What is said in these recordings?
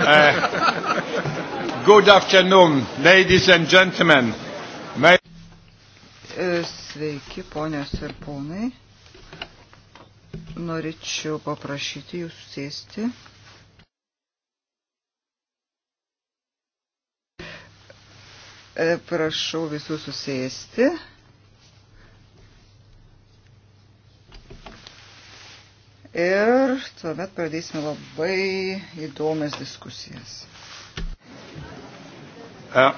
Uh, good afternoon, ladies and gentlemen. May... Eh, sveiki, ponios ir ponai. Norėčiau paprašyti jūsų sėsti. Eh, prašau visus susėsti. ir tuomet pradėsime labai įdomias diskusijas. Uh,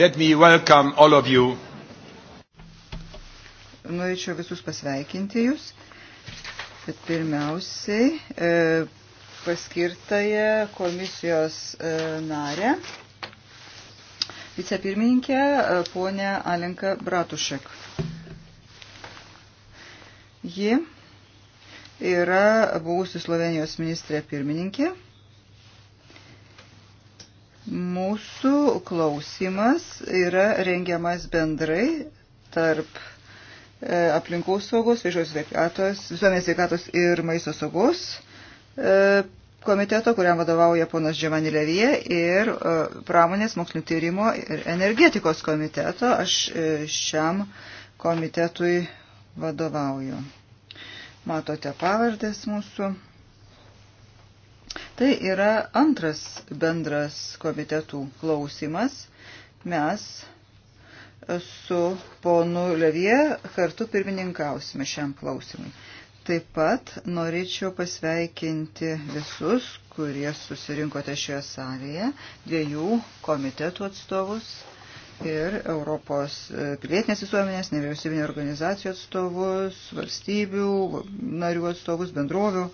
let me welcome all of you. Norėčiau visus pasveikinti jūs, bet pirmiausiai e, paskirtąją komisijos e, narę, vicepirmininkę e, ponę Alenką Bratušek. Ji yra buvusi Slovenijos ministrė pirmininkė. Mūsų klausimas yra rengiamas bendrai tarp e, aplinkos saugos, viešos sveikatos, visuomenės sveikatos ir maisto saugos e, komiteto, kuriam vadovauja ponas Džiovanni Levie ir e, pramonės mokslinio tyrimo ir energetikos komiteto. Aš šiam komitetui vadovauju matote pavardės mūsų. Tai yra antras bendras komitetų klausimas. Mes su ponu Levie kartu pirmininkausime šiam klausimui. Taip pat norėčiau pasveikinti visus, kurie susirinkote šioje salėje, dviejų komitetų atstovus ir Europos e, pilietinės visuomenės, nevyriausybinio organizacijų atstovus, valstybių, narių atstovus, bendrovių.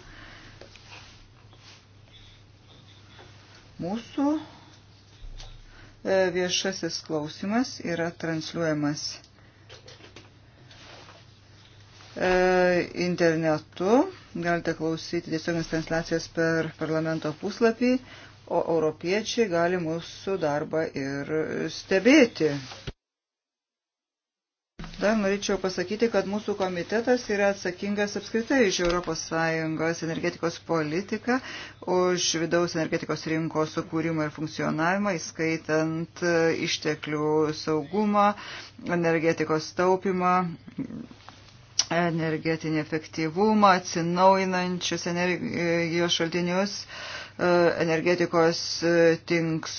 Mūsų e, viešasis klausimas yra transliuojamas e, internetu. Galite klausyti tiesioginės transliacijas per parlamento puslapį, o europiečiai gali mūsų darbą ir stebėti. Dar norėčiau pasakyti, kad mūsų komitetas yra atsakingas apskritai už ES energetikos politiką, už vidaus energetikos rinkos sukūrimą ir funkcionavimą, įskaitant e, išteklių saugumą, energetikos taupimą, energetinį efektyvumą, atsinaujinančius energijos e, šaltinius. E, E, energetikos e, tinks,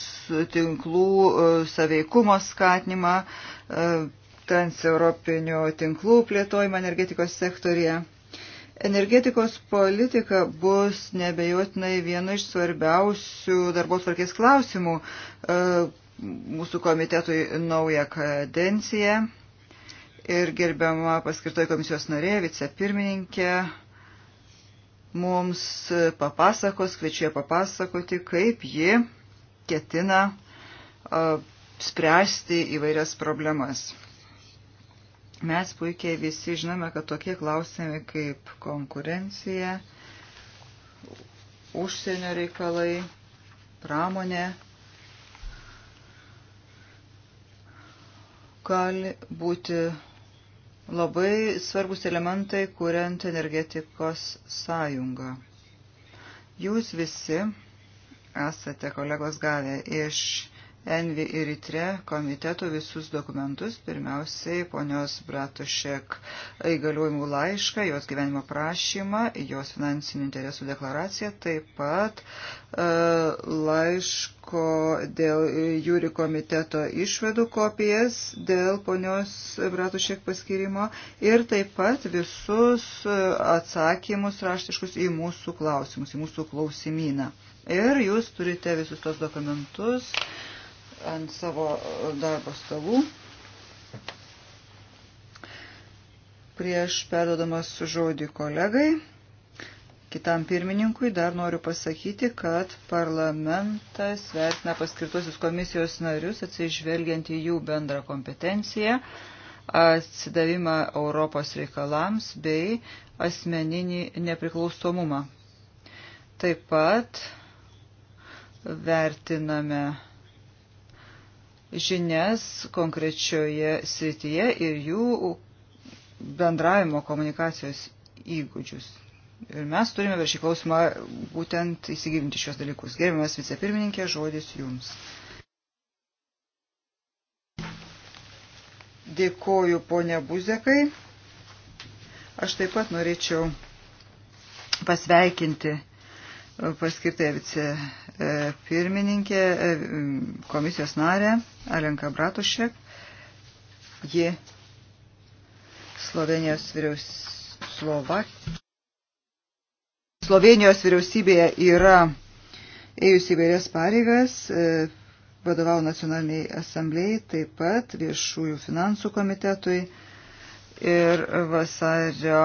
tinklų e, saveikumo skatinimą, transeuropinių tinklų plėtojimą energetikos sektorija. Energetikos politika bus nebejotinai viena iš svarbiausių darbos tvarkės klausimų mūsų komitetui naują kadenciją. Ir gerbiama paskirtoji komisijos narė, vicepirmininkė, mums papasakos, kviečia papasakoti, kaip ji ketina spręsti įvairias problemas. Mes puikiai visi žinome, kad tokie klausimai kaip konkurencija, užsienio reikalai, pramonė gali būti labai svarbus elementai, kuriant energetikos sąjungą. Jūs visi esate kolegos gavę iš Envi ir Itre komiteto visus dokumentus, pirmiausiai ponios Bratušek įgaliojimų laišką, jos gyvenimo prašymą, jos finansinių interesų deklaraciją, taip pat e, laiško dėl jūri komiteto išvedų kopijas, dėl ponios Bratušek paskirimo ir taip pat visus atsakymus raštiškus į mūsų klausimus, į mūsų klausimyną. Ir jūs turite visus tos dokumentus ant savo e, darbo stalų. Prieš perdodamas žodį kolegai, kitam pirmininkui dar noriu pasakyti, kad parlamentas vertina paskirtuosius komisijos narius atsižvelgiant į jų bendrą kompetenciją atsidavimą Europos reikalams bei asmeninį nepriklausomumą. Taip pat vertiname žinias konkrečioje srityje ir jų bendravimo komunikacijos įgūdžius. Ir mes turime per šį klausimą būtent įsigilinti šios dalykus. Gerbiamas vicepirmininkė, žodis jums. Dėkoju ponia Buzekai. Aš taip pat norėčiau pasveikinti paskirtąją vice E, pirmininkė, e, komisijos narė Alenka Bratušek. Ji Slovenijos vyriaus... Slovak... Slovenijos vyriausybėje yra ėjusi įvairias pareigas, e, vadovau nacionaliniai asamblėjai, taip pat viešųjų finansų komitetui ir vasario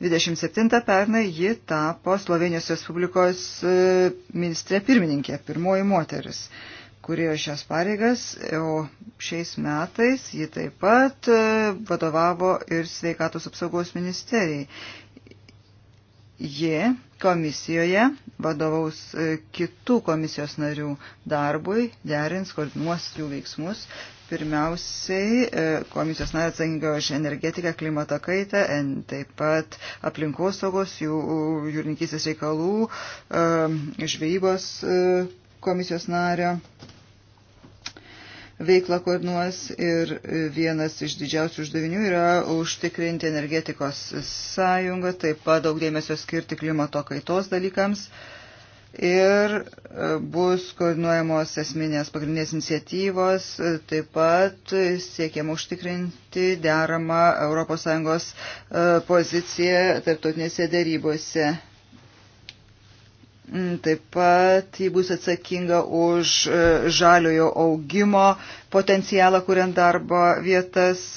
27 pernai ji tapo Slovenijos Respublikos e, ministrė pirmininkė, pirmoji moteris, kurėjo šias pareigas, o šiais metais ji taip pat e, vadovavo ir sveikatos apsaugos ministerijai. Ji komisijoje vadovaus e, kitų komisijos narių darbui, derins, koordinuos jų veiksmus. Pirmiausiai e, komisijos narė atsakinga už energetiką, klimato kaitą, taip pat aplinkosaugos, jų, jūrininkysės reikalų, e, žvejybos e, komisijos nario veiklą koordinuos ir vienas iš didžiausių uždavinių yra užtikrinti energetikos sąjungą, taip pat daug dėmesio skirti klimato kaitos dalykams. Uh, ir e, bus koordinuojamos esminės pagrindinės iniciatyvos, e, taip pat siekiama užtikrinti deramą ES e, poziciją tarptautinėse dėrybose. Mm, taip pat ji bus atsakinga už žaliojo augimo potencialą, kuriant darbo vietas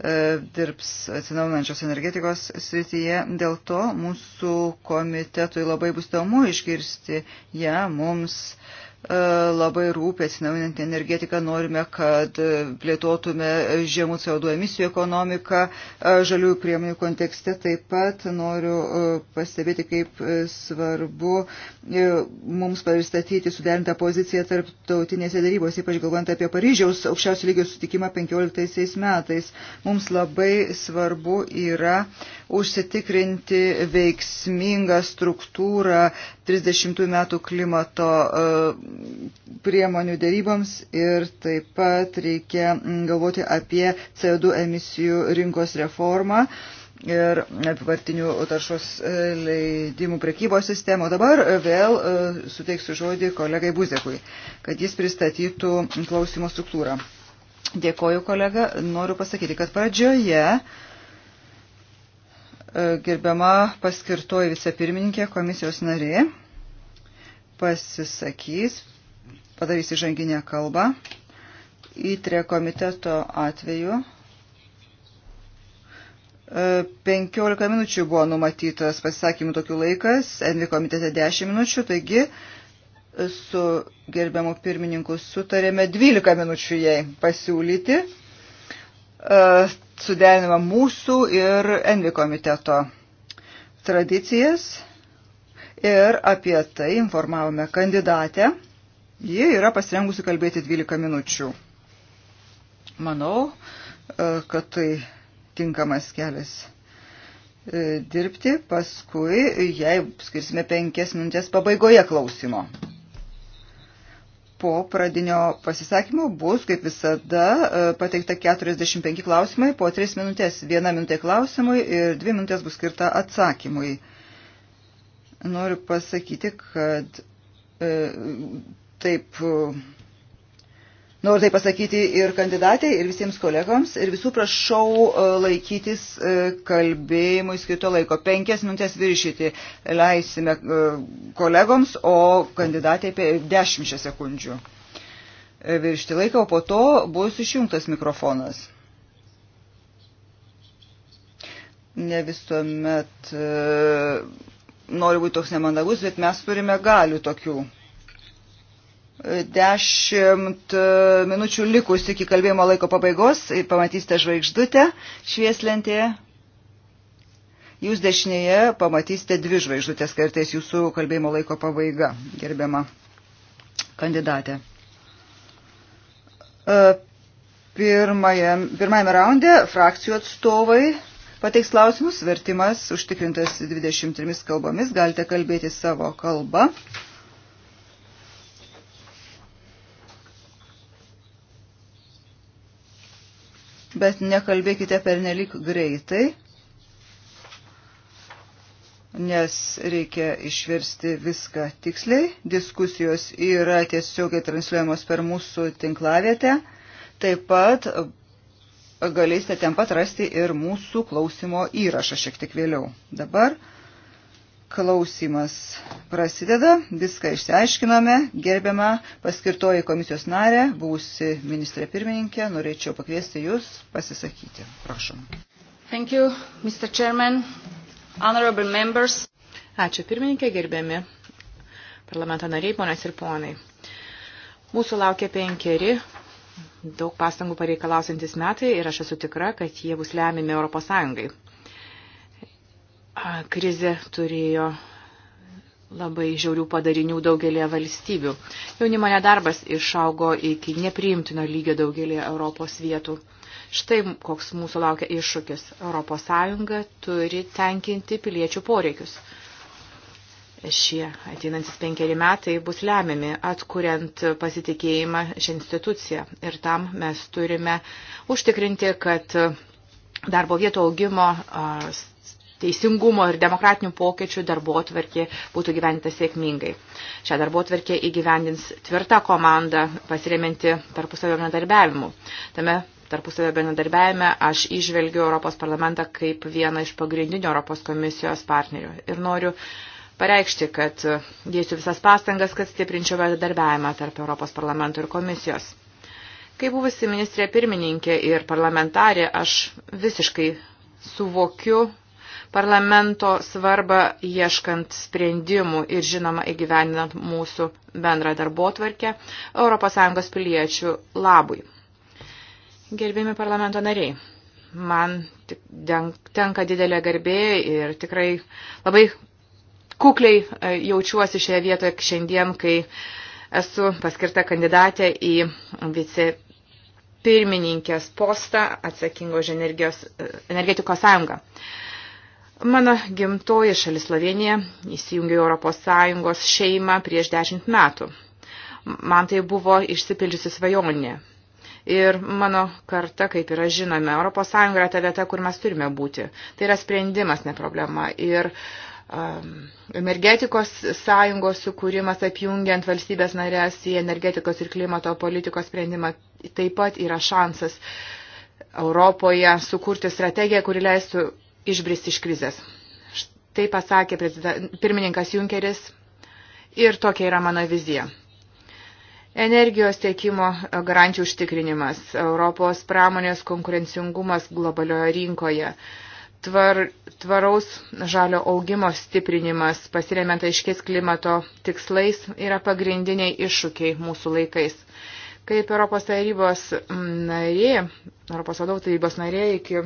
E, dirbs atsinaunančios energetikos srityje. Dėl to mūsų komitetui labai bus įdomu išgirsti ją ja, mums. Uh, E, labai rūpia atsinaujinanti energetika, norime, kad e, plėtotume žemų CO2 emisijų ekonomiką e, žaliųjų priemonių kontekste. Taip pat noriu pastebėti, kaip svarbu mums pristatyti suderintą poziciją tarptautinėse darybose, ypač galvant apie Paryžiaus aukščiausio lygio sutikimą 15 metais. Mums labai svarbu yra užsitikrinti veiksmingą struktūrą 30 metų klimato priemonių dėryboms ir taip pat reikia galvoti apie CO2 emisijų rinkos reformą ir apivartinių taršos e, leidimų prekybos sistemo. Dabar e, vėl e, suteiksiu žodį kolegai Buzekui, kad jis pristatytų klausimo struktūrą. Dėkoju, kolega. Noriu pasakyti, kad pradžioje gerbiama paskirtoji vicepirmininkė komisijos narė pasisakys, padarys įžanginę kalbą. Įtrė komiteto atveju 15 e, minučių buvo numatytas pasisakymų tokių laikas, Envi komitete 10 minučių, taigi e, su gerbiamu pirmininku sutarėme 12 minučių jai pasiūlyti, e, suderinimą mūsų ir Envi komiteto tradicijas ir apie tai informavome kandidatę. Ji yra pasirengusi kalbėti 12 minučių. Manau, e, kad tai tinkamas kelias e, dirbti, paskui jai skirsime penkias minutės pabaigoje klausimo. Po pradinio pasisakymo bus, kaip visada, e, pateikta 45 klausimai, po 3 minutės 1 minutė klausimui ir 2 minutės bus skirta atsakymui. Noriu pasakyti, kad e, taip, noriu tai pasakyti ir kandidatai, ir visiems kolegoms, ir visų prašau e, laikytis e, kalbėjimui skirto laiko. Penkias minutės viršyti leisime e, kolegoms, o kandidatai apie dešimčia sekundžių viršti laiką, o po to bus išjungtas mikrofonas. Ne visuomet. E, noriu būti toks nemandagus, bet mes turime galių tokių. Dešimt e, minučių likus iki kalbėjimo laiko pabaigos, e, pamatysite žvaigždutę švieslentėje. Jūs dešinėje pamatysite dvi žvaigždutės kartais jūsų kalbėjimo laiko pabaiga, gerbiama kandidatė. E, pirmajame, pirmajame raunde frakcijų atstovai pateiks klausimus, vertimas užtikrintas 23 kalbomis, galite kalbėti savo kalbą. Bet nekalbėkite pernelik greitai, nes reikia išversti viską tiksliai. Diskusijos yra tiesiogiai transliuojamos per mūsų tinklavietę. Taip pat galėsite ten pat rasti ir mūsų klausimo įrašą šiek tiek vėliau. Dabar klausimas prasideda, viską išsiaiškiname, gerbiama paskirtoji komisijos narė, buvusi ministrė pirmininkė, norėčiau pakviesti Jūs pasisakyti. Prašom. Thank you, Mr. Chairman, honorable members. Ačiū pirmininkė, gerbiami parlamento nariai, ponas ir ponai. Mūsų laukia penkeri daug pastangų pareikalausiantis metai ir aš esu tikra, kad jie bus lemimi Europos Sąjungai. Krize turėjo labai žiaurių padarinių daugelėje valstybių. Jaunimo nedarbas išaugo iki nepriimtino lygio daugelėje Europos vietų. Štai koks mūsų laukia iššūkis. Europos Sąjunga turi tenkinti piliečių poreikius šie ateinantis penkeri metai bus lemiami, atkuriant pasitikėjimą šią instituciją. Ir tam mes turime užtikrinti, kad darbo vietų augimo, teisingumo ir demokratinių pokyčių darbo atverkė būtų gyventa sėkmingai. Šią darbo atverkę įgyvendins tvirta komanda pasiremianti tarpusavio bendradarbiavimu. Tame tarpusavio bendradarbiavime aš išvelgiu Europos parlamentą kaip vieną iš pagrindinių Europos komisijos partnerių. Ir noriu pareikšti, kad dėsiu visas pastangas, kad stiprinčiau bendradarbiavimą tarp Europos parlamento ir komisijos. Kai buvusi ministrė pirmininkė ir parlamentarė, aš visiškai suvokiu parlamento svarbą ieškant sprendimų ir žinoma įgyveninant mūsų bendrą darbotvarkę ES piliečių labui. Gerbimi parlamento nariai, man tenka didelė garbė ir tikrai labai kukliai e, jaučiuosi šioje vietoje šiandien, kai esu paskirta kandidatė į vice pirmininkės postą atsakingo už e, energetikos sąjungą. Mano gimtoji šalis Slovenija įsijungė Europos Sąjungos šeimą prieš dešimt metų. Man tai buvo išsipildžiusi svajonė. Ir mano karta, kaip yra žinome, Europos Sąjunga yra ta vieta, kur mes turime būti. Tai yra sprendimas, ne problema. Ir uh, energetikos sąjungos sukūrimas apjungiant valstybės narės į energetikos ir klimato politikos sprendimą taip pat yra šansas Europoje sukurti strategiją, kuri leistų išbristi iš krizės. Tai pasakė pirmininkas Junkeris ir tokia yra mano vizija. Energijos tiekimo garantijų užtikrinimas, Europos pramonės konkurencingumas globalioje rinkoje, tvar, tvaraus žalio augimo stiprinimas, pasiremiant aiškiais klimato tikslais, yra pagrindiniai iššūkiai mūsų laikais. Kaip Europos tarybos narė, Europos vadovų tarybos narė iki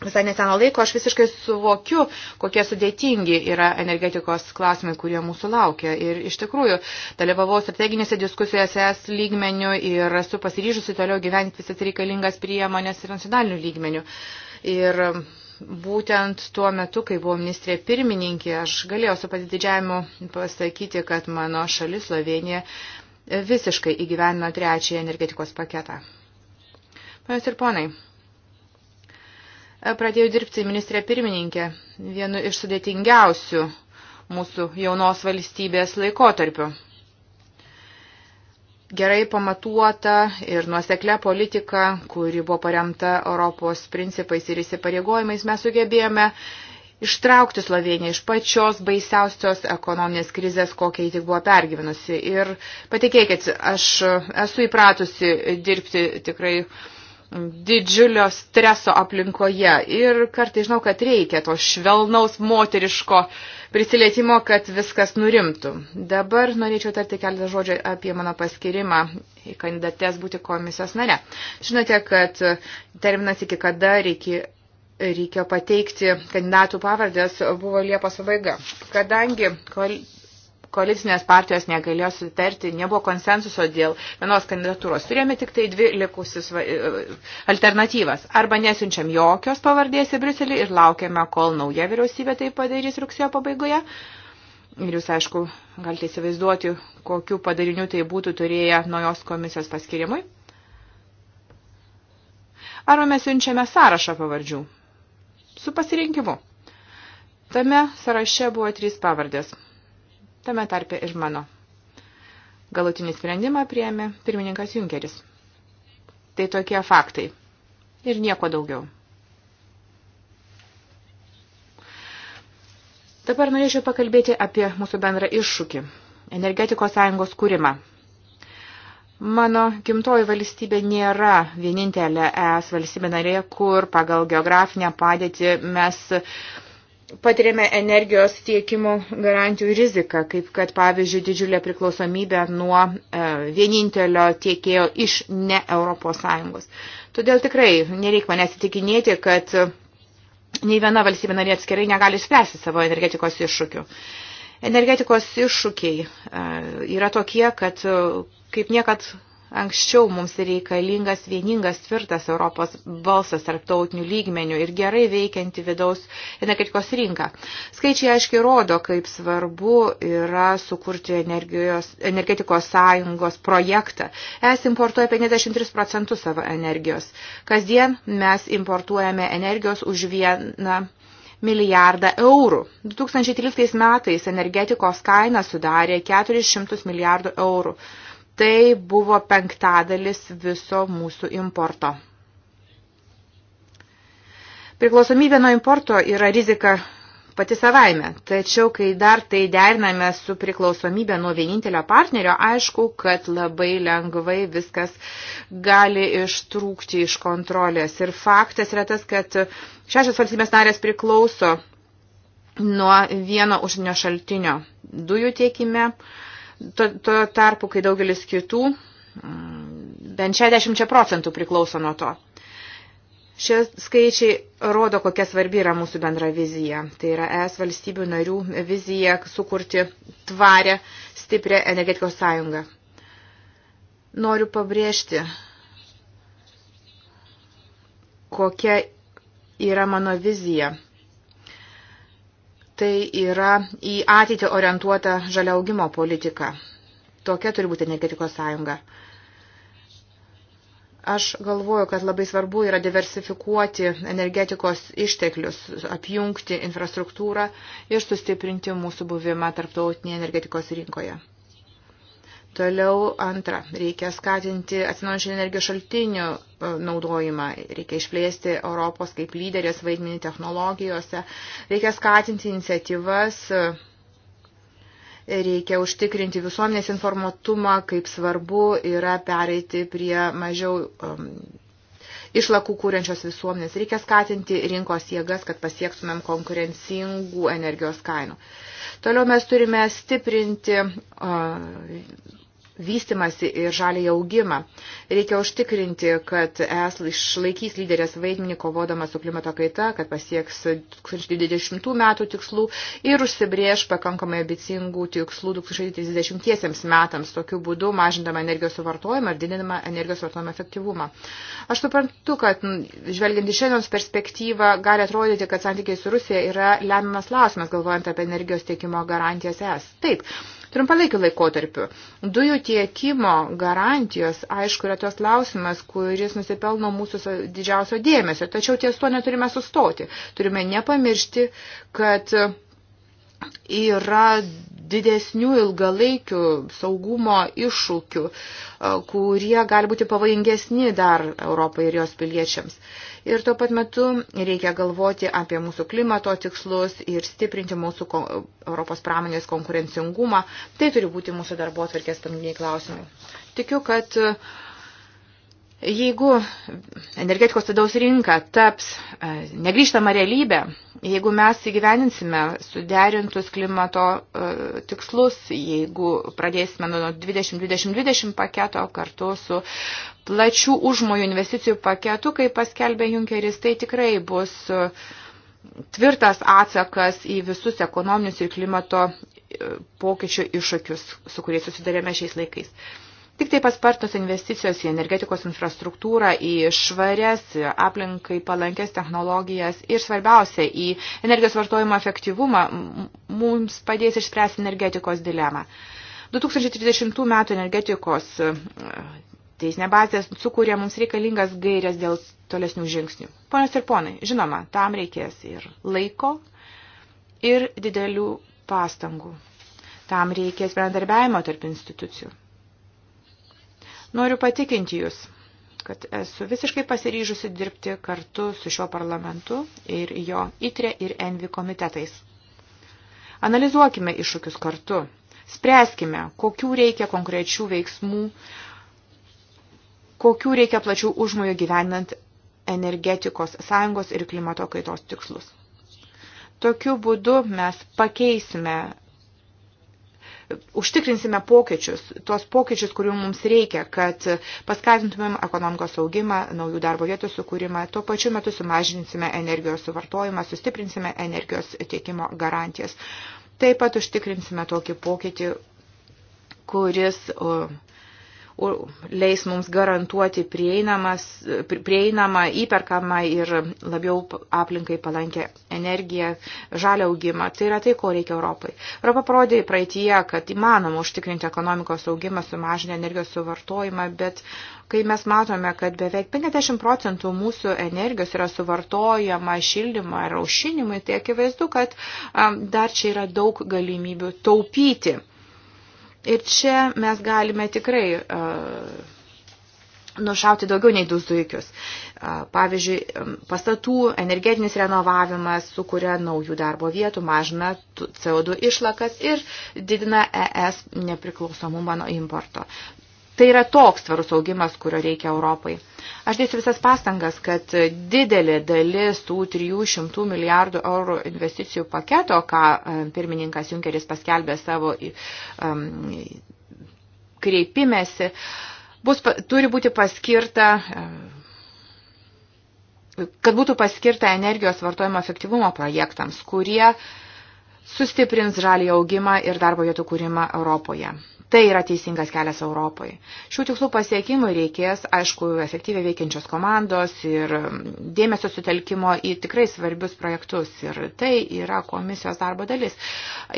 visai neseno laiko, aš visiškai suvokiu, kokie sudėtingi yra energetikos klausimai, kurie mūsų laukia. Ir iš tikrųjų, dalyvavau strateginėse diskusijose es lygmenių ir esu pasiryžusi toliau gyventi visas reikalingas priemonės ir nacionalinių lygmenių. Ir būtent tuo metu, kai buvau ministrė pirmininkė, aš galėjau su pasididžiavimu pasakyti, kad mano šalis Slovenija visiškai įgyvenino trečiąją energetikos paketą. Panas ir ponai, pradėjau dirbti ministrė pirmininkė vienu iš sudėtingiausių mūsų jaunos valstybės laikotarpiu gerai pamatuota ir nuoseklia politika, kuri buvo paremta Europos principais ir įsipareigojimais, mes sugebėjome ištraukti Sloveniją iš pačios baisiausios ekonominės krizės, kokia jį tik buvo pergyvenusi. Ir patikėkit, aš esu įpratusi dirbti tikrai uh, didžiulio streso aplinkoje. Ir kartai žinau, kad reikia to švelnaus moteriško prisilietimo, kad viskas nurimtų. Dabar norėčiau tarti keletą žodžių apie mano paskirimą į kandidates būti komisijos nare. Žinote, kad terminas iki kada reikia reikėjo pateikti kandidatų pavardės buvo Liepos pabaiga. Kadangi koalicinės partijos negalėjo sutarti, nebuvo konsensuso dėl vienos kandidatūros. Turėjome tik tai dvi likusius e, alternatyvas. Arba nesiunčiam jokios pavardės į Briuselį ir laukiame, kol nauja vyriausybė tai padarys rugsėjo pabaigoje. Ir jūs, aišku, galite įsivaizduoti, kokiu padariniu tai būtų turėję naujos komisijos paskirimui. Arba mes siunčiame sąrašą pavardžių su pasirinkimu. Tame sąraše buvo trys pavardės tame tarpe ir mano. Galutinį sprendimą priėmė pirmininkas Junkeris. Tai tokie faktai. Ir nieko daugiau. Dabar norėčiau pakalbėti apie mūsų bendrą iššūkį – energetikos sąjungos kūrimą. Mano gimtoji valstybė nėra vienintelė ES valstybė narė, kur pagal geografinę padėtį mes uh, patiriame energijos tiekimo garantijų riziką, kaip kad, pavyzdžiui, didžiulė priklausomybė nuo e, vienintelio tiekėjo iš ne ES. Todėl tikrai nereik manęs įtikinėti, kad nei viena valstybė narė atskirai negali spręsti savo energetikos iššūkių. Energetikos iššūkiai e, yra tokie, kad kaip niekad anksčiau mums reikalingas vieningas tvirtas Europos balsas tarptautinių lygmenių ir gerai veikianti vidaus energetikos rinka. Skaičiai aiškiai rodo, kaip svarbu yra sukurti energijos, energetikos sąjungos projektą. Es importuoja 53 procentus savo energijos. Kasdien mes importuojame energijos už vieną milijardą eurų. 2013 metais energetikos kaina sudarė 400 milijardų eurų tai buvo penktadalis viso mūsų importo. Priklausomybė nuo importo yra rizika pati savaime, tačiau kai dar tai deriname su priklausomybė nuo vienintelio partnerio, aišku, kad labai lengvai viskas gali ištrūkti iš kontrolės. Ir faktas yra tas, kad šešios valstybės narės priklauso nuo vieno užsienio šaltinio dujų tiekime, uh, Tuo, tuo tarpu, kai daugelis kitų, mm, bent 60 procentų priklauso nuo to. Šie skaičiai rodo, kokia svarbi yra mūsų bendra vizija. Tai yra ES valstybių narių vizija sukurti tvarę, stiprią energetikos sąjungą. Noriu pabrėžti, kokia yra mano vizija Tai yra į ateitį orientuota žalia augimo politika. Tokia turi būti energetikos sąjunga. Aš galvoju, kad labai svarbu yra diversifikuoti energetikos išteklius, apjungti infrastruktūrą ir sustiprinti mūsų buvimą tarptautinėje energetikos rinkoje. Toliau antra, reikia skatinti atsinaujančių energijos šaltinių naudojimą, reikia išplėsti Europos kaip lyderės vaidmenį technologijose, reikia skatinti iniciatyvas, reikia užtikrinti visuomenės informatumą, kaip svarbu yra pereiti prie mažiau um, išlakų kūrenčios visuomenės, reikia skatinti rinkos jėgas, kad pasiektumėm konkurencingų energijos kainų. Toliau mes turime stiprinti uh, vystimasi ir žalį augimą. Reikia užtikrinti, kad ES išlaikys lyderės vaidmenį kovodama su klimato kaita, kad pasieks 2020 metų tikslų ir užsibrieš pakankamai ambicingų tikslų 2030 metams, tokiu būdu mažindama energijos suvartojimą ir didinama energijos vartojimo efektyvumą. Aš suprantu, kad žvelgiant iš šiandienos perspektyvą, gali atrodyti, kad santykiai su Rusija yra lemiamas klausimas, galvojant apie energijos tiekimo garantijas ES. Taip, trumpalaikiu laikotarpiu. Dujų tiekimo garantijos, aišku, yra tos klausimas, kuris nusipelno mūsų didžiausio dėmesio, tačiau ties to neturime sustoti. Turime nepamiršti, kad yra didesnių ilgalaikių saugumo iššūkių, kurie gali būti pavojingesni dar Europai ir jos piliečiams ir tuo pat metu reikia galvoti apie mūsų klimato tikslus ir stiprinti mūsų Europos pramonės konkurencingumą. Tai turi būti mūsų darbo atvarkės pagrindiniai klausimai. Tikiu, kad Jeigu energetikos vidaus rinka taps e, negryžtama realybė, jeigu mes įgyveninsime suderintus klimato e, tikslus, jeigu pradėsime nuo 2020-2020 paketo kartu su plačių užmojų investicijų paketu, kaip paskelbė Junkeris, tai tikrai bus e, tvirtas atsakas į visus ekonominius ir klimato pokyčių iššūkius, su kuriais susidarėme šiais laikais. Tik tai paspartos investicijos į energetikos infrastruktūrą, į švarias, aplinkai palankės technologijas ir svarbiausia, į energijos vartojimo efektyvumą mums padės išspręsti energetikos dilemą. 2030 m. energetikos e, teisinė bazė sukūrė mums reikalingas gairias dėl tolesnių žingsnių. Ponios ir ponai, žinoma, tam reikės ir laiko, ir didelių pastangų. Tam reikės bendarbiavimo tarp institucijų. Noriu patikinti Jūs, kad esu visiškai pasiryžusi dirbti kartu su šiuo parlamentu ir jo ITRE ir ENVI komitetais. Analizuokime iššūkius kartu, spręskime, kokių reikia konkrečių veiksmų, kokių reikia plačių užmojų gyvenant energetikos sąjungos ir klimato kaitos tikslus. Tokiu būdu mes pakeisime užtikrinsime pokyčius, tuos pokyčius, kurių mums reikia, kad paskatintumėm ekonomikos augimą, naujų darbo vietų sukūrimą, tuo pačiu metu sumažinsime energijos suvartojimą, sustiprinsime energijos tiekimo garantijas. Taip pat užtikrinsime tokį pokytį, kuris uh, leis mums garantuoti prieinamą, įperkamą ir labiau aplinkai palankę energiją, žalę augimą. Tai yra tai, ko reikia Europai. Europa parodė praeitie, kad įmanoma užtikrinti ekonomikos augimą, sumažinę energijos suvartojimą, bet kai mes matome, kad beveik 50 procentų mūsų energijos yra suvartojama šildymą ar aušinimui, tai akivaizdu, kad um, dar čia yra daug galimybių taupyti. Ir čia mes galime tikrai uh, nušauti daugiau nei du zuikius. E, pavyzdžiui, pastatų energetinis renovavimas sukuria naujų darbo vietų, mažina CO2 išlakas ir didina ES nepriklausomumą nuo importo. Tai yra toks tvarus augimas, kurio reikia Europai. Aš dėsiu visas pastangas, kad didelė dalis tų 300 milijardų eurų investicijų paketo, ką e, pirmininkas Junkeris paskelbė savo um, kreipimėsi, bus, turi būti paskirta e, kad būtų paskirta energijos vartojimo efektyvumo projektams, kurie sustiprins žalį augimą ir darbo vietų kūrimą Europoje. Tai yra teisingas kelias Europoje. Šių tikslų pasiekimui reikės, aišku, efektyviai veikiančios komandos ir dėmesio sutelkimo į tikrai svarbius projektus. Ir tai yra komisijos darbo dalis.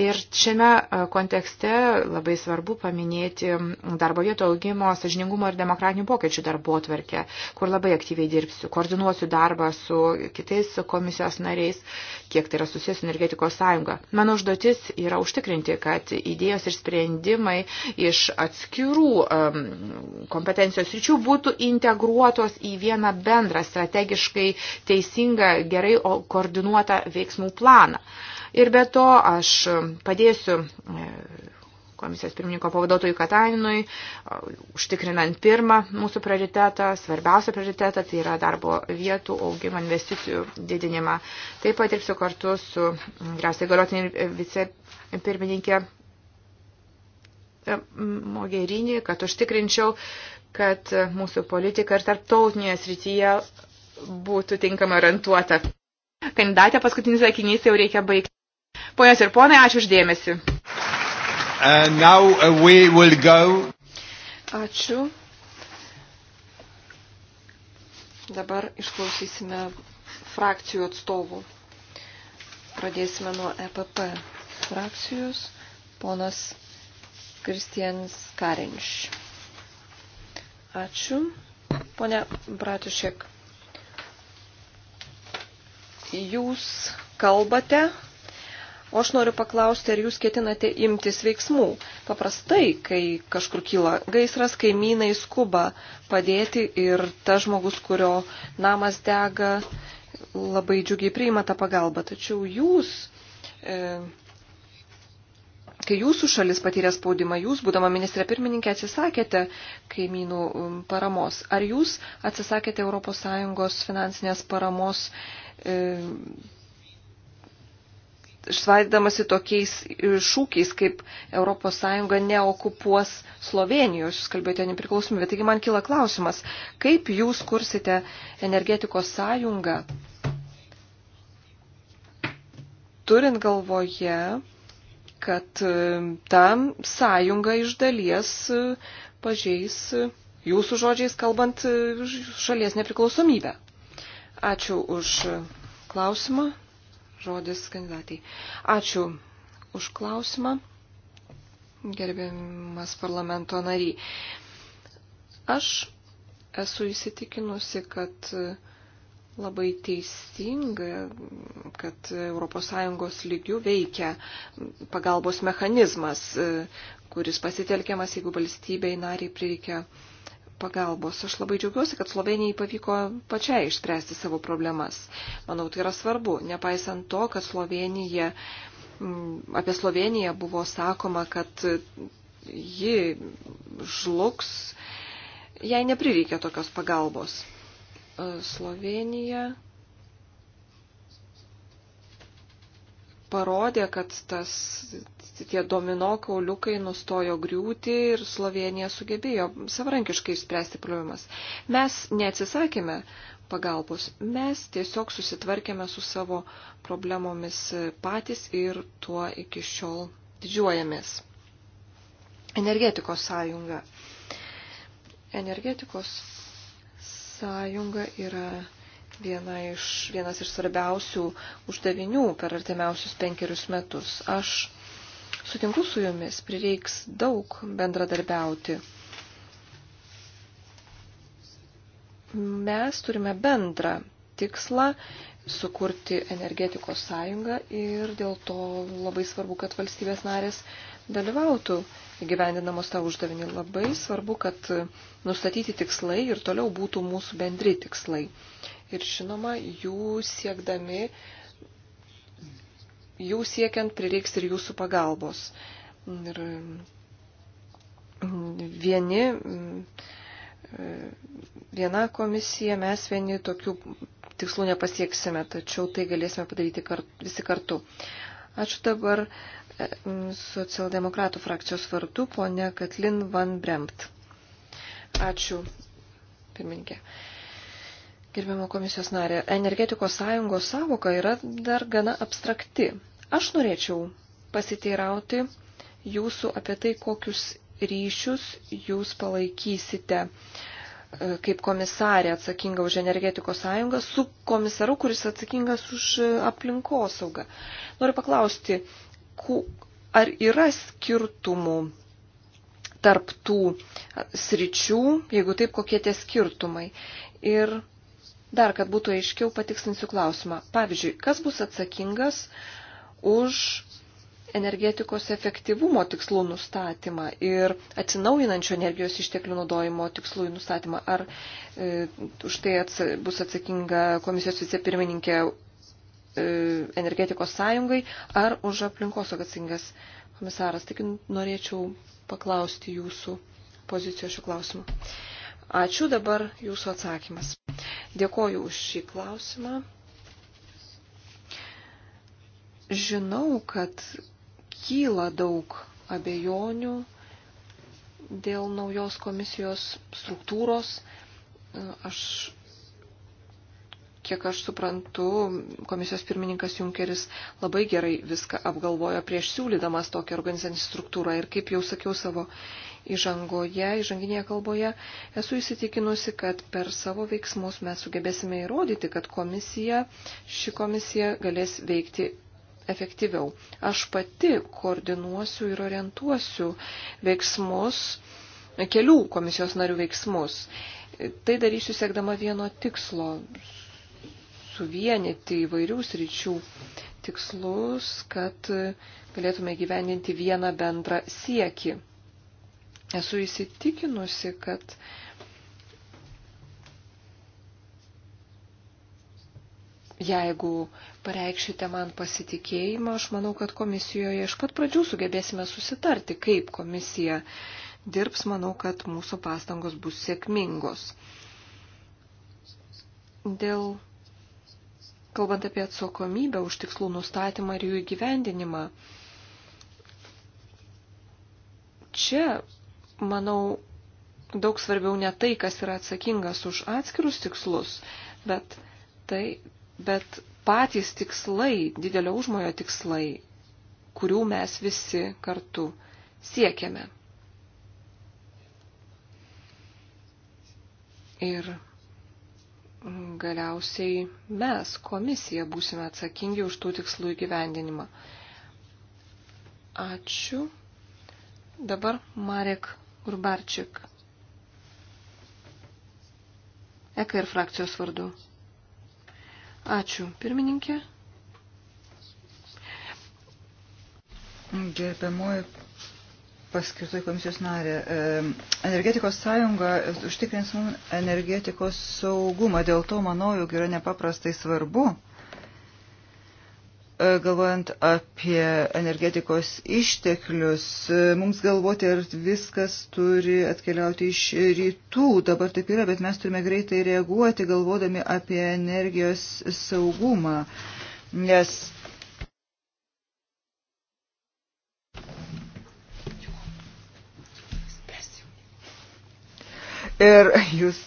Ir šiame e, kontekste labai svarbu paminėti darbo vieto augimo, sažiningumo ir demokratinių pokyčių darbo atverkę, kur labai aktyviai dirbsiu. Koordinuosiu darbą su kitais komisijos nariais, kiek tai yra susijęs su energetikos sąjunga. Mano užduotis yra užtikrinti, kad idėjos ir sprendimai iš atskirų kompetencijos ryčių būtų integruotos į vieną bendrą strategiškai teisingą, gerai koordinuotą veiksmų planą. Ir be to aš padėsiu e, komisijos pirmininko pavaduotojui Katainui, e, užtikrinant pirmą mūsų prioritetą, svarbiausią prioritetą, tai yra darbo vietų augimą, investicijų didinimą. Taip pat dirbsiu kartu su vyriausiai galiotinė vicepirmininkė Mogerinį, kad užtikrinčiau, kad mūsų politika ir tarptautinėje srityje būtų tinkamai orientuota. Kandidatė paskutinis sakinys jau reikia baigti. Ponios ir ponai, ačiū uždėmesi. Uh, uh, ačiū. Dabar išklausysime frakcijų atstovų. Pradėsime nuo EPP frakcijos. Ponas Kristians Karinš. Ačiū. Pone Bratušek, jūs kalbate, o aš noriu paklausti, ar jūs ketinate imtis veiksmų. Paprastai, kai kažkur kyla gaisras, kaimynai skuba padėti ir ta žmogus, kurio namas dega, labai džiugiai priima tą pagalbą. Tačiau jūs. E, kai jūsų šalis patyrė spaudimą, jūs, būdama ministrė pirmininkė, atsisakėte kaimynų um, paramos. Ar jūs atsisakėte ES finansinės paramos, e, um, svaidamasi tokiais um, šūkiais, kaip ES neokupuos Slovenijos, jūs kalbėjote nepriklausomybę. Taigi man kyla klausimas, kaip jūs kursite energetikos sąjungą, turint galvoje, kad e, ta sąjunga iš dalies e, pažeis, e, jūsų žodžiais kalbant, šalies nepriklausomybę. Ačiū už klausimą. Žodis kandidatai. Ačiū už klausimą, gerbiamas parlamento nary. Aš esu įsitikinusi, kad uh, labai teisinga, kad ES lygių veikia pagalbos mechanizmas, e, kuris pasitelkiamas, jeigu valstybei nariai prireikia pagalbos. Aš labai džiaugiuosi, kad Slovenijai pavyko pačiai išspręsti savo problemas. Manau, tai yra svarbu, nepaisant to, kad Slovenija, apie Sloveniją buvo sakoma, kad ji žlugs, jei neprireikia tokios pagalbos. Slovenija parodė, kad tas, tie domino kauliukai nustojo griūti ir Slovenija sugebėjo savarankiškai išspręsti problemas. Mes neatsisakėme pagalbos, mes tiesiog susitvarkėme su savo problemomis patys ir tuo iki šiol didžiuojamės. Energetikos sąjunga. Energetikos sąjunga yra viena iš, vienas iš svarbiausių uždavinių per artimiausius penkerius metus. Aš sutinku su jumis, prireiks daug bendradarbiauti. Mes turime bendrą tikslą sukurti energetikos sąjungą ir dėl to labai svarbu, kad valstybės narės dalyvautų įgyvendinamos tą uždavinį. Labai svarbu, kad nustatyti tikslai ir toliau būtų mūsų bendri tikslai. Ir žinoma, jų siekdami, jų siekiant prireiks ir jūsų pagalbos. Ir mm, vieni, mm, viena komisija, mes vieni tokių tikslų nepasieksime, tačiau tai galėsime padaryti kart, visi kartu. Ačiū dabar socialdemokratų frakcijos vardu ponia Katlin Van Bremt. Ačiū, pirmininkė. Gerbiamo komisijos narė, energetikos sąjungos savoka yra dar gana abstrakti. Aš norėčiau pasiteirauti jūsų apie tai, kokius ryšius jūs palaikysite e, kaip komisarė atsakinga už energetikos sąjungą su komisaru, kuris atsakingas už e, aplinkosaugą. Noriu paklausti, ar yra skirtumų tarp tų sričių, jeigu taip, kokie tie skirtumai. Ir dar, kad būtų aiškiau, patikslinsiu klausimą. Pavyzdžiui, kas bus atsakingas už energetikos efektyvumo tikslų nustatymą ir atsinaujinančio energijos išteklių naudojimo tikslų nustatymą. Ar e, už tai ats, bus atsakinga komisijos vicepirmininkė E, energetikos sąjungai ar už aplinkos atsakingas komisaras. Tik norėčiau paklausti jūsų pozicijos šių klausimų. Ačiū dabar jūsų atsakymas. Dėkoju už šį klausimą. Žinau, kad kyla daug abejonių dėl naujos komisijos struktūros. Aš Kiek aš suprantu, komisijos pirmininkas Junkeris labai gerai viską apgalvojo prieš siūlydamas tokią organizacinę struktūrą. Ir kaip jau sakiau savo įžangoje, įžanginėje kalboje, esu įsitikinusi, kad per savo veiksmus mes sugebėsime įrodyti, kad komisija, ši komisija galės veikti efektyviau. Aš pati koordinuosiu ir orientuosiu veiksmus, kelių komisijos narių veiksmus. Tai darysiu siekdama vieno tikslo - suvienyti įvairių sričių tikslus, kad galėtume gyveninti vieną bendrą siekį. Esu įsitikinusi, kad Jeigu pareikšite man pasitikėjimą, aš manau, kad komisijoje iš pat pradžių sugebėsime susitarti, kaip komisija dirbs, manau, kad mūsų pastangos bus sėkmingos. Dėl Kalbant apie atsakomybę už tikslų nustatymą ir jų įgyvendinimą, čia, manau, daug svarbiau ne tai, kas yra atsakingas už atskirus tikslus, bet, tai, bet patys tikslai, didelio užmojo tikslai, kurių mes visi kartu siekiame. Ir galiausiai mes, komisija, būsime atsakingi už tų tikslų įgyvendinimą. Ačiū. Dabar Marek Urbarčik. Eka ir frakcijos vardu. Ačiū, pirmininkė. Gerbiamoji paskirtoj komisijos narė. Energetikos sąjunga užtikrins mums energetikos saugumą. Dėl to, manau, jog yra nepaprastai svarbu, e, galvojant apie energetikos išteklius, e, mums galvoti, ar viskas turi atkeliauti iš rytų. Dabar taip yra, bet mes turime greitai reaguoti, galvodami apie energijos saugumą. Nes Ir jūs.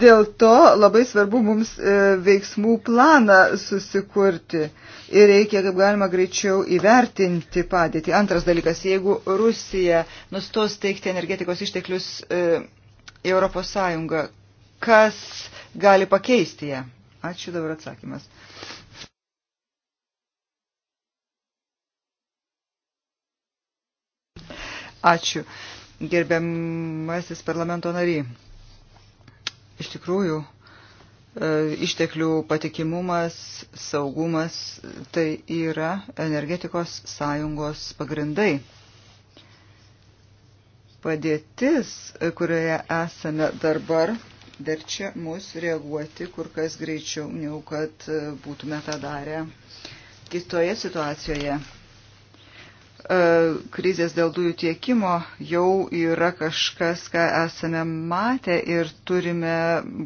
Dėl to labai svarbu mums e, veiksmų planą susikurti ir reikia kaip galima greičiau įvertinti padėtį. Antras dalykas, jeigu Rusija nustos teikti energetikos išteklius e, į Europos Sąjungą, kas gali pakeisti ją? Ačiū dabar atsakymas. Ačiū, gerbiamasis parlamento nariai. Iš tikrųjų, e, išteklių patikimumas, saugumas tai yra energetikos sąjungos pagrindai padėtis, kurioje esame dabar, verčia mus reaguoti kur kas greičiau, negu kad e, būtume tą darę kitoje situacijoje. E, krizės dėl dujų tiekimo jau yra kažkas, ką esame matę ir turime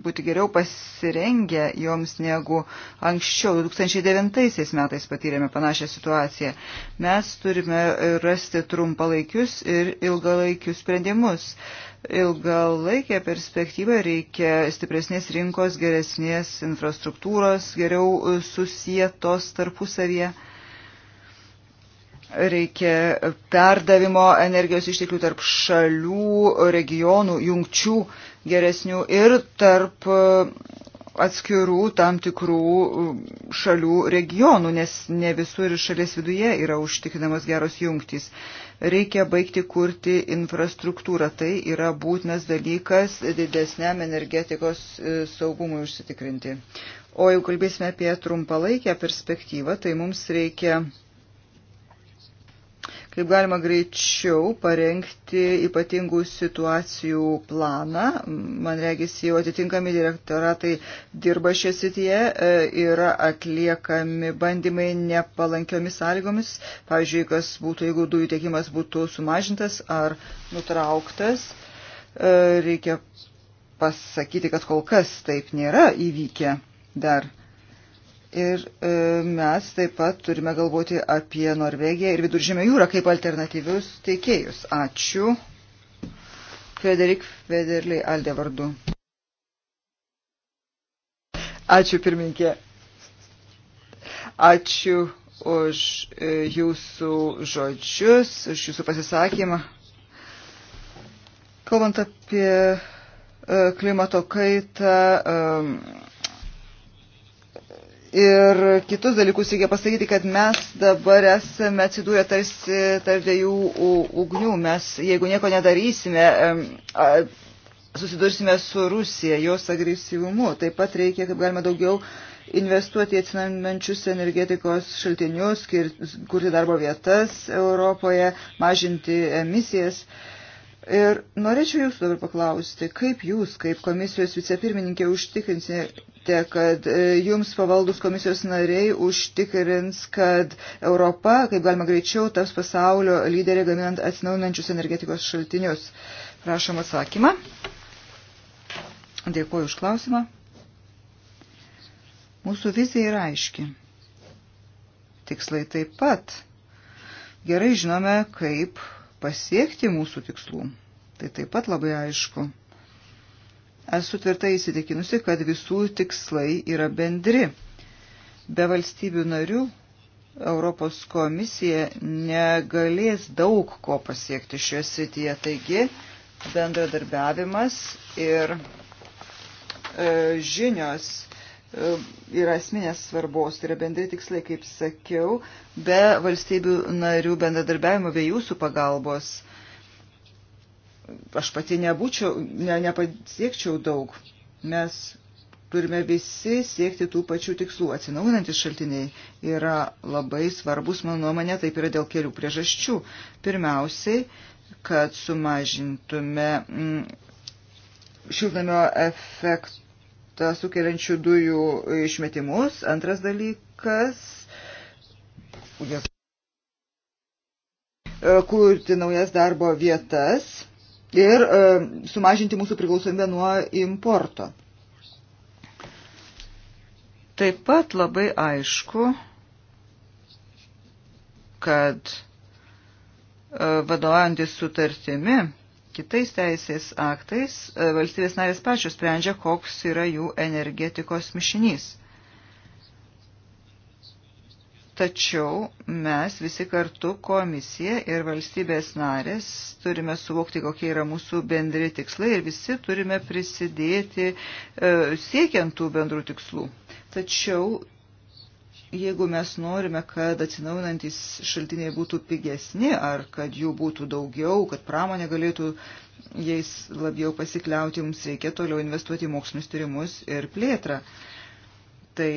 būti geriau pasirengę joms negu anksčiau. 2009 metais patyrėme panašią situaciją. Mes turime rasti trumpalaikius ir ilgalaikius sprendimus. Ilgalaikę perspektyvą reikia stipresnės rinkos, geresnės infrastruktūros, geriau susietos tarpusavyje. Reikia perdavimo energijos išteklių tarp šalių, regionų, jungčių geresnių ir tarp e, atskirų tam tikrų e, šalių regionų, nes ne visur šalies viduje yra užtikrinamos geros jungtys. Reikia baigti kurti infrastruktūrą. Tai yra būtinas dalykas didesniam energetikos e, saugumui užsitikrinti. O jeigu kalbėsime apie trumpalaikę perspektyvą, tai mums reikia kaip galima greičiau parengti ypatingų situacijų planą. Man regis, jau atitinkami direktoratai dirba šią sityje, e, yra atliekami bandymai nepalankiomis sąlygomis, pavyzdžiui, kas būtų, jeigu dujų tiekimas būtų sumažintas ar nutrauktas. E, reikia pasakyti, kad kol kas taip nėra įvykę dar. Ir e, mes taip pat turime galvoti apie Norvegiją ir Viduržėmio jūrą kaip alternatyvius teikėjus. Ačiū. Federik Federlį Aldė vardu. Ačiū pirminkė. Ačiū už e, jūsų žodžius, už jūsų pasisakymą. Kalbant apie e, klimato kaitą, ir kitus dalykus reikia pasakyti, kad mes dabar esame atsidūrę tarsi tarp dviejų ugnių. Mes, jeigu nieko nedarysime, susidursime su Rusija, jos agresyvumu. Taip pat reikia, kaip galima daugiau, investuoti į atsinaujančius energetikos šaltinius, kurti darbo vietas Europoje, mažinti emisijas. Uh, Ir norėčiau jūsų dabar paklausti, kaip jūs, kaip komisijos vicepirmininkė, užtikrinsite, kad e, jums pavaldus komisijos nariai užtikrins, kad Europa, kaip galima greičiau, taps pasaulio lyderė gaminant atsinaujinančius energetikos šaltinius. Prašom atsakymą. Dėkuoju už klausimą. Mūsų vizija yra aiški. Tikslai taip pat. Gerai žinome, kaip pasiekti mūsų tikslų. Tai taip pat labai aišku. Esu tvirtai įsitikinusi, kad visų tikslai yra bendri. Be valstybių narių Europos komisija negalės daug ko pasiekti šioje srityje. Taigi bendradarbiavimas ir e, žinios E, yra asmenės svarbos, tai yra bendri tikslai, kaip sakiau, be valstybių narių bendradarbiavimo, be jūsų pagalbos. Aš pati nebūčiau, ne, nepasiekčiau daug. Mes turime visi siekti tų pačių tikslų. Atsinaujinantis šaltiniai yra labai svarbus, mano nuomonė, taip yra dėl kelių priežasčių. Pirmiausiai, kad sumažintume mm, šiltnamio efektą tą sukeliančių dujų išmetimus. Antras dalykas e, - kurti naujas darbo vietas ir e, sumažinti mūsų priklausomybę nuo importo. Taip pat labai aišku, kad e, vadovaujantis sutartimi kitais teisės aktais e, valstybės narės pačios sprendžia, koks yra jų energetikos mišinys. Tačiau mes visi kartu, komisija ir valstybės narės, turime suvokti, kokie yra mūsų bendri tikslai ir visi turime prisidėti e, siekiant tų bendrų tikslų. Tačiau jeigu mes norime, kad atsinaujinantis šaltiniai būtų pigesni ar kad jų būtų daugiau, kad pramonė galėtų jais labiau pasikliauti, mums reikia toliau investuoti į mokslinius tyrimus ir plėtrą. Tai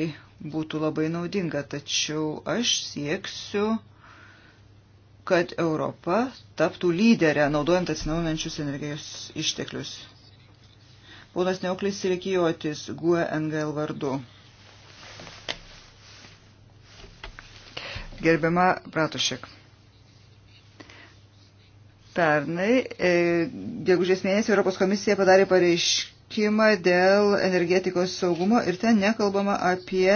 būtų labai naudinga, tačiau aš sieksiu, kad Europa taptų lyderę naudojant atsinaujinančius energijos išteklius. Ponas Neuklis Sirikijotis, GUE NGL vardu. gerbiama Bratušek. Pernai, e, gegužės mėnesį, Europos komisija padarė pareiškimą dėl energetikos saugumo ir ten nekalbama apie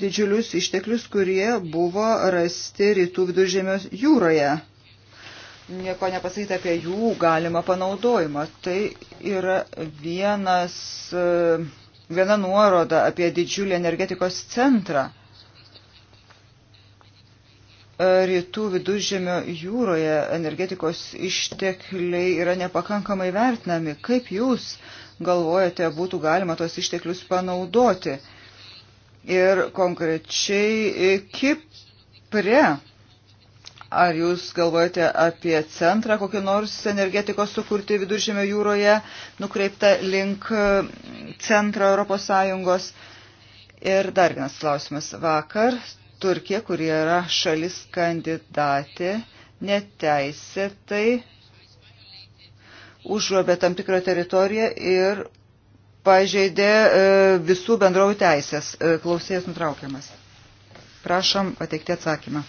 didžiulius išteklius, kurie buvo rasti rytų viduržėmio jūroje. Nieko nepasakyti apie jų galimą panaudojimą. Tai yra vienas, e, viena nuoroda apie didžiulį energetikos centrą rytų viduržėmio jūroje energetikos ištekliai yra nepakankamai vertinami. Kaip jūs galvojate, būtų galima tos išteklius panaudoti? Ir konkrečiai e, Kipre. Ar jūs galvojate apie centrą kokį nors energetikos sukurti viduržėmio jūroje, nukreiptą link e, centro Europos Sąjungos? Ir dar vienas klausimas. Vakar Turkija, kuri yra šalis kandidatė, neteisėtai užrobė tam tikrą teritoriją ir pažeidė e, visų bendrovų teisės. E, klausėjas nutraukiamas. Prašom pateikti atsakymą.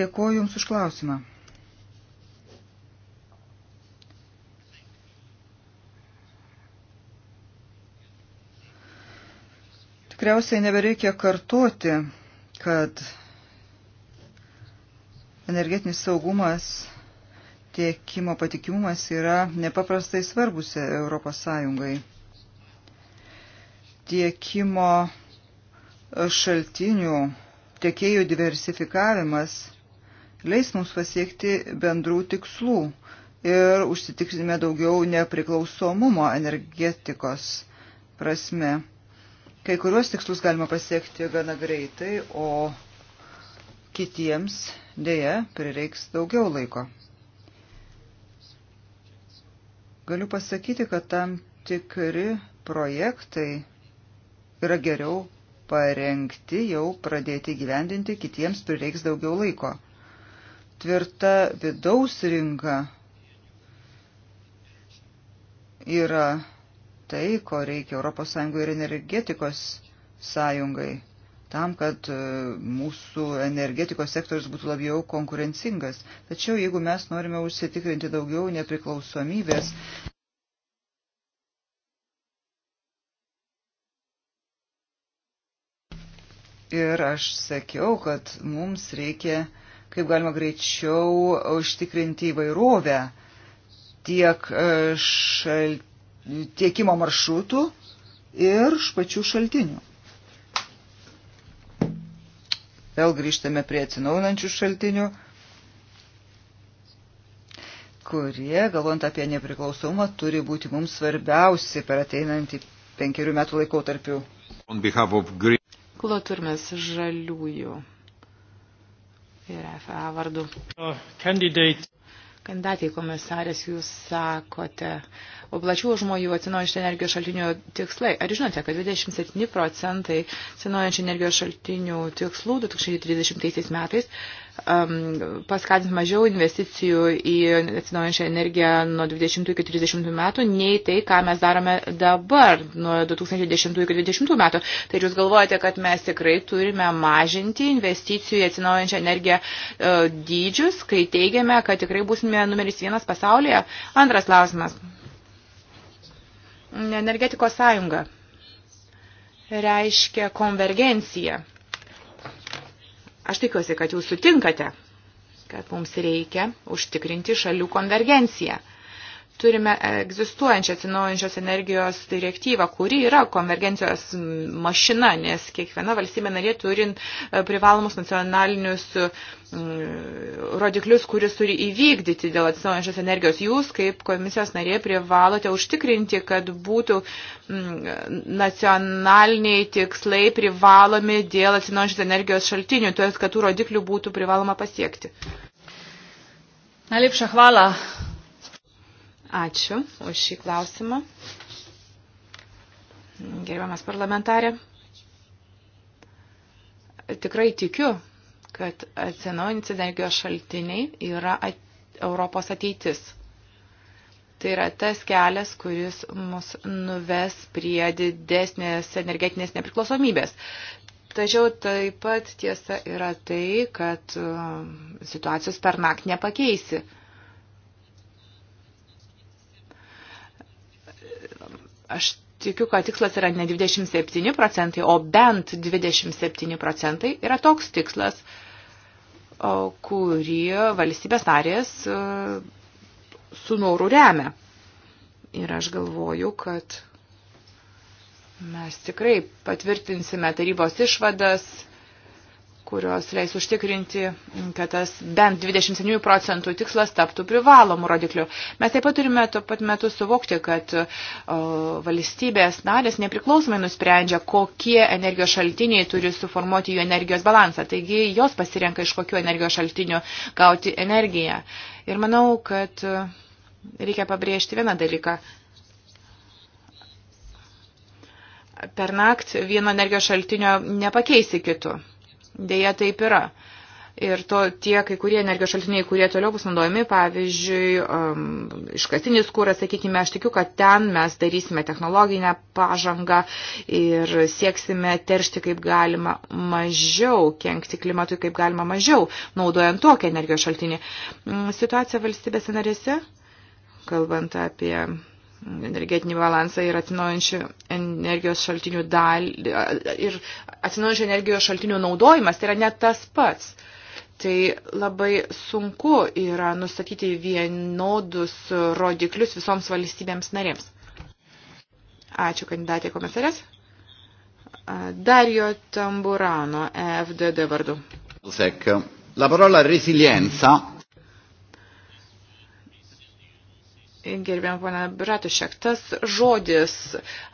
Dėkuoju Jums už klausimą. Tikriausiai nebereikia kartoti, kad energetinis saugumas tiekimo patikimumas yra nepaprastai svarbus Europos Sąjungai. Tiekimo šaltinių, tiekėjų diversifikavimas leis mums pasiekti bendrų tikslų ir užsitiksime daugiau nepriklausomumo energetikos prasme. Kai kuriuos tikslus galima pasiekti gana greitai, o kitiems dėja prireiks daugiau laiko. Galiu pasakyti, kad tam tikri projektai yra geriau parengti, jau pradėti gyvendinti, kitiems prireiks daugiau laiko. Tvirta vidaus rinka yra tai, ko reikia ES ir energetikos sąjungai, tam, kad e, mūsų energetikos sektorius būtų labiau konkurencingas. Tačiau jeigu mes norime užsitikrinti daugiau nepriklausomybės, Ir aš sakiau, kad mums reikia, kaip galima greičiau, užtikrinti įvairovę tiek e, šalt tiekimo maršrutų ir iš pačių šaltinių. Vėl grįžtame prie atsinaunančių šaltinių, kurie, galvojant apie nepriklausomą, turi būti mums svarbiausi per ateinantį penkerių metų laikotarpių. Kulo turmes žaliųjų ir FA vardu. Candidate. Kandidatai komisarės, jūs sakote, o plačių užmojų atsinaujančių energijos šaltinių tikslai. Ar žinote, kad 27 procentai atsinaujančių energijos šaltinių tikslų 2030 metais um, paskatins mažiau investicijų į atsinaujančią energiją nuo 20 iki 30 metų, nei tai, ką mes darome dabar nuo 2010 iki 2020 metų. Tai jūs galvojate, kad mes tikrai turime mažinti investicijų į atsinaujančią energiją uh, dydžius, kai teigiame, kad tikrai būsime numeris vienas pasaulyje? Antras klausimas. Energetikos sąjunga reiškia konvergenciją Aš tikiuosi, kad jūs sutinkate, kad mums reikia užtikrinti šalių konvergenciją turime egzistuojančią atsinaujančios energijos direktyvą, kuri yra konvergencijos mašina, nes kiekviena valstybė narė turi e, privalomus nacionalinius mm, rodiklius, kuris turi įvykdyti dėl atsinaujančios energijos. Jūs, kaip komisijos narė, privalote užtikrinti, kad būtų mm, nacionaliniai tikslai privalomi dėl atsinaujančios energijos šaltinių, to kad tų rodiklių būtų privaloma pasiekti. Najlepša hvala Ačiū už šį klausimą. Gerbiamas parlamentarė, tikrai tikiu, kad atsinaujantis energijos šaltiniai yra at, Europos ateitis. Tai yra tas kelias, kuris mus nuves prie didesnės energetinės nepriklausomybės. Tačiau taip pat tiesa yra tai, kad um, situacijos per naktį nepakeisi. Aš tikiu, kad tikslas yra ne 27 procentai, o bent 27 procentai yra toks tikslas, kurį valstybės narės e, su noru remia. Ir aš galvoju, kad mes tikrai patvirtinsime tarybos išvadas kurios leis užtikrinti, kad tas bent 27 procentų tikslas taptų privalomų rodiklių. Mes taip pat turime tuo pat metu suvokti, kad o, valstybės narės nepriklausomai nusprendžia, kokie energijos šaltiniai turi suformuoti jų energijos balansą. Taigi jos pasirenka, iš kokių energijos šaltinių gauti energiją. Ir manau, kad reikia pabrėžti vieną dalyką per naktį vieno energijos šaltinio nepakeisi kitų. Deja, taip yra. Ir to tie kai kurie energijos šaltiniai, kurie toliau bus naudojami, pavyzdžiui, um, iškastinis kūras, sakykime, aš tikiu, kad ten mes darysime technologinę pažangą ir sieksime teršti kaip galima mažiau, kenkti klimatui kaip galima mažiau, naudojant tokį energijos šaltinį. Mm, situacija valstybėse narėse, kalbant apie energetinį balansą ir atsinaujančių energijos šaltinių dalį ir atsinaujančių energijos šaltinių naudojimas, tai yra ne tas pats. Tai labai sunku yra nustatyti vienodus rodiklius visoms valstybėms narėms. Ačiū kandidatė komisarės. Dario Tamburano, e FDD vardu. La parola resilienza gerbėm pana Bratušek, tas žodis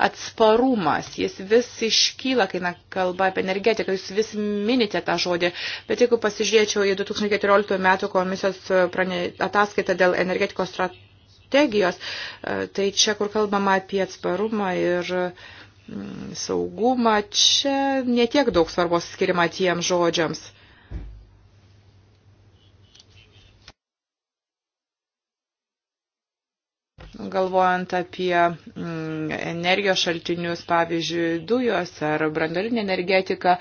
atsparumas, jis vis iškyla, kai na, kalba apie energetiką, jūs vis minite tą žodį, bet jeigu pasižiūrėčiau į 2014 metų komisijos ataskaitą dėl energetikos strategijos, e, tai čia, kur kalbama apie atsparumą ir mm, saugumą, čia netiek daug svarbos skirima tiem žodžiams. galvojant apie mm, energijos šaltinius, pavyzdžiui, dujos ar brandalinė energetika,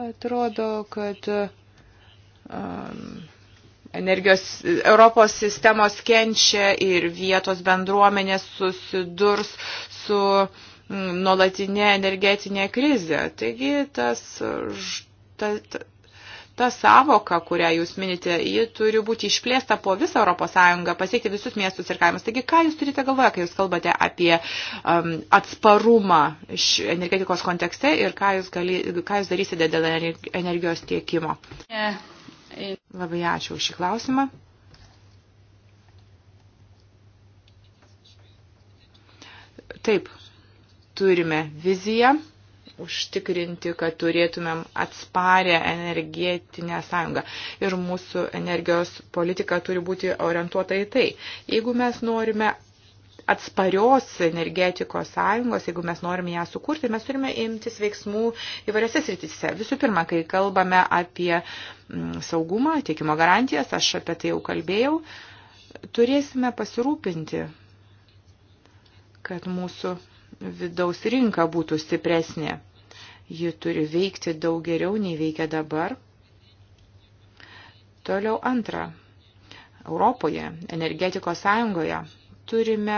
atrodo, kad um, energijos Europos sistemos kenčia ir vietos bendruomenės susidurs su mm, nuolatinė energetinė krizė. Taigi tas, ta, ta, ta savoka, kurią jūs minite, ji turi būti išplėsta po visą ES, pasiekti visus miestus ir kaimus. Taigi, ką jūs turite galvoje, kai jūs kalbate apie um, atsparumą energetikos kontekste ir ką jūs, gali, ką jūs darysite dėl energijos tiekimo? Labai ačiū už šį klausimą. Taip, turime viziją užtikrinti, kad turėtumėm atsparę energetinę sąjungą. Ir mūsų energijos politika turi būti orientuota į tai. Jeigu mes norime atsparios energetikos sąjungos, jeigu mes norime ją sukurti, mes turime imtis veiksmų įvairiose srityse. Visų pirma, kai kalbame apie mm, saugumą, tiekimo garantijas, aš apie tai jau kalbėjau, turėsime pasirūpinti, kad mūsų vidaus rinka būtų stipresnė. Ji turi veikti daug geriau nei veikia dabar. Toliau antra. Europoje, energetikos sąjungoje turime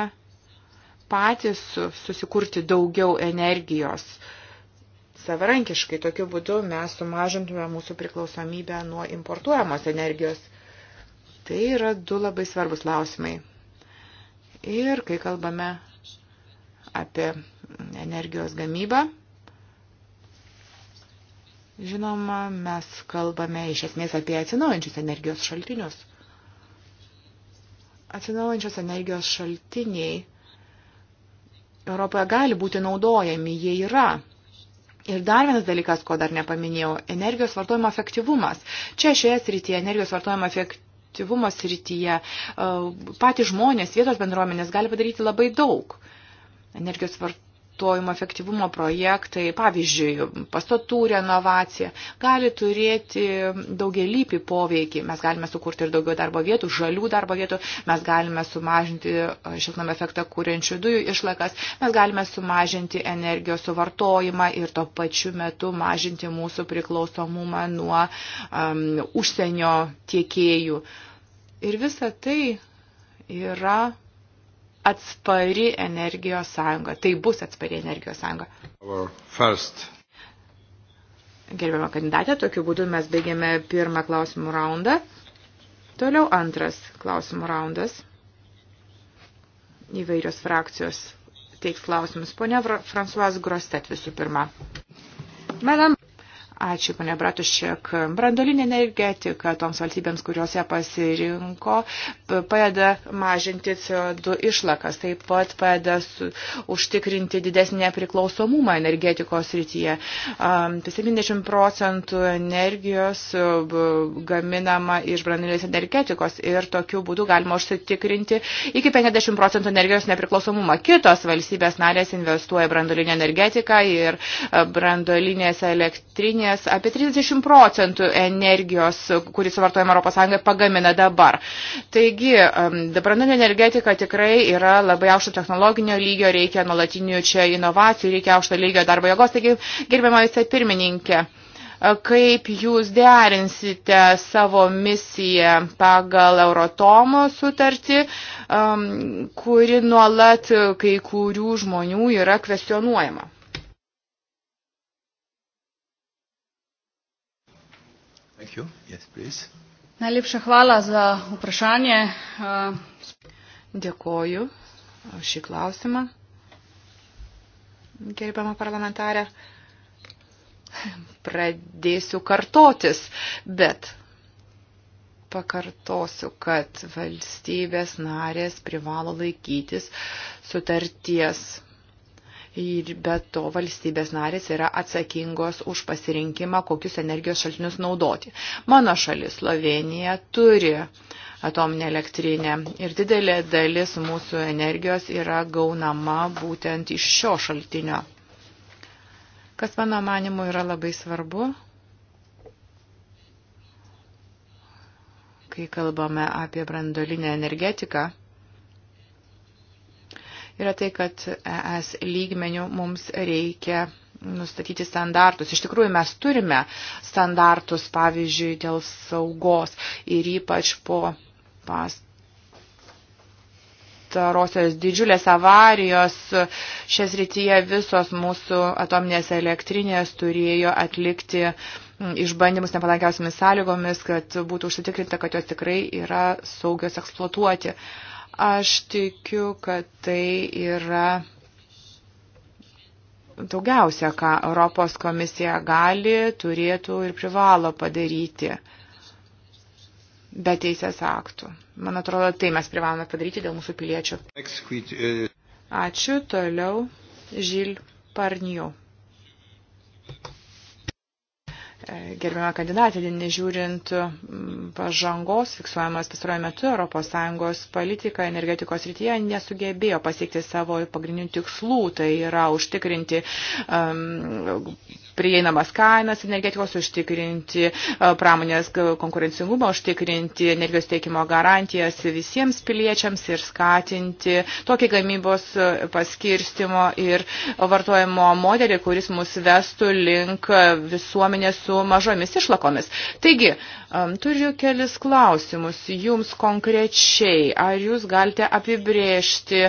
patys susikurti daugiau energijos. Savarankiškai tokiu būdu mes sumažintume mūsų priklausomybę nuo importuojamos energijos. Tai yra du labai svarbus klausimai. Ir kai kalbame apie energijos gamybą, Žinoma, mes kalbame iš esmės apie atsinaujančius energijos šaltinius. Atsinaujančios energijos šaltiniai Europoje gali būti naudojami, jie yra. Ir dar vienas dalykas, ko dar nepaminėjau, energijos vartojimo efektyvumas. Čia šioje srityje energijos vartojimo efektyvumo srityje e, patys žmonės, vietos bendruomenės gali padaryti labai daug. Energijos vartojimo vartojimo efektyvumo projektai, pavyzdžiui, pastatų renovacija, gali turėti daugelįpį poveikį. Mes galime sukurti ir daugiau darbo vietų, žalių darbo vietų, mes galime sumažinti šiltnamio efektą kūrenčių dujų išlakas, mes galime sumažinti energijos suvartojimą ir tuo pačiu metu mažinti mūsų priklausomumą nuo um, užsienio tiekėjų. Ir visa tai yra atspari energijos sąjunga. Tai bus atspari energijos sąjunga. Gerbiamą kandidatę, tokiu būdu mes baigėme pirmą klausimų raundą. Toliau antras klausimų raundas. Įvairios frakcijos teiks klausimus. Pone Fransuas Grostet visų pirma. Madame. Ačiū, ponia Bratušek. Brandolinė energetika toms valstybėms, kurios ją pasirinko, padeda mažinti CO2 išlakas, taip pat padeda su, užtikrinti didesnį nepriklausomumą energetikos rytyje. 70 tai procentų energijos gaminama iš brandolinės energetikos ir tokiu būdu galima užsitikrinti iki 50 procentų energijos nepriklausomumą. Kitos valstybės narės investuoja brandolinę energetiką ir brandolinės elektrinės įmonės apie 30 procentų energijos, kurį suvartojama ES, pagamina dabar. Taigi, dabraninė energetika tikrai yra labai aukšto technologinio lygio, reikia nuolatinių čia inovacijų, reikia aukšto lygio darbo jėgos. Taigi, gerbiama visai pirmininkė kaip jūs derinsite savo misiją pagal Eurotomo sutartį, kuri nuolat kai kurių žmonių yra kvestionuojama. Yes, Najlepša hvala za vprašanje. Eh, Dėkoju eh, šį klausimą. Gerbama parlamentarė, pradėsiu kartotis, bet pakartosiu, kad valstybės narės privalo laikytis sutarties Ir be to valstybės narės yra atsakingos už pasirinkimą, kokius energijos šaltinius naudoti. Mano šalis, Slovenija, turi atominę elektrinę ir didelė dalis mūsų energijos yra gaunama būtent iš šio šaltinio. Kas mano manimu yra labai svarbu, kai kalbame apie brandolinę energetiką, yra tai, kad ES lygmenių mums reikia nustatyti standartus. Iš tikrųjų, mes turime standartus, pavyzdžiui, dėl saugos ir ypač po pastarosios didžiulės avarijos šias rytyje visos mūsų atominės elektrinės turėjo atlikti išbandymus nepalankiausiamis sąlygomis, kad būtų užsitikrinta, kad jos tikrai yra saugios eksploatuoti. Uh, Aš tikiu, kad tai yra daugiausia, ką Europos komisija gali, turėtų ir privalo padaryti be teisės aktų. Man atrodo, tai mes privalome padaryti dėl mūsų piliečių. Ačiū, toliau Žil Parnijų. E, gerbiama kandidatė, nežiūrint pažangos fiksuojamas pastaruoju metu ES politika energetikos rytyje nesugebėjo pasiekti savo pagrindinių tikslų, tai yra užtikrinti um, prieinamas kainas energetikos, užtikrinti e, pramonės konkurencingumą, užtikrinti energijos teikimo garantijas visiems piliečiams ir skatinti tokį gamybos e, paskirstimo ir vartojimo modelį, kuris mus vestų link e, visuomenės su mažomis išlakomis. Taigi, turiu kelis klausimus jums konkrečiai. Ar jūs galite apibrėžti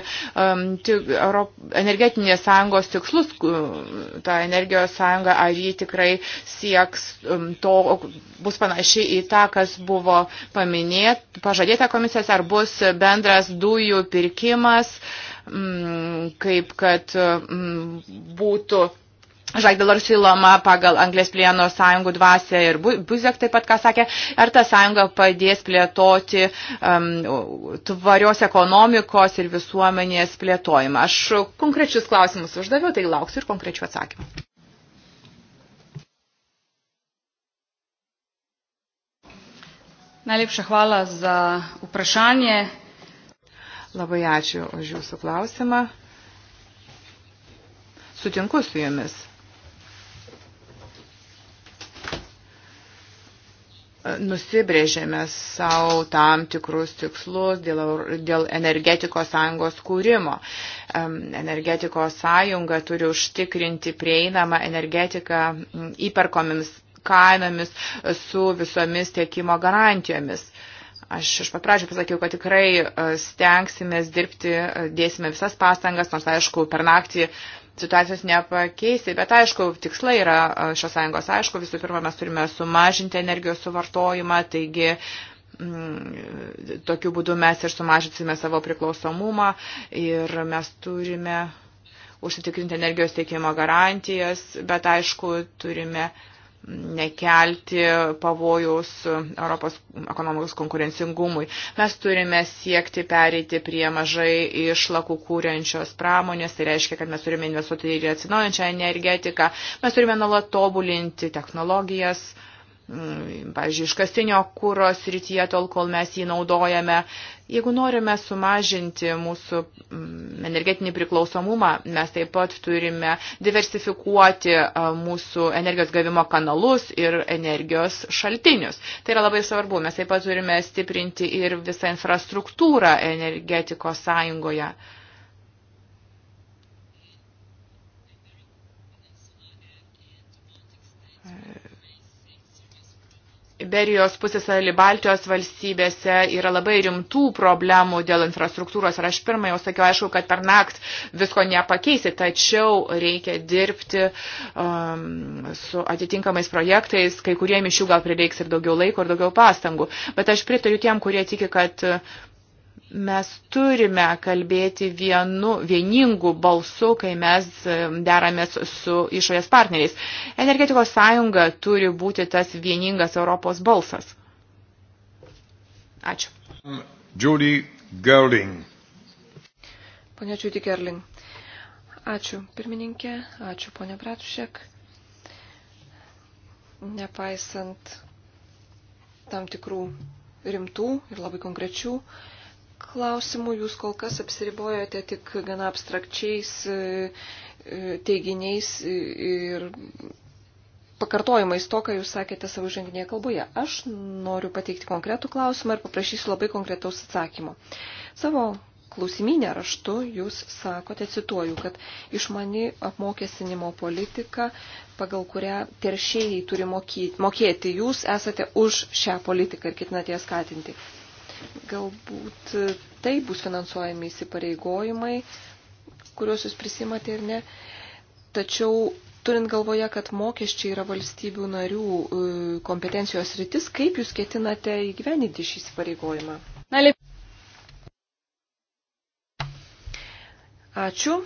energetinės sąjungos tikslus, tą energijos sąjungą ar ji tikrai sieks um, to, bus panaši į tą, kas buvo paminėt, pažadėta komisijos, ar bus bendras dujų pirkimas, um, kaip kad um, būtų Žagdalor siūloma pagal Anglės plieno sąjungų dvasę ir Buzek taip pat, ką sakė, ar ta sąjunga padės plėtoti um, tvarios ekonomikos ir visuomenės plėtojimą. Aš konkrečius klausimus uždaviau, tai lauksiu ir konkrečių atsakymų. Najlepša hvala za vprašanje. Labai ačiū už jūsų klausimą. Sutinku su jumis. nusibrėžėme savo tam tikrus tikslus dėl, dėl energetikos sąjungos kūrimo. Energetikos sąjunga turi užtikrinti prieinamą energetiką įperkomis kainomis, su visomis tiekimo garantijomis. Aš iš pat pradžių pasakiau, kad tikrai e, stengsimės dirbti, e, dėsime visas pastangas, nors aišku, per naktį situacijos nepakeisi, bet aišku, tikslai yra e, šios sąjungos, aišku, visų pirma, mes turime sumažinti energijos suvartojimą, taigi m, mm, tokiu būdu mes ir sumažinsime savo priklausomumą ir mes turime užsitikrinti energijos tiekimo garantijas, bet aišku, turime uh, nekelti pavojaus Europos ekonomikos konkurencingumui. Mes turime siekti pereiti prie mažai išlakų kūrenčios pramonės, tai reiškia, kad mes turime investuoti ir atsinaujančią energetiką, mes turime nuolat tobulinti technologijas, Mm, pavyzdžiui, iškastinio kūros rytyje, tol kol mes jį naudojame. Jeigu norime sumažinti mūsų mm, energetinį priklausomumą, mes taip pat turime diversifikuoti mūsų energijos gavimo kanalus ir energijos šaltinius. Tai yra labai svarbu. Mes taip pat turime stiprinti ir visą infrastruktūrą energetikos sąjungoje. Iberijos pusėsalį Baltijos valstybėse yra labai rimtų problemų dėl infrastruktūros ir aš pirmą jau sakiau, aišku, kad per nakt visko nepakeisi, tačiau reikia dirbti um, su atitinkamais projektais, kai kuriem iš jų gal prireiks ir daugiau laiko ir daugiau pastangų. Bet aš pritariu tiem, kurie tiki, kad uh, mes turime kalbėti vienu, vieningu balsu, kai mes e, deramės su išorės partneriais. Energetikos sąjunga turi būti tas vieningas Europos balsas. Ačiū. Um, Judy Gerling. Pone Judy Gerling. Ačiū pirmininkė, ačiū ponė Bratušek. Nepaisant tam tikrų rimtų ir labai konkrečių uh, klausimų jūs kol kas apsiribojote tik gana abstrakčiais e, e, teiginiais ir pakartojimais to, ką jūs sakėte savo žanginėje kalboje. Aš noriu pateikti konkretų klausimą ir paprašysiu labai konkretaus atsakymo. Savo klausimynę raštu jūs sakote, cituoju, kad išmani apmokestinimo politika, pagal kurią teršėjai turi mokyti, mokėti, jūs esate už šią politiką ir ketinate ją skatinti galbūt e, tai bus finansuojami įsipareigojimai, kuriuos jūs prisimate ir ne. Tačiau turint galvoje, kad mokesčiai yra valstybių narių e, kompetencijos rytis, kaip jūs ketinate įgyveninti šį įsipareigojimą? Ačiū.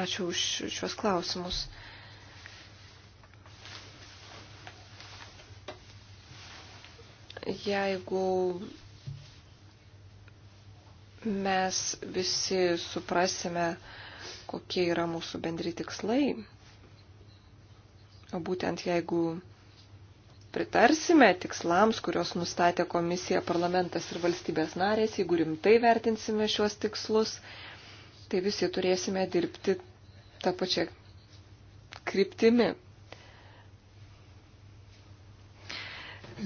Ačiū už šios klausimus. jeigu mes visi suprasime, kokie yra mūsų bendri tikslai, o būtent jeigu pritarsime tikslams, kurios nustatė komisija, parlamentas ir valstybės narės, jeigu rimtai vertinsime šiuos tikslus, tai visi turėsime dirbti tą pačią kryptimį.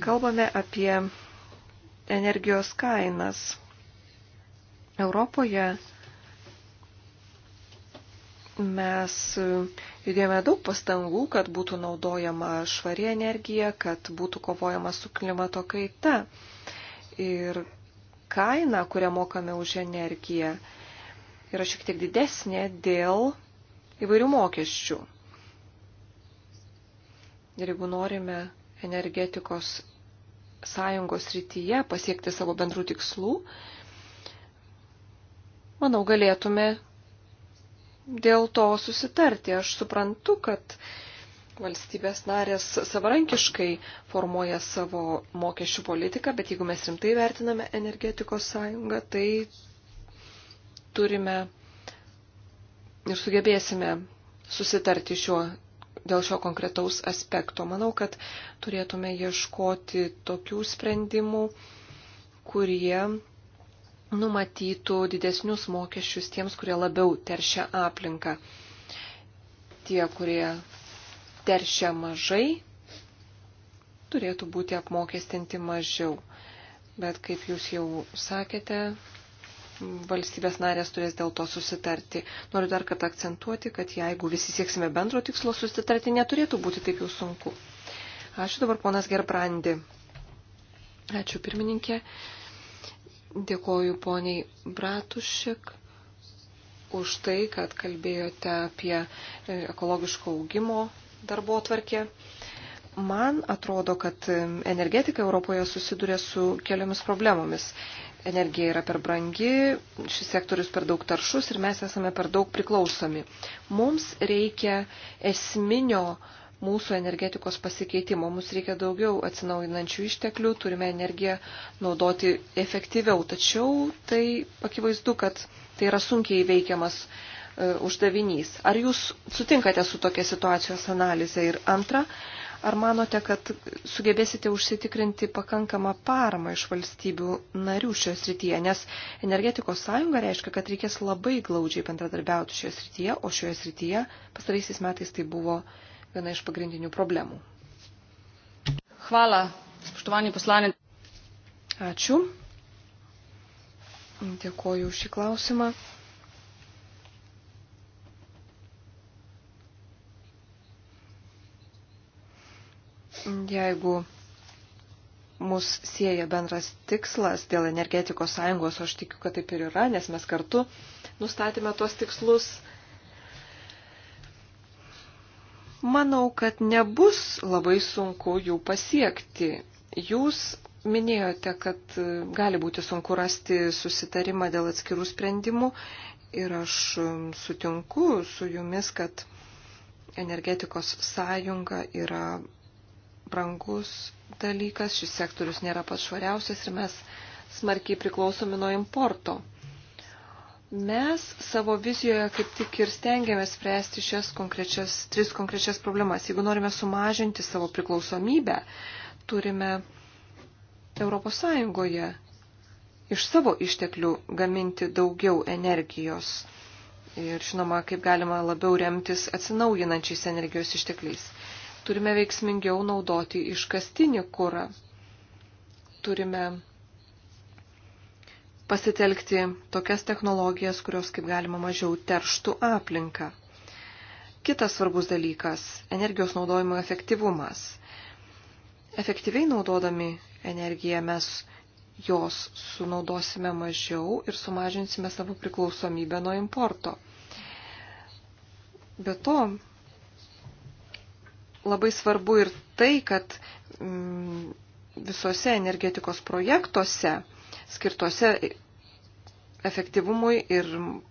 Kalbame apie energijos kainas. Europoje mes judėjome daug pastangų, kad būtų naudojama švari energija, kad būtų kovojama su klimato kaita. Ir kaina, kurią mokame už energiją, yra šiek tiek didesnė dėl įvairių mokesčių. Ir jeigu norime energetikos sąjungos rytyje pasiekti savo bendrų tikslų, manau, galėtume dėl to susitarti. Aš suprantu, kad valstybės narės savarankiškai formuoja savo mokesčių politiką, bet jeigu mes rimtai vertiname energetikos sąjungą, tai turime ir sugebėsime susitarti šiuo dėl šio konkretaus aspekto. Manau, kad turėtume ieškoti tokių sprendimų, kurie numatytų didesnius mokesčius tiems, kurie labiau teršia aplinką. Tie, kurie teršia mažai, turėtų būti apmokestinti mažiau. Bet kaip jūs jau sakėte, valstybės narės turės dėl to susitarti. Noriu dar kartą akcentuoti, kad jeigu visi sieksime bendro tikslo, susitarti neturėtų būti taip jau sunku. Ačiū dabar ponas Gerbrandi. Ačiū pirmininkė. Dėkoju poniai Bratušek už tai, kad kalbėjote apie e, ekologiško augimo darbo atvarkę. Man atrodo, kad e, energetika Europoje susiduria su keliomis problemomis energija yra per brangi, šis sektorius per daug taršus ir mes esame per daug priklausomi. Mums reikia esminio mūsų energetikos pasikeitimo. Mums reikia daugiau atsinaujinančių išteklių, turime energiją naudoti efektyviau. Tačiau tai akivaizdu, kad tai yra sunkiai įveikiamas e, uždavinys. Ar jūs sutinkate su tokia situacijos analize? Ir antra, Ar manote, kad sugebėsite užsitikrinti pakankamą paramą iš valstybių narių šioje srityje? Nes energetikos sąjunga reiškia, kad reikės labai glaudžiai bendradarbiauti šioje srityje, o šioje srityje pastaraisiais metais tai buvo viena iš pagrindinių problemų. Hvala, spoštovani poslanė. Ačiū. Dėkoju už šį klausimą. Jeigu mus sieja bendras tikslas dėl energetikos sąjungos, aš tikiu, kad taip ir yra, nes mes kartu nustatėme tuos tikslus. Manau, kad nebus labai sunku jų pasiekti. Jūs minėjote, kad gali būti sunku rasti susitarimą dėl atskirų sprendimų ir aš sutinku su jumis, kad energetikos sąjunga yra brangus dalykas, šis sektorius nėra pats švariausias ir mes smarkiai priklausomi nuo importo. Mes savo vizijoje kaip tik ir stengiamės spręsti šias konkrečias, tris konkrečias problemas. Jeigu norime sumažinti savo priklausomybę, turime ES iš savo išteklių gaminti daugiau energijos. Ir žinoma, kaip galima labiau remtis atsinaujinančiais energijos ištekliais turime veiksmingiau naudoti iškastinį kurą. Turime pasitelkti tokias technologijas, kurios kaip galima mažiau terštų aplinką. Kitas svarbus dalykas - energijos naudojimo efektyvumas. Efektyviai naudodami energiją mes jos sunaudosime mažiau ir sumažinsime savo priklausomybę nuo importo. Be to, labai svarbu ir tai, kad mm, visose energetikos projektuose skirtose efektyvumui ir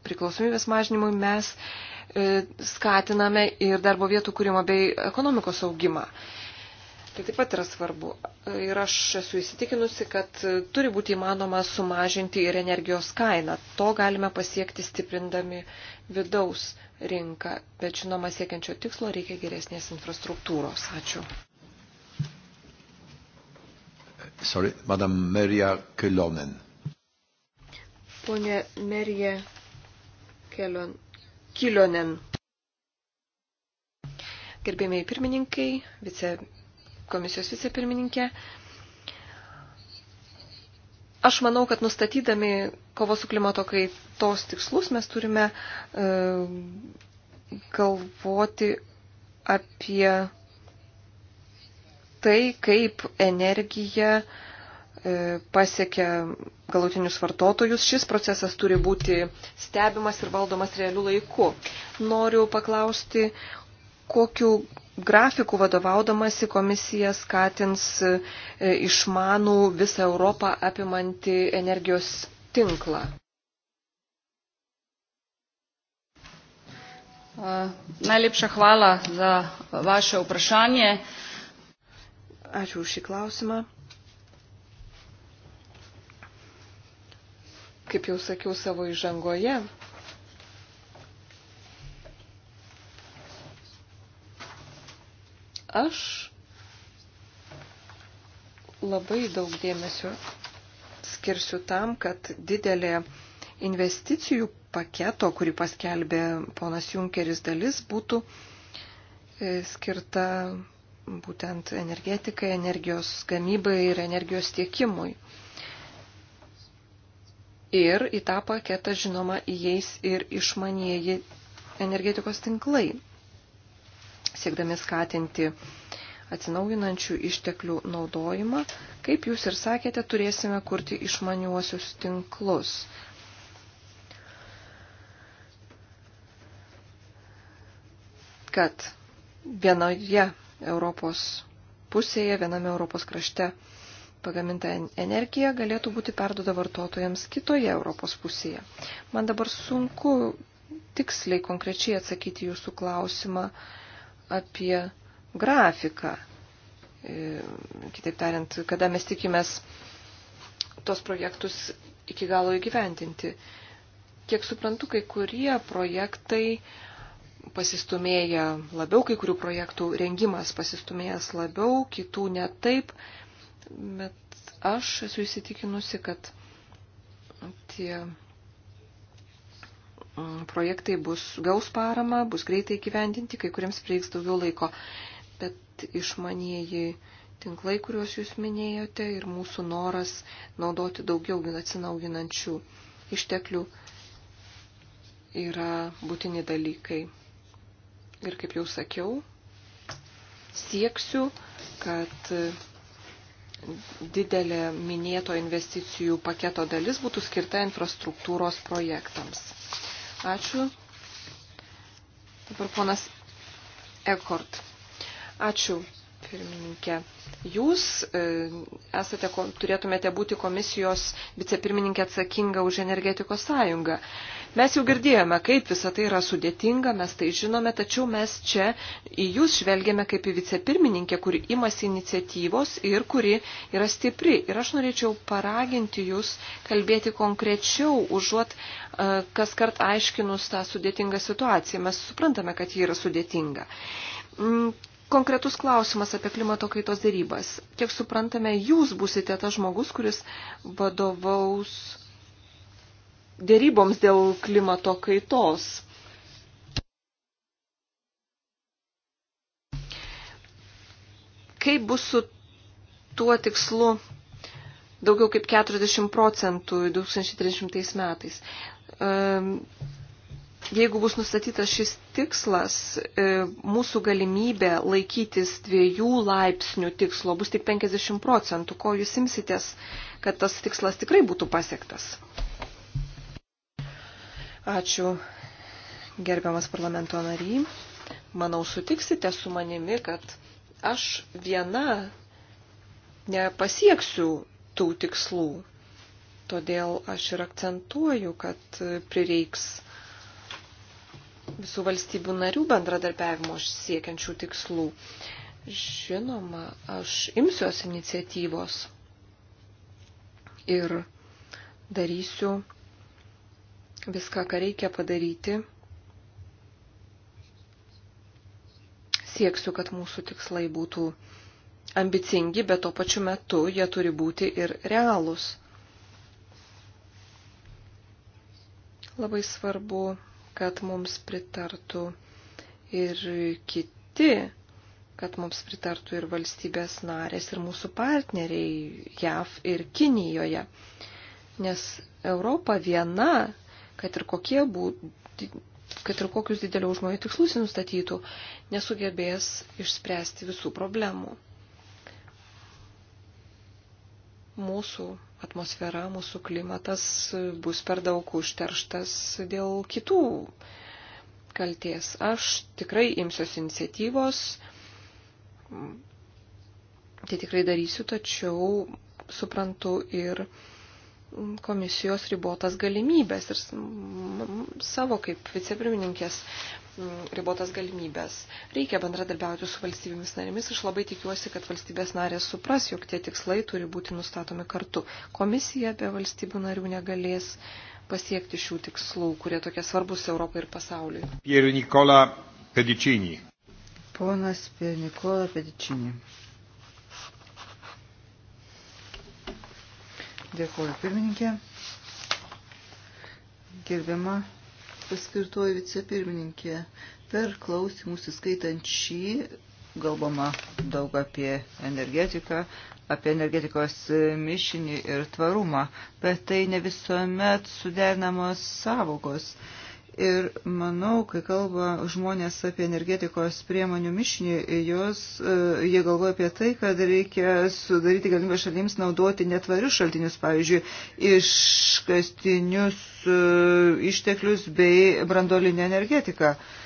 priklausomybės mažinimui mes e, skatiname ir darbo vietų kūrimo bei ekonomikos augimą. Tai taip pat yra svarbu. Ir aš esu įsitikinusi, kad turi būti įmanoma sumažinti ir energijos kainą. To galime pasiekti stiprindami vidaus rinką. Bet žinoma, siekiančio tikslo reikia geresnės infrastruktūros. Ačiū. Sorry, Madame Merija Kelonen. Pone Merija Kelon... Kilonen. Gerbėmiai pirmininkai, vice komisijos vicepirmininkė. Aš manau, kad nustatydami kovo su klimato kaitos tikslus mes turime e, galvoti apie tai, kaip energija e, pasiekia galutinius vartotojus. Šis procesas turi būti stebimas ir valdomas realiu laiku. Noriu paklausti, kokiu grafikų vadovaudamasi komisija skatins e, išmanų visą Europą apimantį energijos tinklą. E, najlepša hvala za vaše vprašanje. Ačiū už šį klausimą. Kaip jau sakiau savo įžangoje, Aš labai daug dėmesio skirsiu tam, kad didelė investicijų paketo, kurį paskelbė ponas Junkeris dalis, būtų e, skirta būtent energetikai, energijos gamybai ir energijos tiekimui. Ir į tą paketą, žinoma, įeis ir išmanieji energetikos tinklai siekdami skatinti atsinaujinančių išteklių naudojimą. Kaip jūs ir sakėte, turėsime kurti išmaniuosius tinklus. Kad vienoje Europos pusėje, viename Europos krašte pagaminta energija galėtų būti perduoda vartotojams kitoje Europos pusėje. Man dabar sunku tiksliai konkrečiai atsakyti jūsų klausimą. Uh, apie grafiką. E, kitaip tariant, kada mes tikimės tos projektus iki galo įgyvendinti. Kiek suprantu, kai kurie projektai pasistumėja labiau, kai kurių projektų rengimas pasistumėjęs labiau, kitų ne taip, bet aš esu įsitikinusi, kad tie projektai bus gaus paramą, bus greitai gyvendinti, kai kuriems prieiks daugiau laiko. Bet išmanieji tinklai, kuriuos jūs minėjote, ir mūsų noras naudoti daugiau atsinaujinančių išteklių yra būtini dalykai. Ir kaip jau sakiau, sieksiu, kad didelė minėto investicijų paketo dalis būtų skirta infrastruktūros projektams. Ačiū. Dabar ponas Ekort. Ačiū pirmininkė. Jūs e, esate, turėtumėte būti komisijos vicepirmininkė atsakinga už energetikos sąjungą. Mes jau girdėjome, kaip visa tai yra sudėtinga, mes tai žinome, tačiau mes čia į jūs žvelgiame kaip į vicepirmininkę, kuri imasi iniciatyvos ir kuri yra stipri. Ir aš norėčiau paraginti jūs kalbėti konkrečiau, užuot e, kas kart aiškinus tą sudėtingą situaciją. Mes suprantame, kad ji yra sudėtinga mm, Konkretus klausimas apie klimato kaitos dėrybas. Kiek suprantame, jūs būsite tas žmogus, kuris vadovaus dėryboms dėl klimato kaitos. Kaip bus su tuo tikslu daugiau kaip 40 procentų 2030 metais? Ehm, jeigu bus nustatytas šis tikslas, e, mūsų galimybė laikytis dviejų laipsnių tikslo bus tik 50 procentų. Ko jūs imsitės, kad tas tikslas tikrai būtų pasiektas? Ačiū, gerbiamas parlamento nary. Manau, sutiksite su manimi, kad aš viena nepasieksiu tų tikslų. Todėl aš ir akcentuoju, kad prireiks visų valstybių narių bendradarbiavimo siekiančių tikslų. Žinoma, aš imsiuos iniciatyvos ir darysiu viską, ką reikia padaryti. Sieksiu, kad mūsų tikslai būtų ambicingi, bet tuo pačiu metu jie turi būti ir realūs. Labai svarbu kad mums pritartų ir kiti, kad mums pritartų ir valstybės narės, ir mūsų partneriai JAV ir Kinijoje. Nes Europa viena, kad ir kokie būtų kad ir kokius didelio užmojo tikslus nustatytų, nesugebės išspręsti visų problemų. Mūsų atmosfera, mūsų klimatas bus per daug užterštas dėl kitų kalties. Aš tikrai imsiuosi iniciatyvos, tai tikrai darysiu, tačiau suprantu ir komisijos ribotas galimybės ir savo kaip vicepirmininkės Mm, ribotas galimybės. Reikia bendradarbiauti su valstybėmis narėmis. Aš labai tikiuosi, kad valstybės narės supras, jog tie tikslai turi būti nustatomi kartu. Komisija be valstybių narių negalės pasiekti šių tikslų, kurie tokie svarbus Europai ir pasauliui. Pier Nikola Pedicini. Ponas Pier Nikola Pedicini. Dėkuoju pirmininkė. Gerbiama paskirtoji vicepirmininkė. Per klausimus įskaitant šį, galbama daug apie energetiką, apie energetikos mišinį ir tvarumą, bet tai ne visuomet suderinamos savokos. E, Ir manau, kai kalba žmonės apie energetikos priemonių mišinį, jos, e, jie galvoja apie tai, kad reikia sudaryti galimybę šalims naudoti netvarius šaltinius, pavyzdžiui, iškastinius e, išteklius bei brandolinę energetiką. Uh,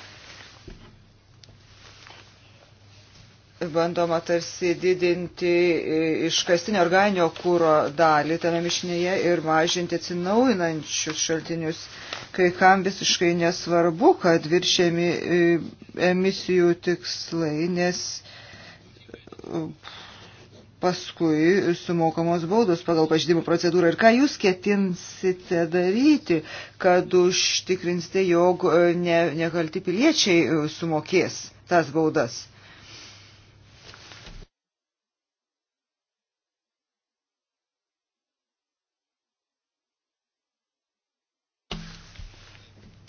bandoma tarsi didinti e, iškastinio organinio kūro dalį tame mišinėje ir mažinti atsinaujinančius šaltinius. Kai kam visiškai nesvarbu, kad viršėmi e, emisijų tikslai, nes e, paskui sumokamos baudos pagal pažydimų procedūrą. Ir ką jūs ketinsite daryti, kad užtikrinsite, jog ne, nekalti piliečiai sumokės tas baudas?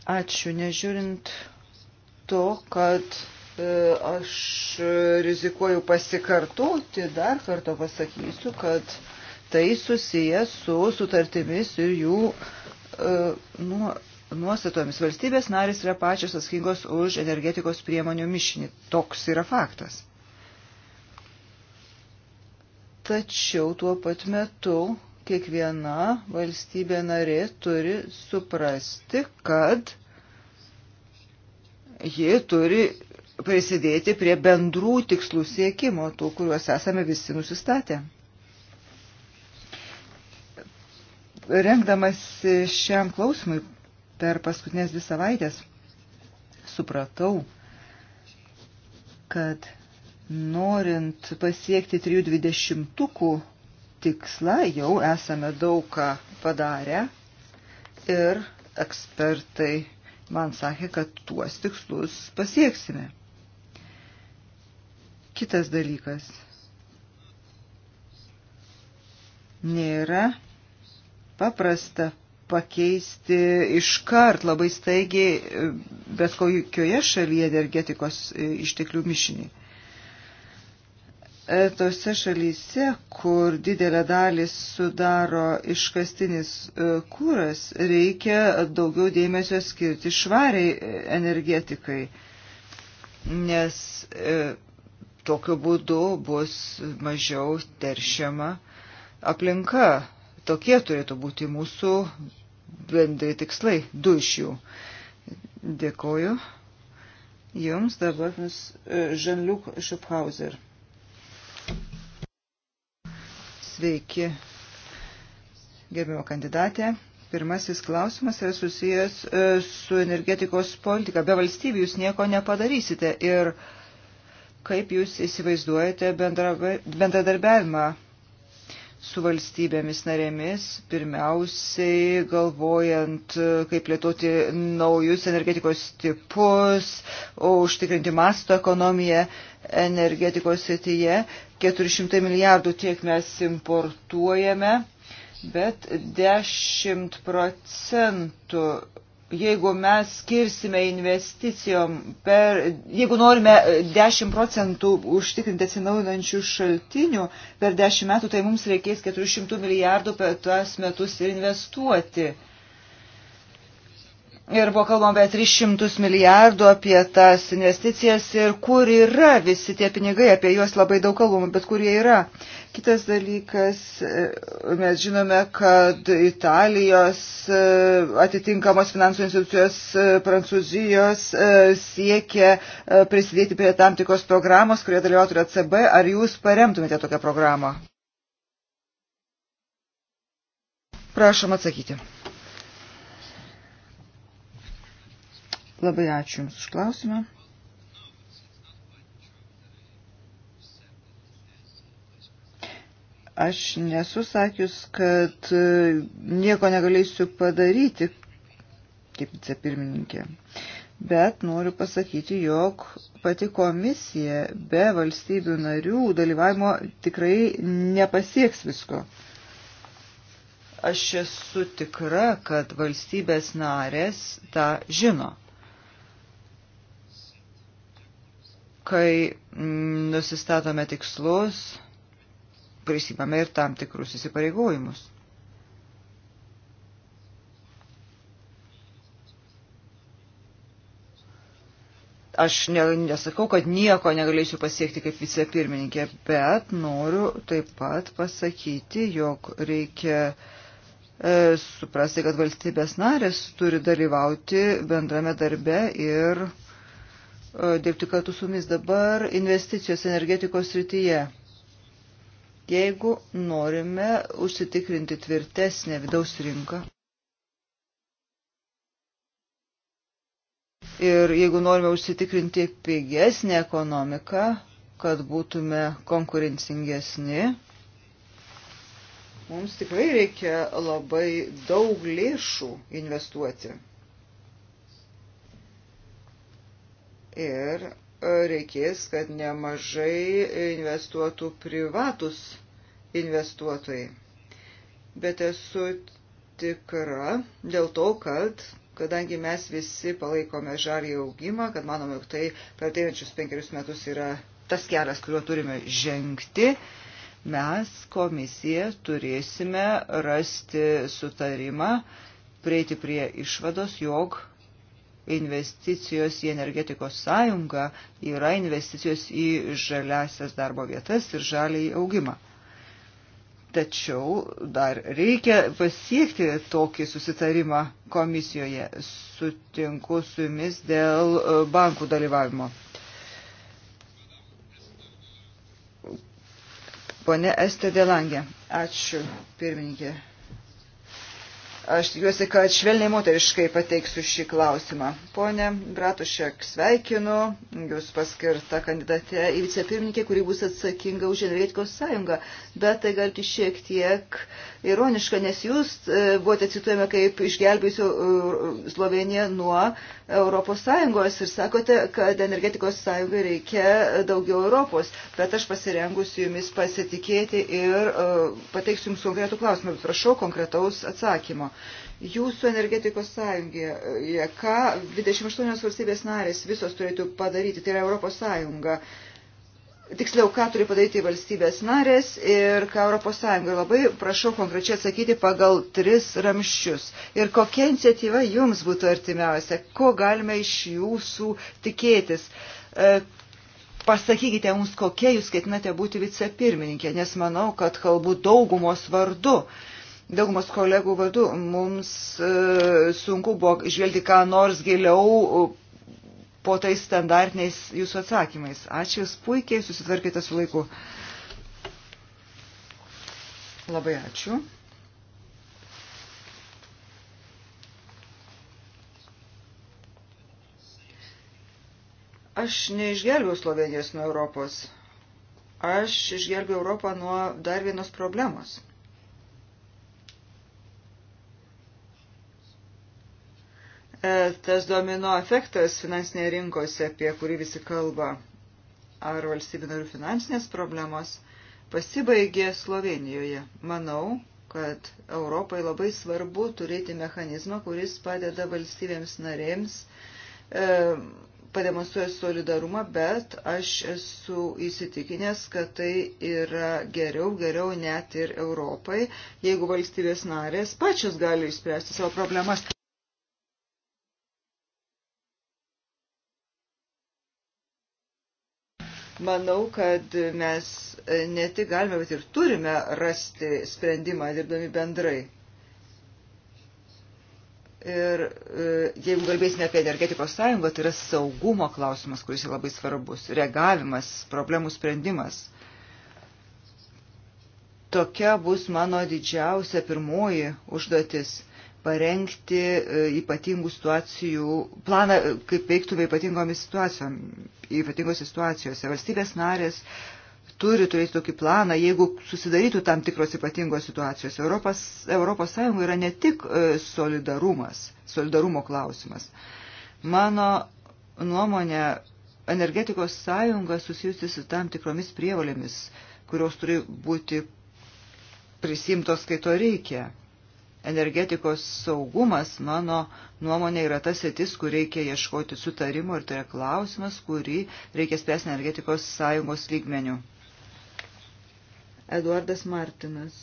Ačiū, nežiūrint to, kad e, aš rizikuoju pasikartoti, dar kartą pasakysiu, kad tai susiję su sutartimis ir jų nu, nuostatomis. Valstybės narės yra pačios atskingos už energetikos priemonių mišinį. Toks yra faktas. Tačiau tuo pat metu kiekviena valstybė narė turi suprasti, kad ji turi prisidėti prie bendrų tikslų siekimo, tų, kuriuos esame visi nusistatę. Rengdamas šiam klausimui per paskutinės dvi savaitės supratau, kad norint pasiekti 320-ukų tikslą, jau esame daug ką padarę ir ekspertai man sakė, kad tuos tikslus pasieksime. Kitas dalykas. Nėra paprasta pakeisti iškart labai staigiai e, bet kokioje šalyje energetikos e, išteklių mišinį. E, tose šalyse, kur didelę dalį sudaro iškastinis e, kūras, reikia daugiau dėmesio skirti švariai e, energetikai, nes tokiu būdu bus mažiau teršiama aplinka. Tokie turėtų būti mūsų bendrai tikslai, du iš jų. Dėkoju. Jums dabar Žanliuk Šuphauser. Sveiki, gerbimo kandidatė. Pirmasis klausimas yra susijęs e, su energetikos politika. Be valstybių jūs nieko nepadarysite. Ir kaip jūs įsivaizduojate bendradarbiavimą su valstybėmis narėmis, pirmiausiai galvojant, e, kaip plėtoti naujus energetikos tipus, užtikrinti masto ekonomiją energetikos srityje. 400 milijardų tiek mes importuojame, bet 10 procentų jeigu mes skirsime investicijom per, jeigu norime 10 e, procentų užtikrinti atsinaujinančių šaltinių per 10 metų, tai mums reikės 400 milijardų per tuos metus ir investuoti. Ir buvo kalbama apie 300 milijardų apie tas investicijas ir kur yra visi tie pinigai, apie juos labai daug kalbama, bet kur jie yra. Kitas dalykas, e, mes žinome, kad Italijos e, atitinkamos finansų institucijos e, Prancūzijos siekia prisidėti prie tam tikros programos, kurie dalyvautų ir ACB. Ar jūs paremtumėte tokią programą? Prašom atsakyti. Labai ačiū Jums už klausimą. Aš nesu sakius, kad e, nieko negalėsiu padaryti kaip vicepirmininkė. Bet noriu pasakyti, jog pati komisija be valstybių narių dalyvavimo tikrai nepasieks visko. Aš esu tikra, kad valstybės narės tą žino. kai nusistatome tikslus, prisimame ir tam tikrus įsipareigojimus. aš ne, nesakau, kad nieko negalėsiu pasiekti kaip vicepirmininkė, bet noriu taip pat pasakyti, jog reikia e, suprasti, kad valstybės narės turi dalyvauti bendrame darbe ir E, dirbti kartu su mumis dabar investicijos energetikos srityje. Jeigu norime užsitikrinti tvirtesnę vidaus rinką ir jeigu norime užsitikrinti pigesnę ekonomiką, kad būtume konkurencingesni, mums tikrai reikia labai daug lėšų investuoti. ir e, reikės, kad nemažai investuotų privatus investuotojai. Bet esu tikra dėl to, kad kadangi mes visi palaikome žarį augimą, kad manome, jog tai per ateinančius penkerius metus yra tas kelias, kuriuo turime žengti, mes komisija turėsime rasti sutarimą, prieiti prie išvados, jog investicijos į energetikos sąjungą yra investicijos į žaliasias darbo vietas ir žaliai augimą. Tačiau dar reikia pasiekti tokį susitarimą komisijoje. Sutinku su jumis dėl e, bankų dalyvavimo. Pone Estė Delangė. Ačiū, pirmininkė. Aš tikiuosi, kad švelniai moteriškai pateiksiu šį klausimą. Pone Bratušek, sveikinu, jūs paskirta kandidate į vicepirmininkį, kuri bus atsakinga už energetikos sąjungą, bet tai galite šiek tiek ironiška, nes jūs e, buvote cituojami kaip išgelbėjusiu e, Sloveniją nuo Europos sąjungos ir sakote, kad energetikos sąjungai reikia daugiau Europos, bet aš pasirengusiu jumis pasitikėti ir e, pateiksiu jums konkretų klausimą, bet prašau konkretaus atsakymo klausimo. Jūsų energetikos sąjungė, ką 28 valstybės narės visos turėtų padaryti, tai yra Europos sąjunga. Tiksliau, ką turi padaryti valstybės narės ir ką Europos sąjunga. Ir labai prašau konkrečiai atsakyti pagal tris ramščius. Ir kokia iniciatyva jums būtų artimiausia, ko galime iš jūsų tikėtis e, pasakykite mums, kokie jūs ketinate būti vicepirmininkė, nes manau, kad kalbu daugumos vardu. Uh, daugumos kolegų vardu mums e, sunku buvo žvelgti ką nors giliau po tais standartiniais jūsų atsakymais. Ačiū, jūs puikiai susitvarkėte su laiku. Labai ačiū. Aš neišgelbėjau Slovenijos nuo Europos. Aš išgelbėjau Europą nuo dar vienos problemos – E, tas domino efektas finansinėje rinkose, apie kurį visi kalba, ar valstybių narių finansinės problemos, pasibaigė Slovenijoje. Manau, kad Europai labai svarbu turėti mechanizmą, kuris padeda valstybėms narėms, e, pademonstruoja solidarumą, bet aš esu įsitikinęs, kad tai yra geriau, geriau net ir Europai, jeigu valstybės narės pačios gali išspręsti savo problemas. Manau, kad mes e, ne tik galime, bet ir turime rasti sprendimą dirbdami bendrai. Ir e, jeigu kalbėsime apie energetikos sąjungą, tai yra saugumo klausimas, kuris yra labai svarbus, reagavimas, problemų sprendimas. Tokia bus mano didžiausia pirmoji užduotis parengti e, ypatingų situacijų planą, e, kaip veiktume ypatingomis situacijomis, ypatingose situacijose. Valstybės narės turi turėti tokį planą, jeigu susidarytų tam tikros ypatingos situacijos. Europos, Europos Sąjunga yra ne tik e, solidarumas, solidarumo klausimas. Mano nuomonė, energetikos sąjunga susijusi su tam tikromis prievolėmis, kurios turi būti prisimtos, kai to reikia energetikos saugumas, mano nuomonė, yra tas sėtis, kur reikia ieškoti sutarimo ir tai yra klausimas, kurį reikia spręsti energetikos sąjungos lygmenių. Eduardas Martinas.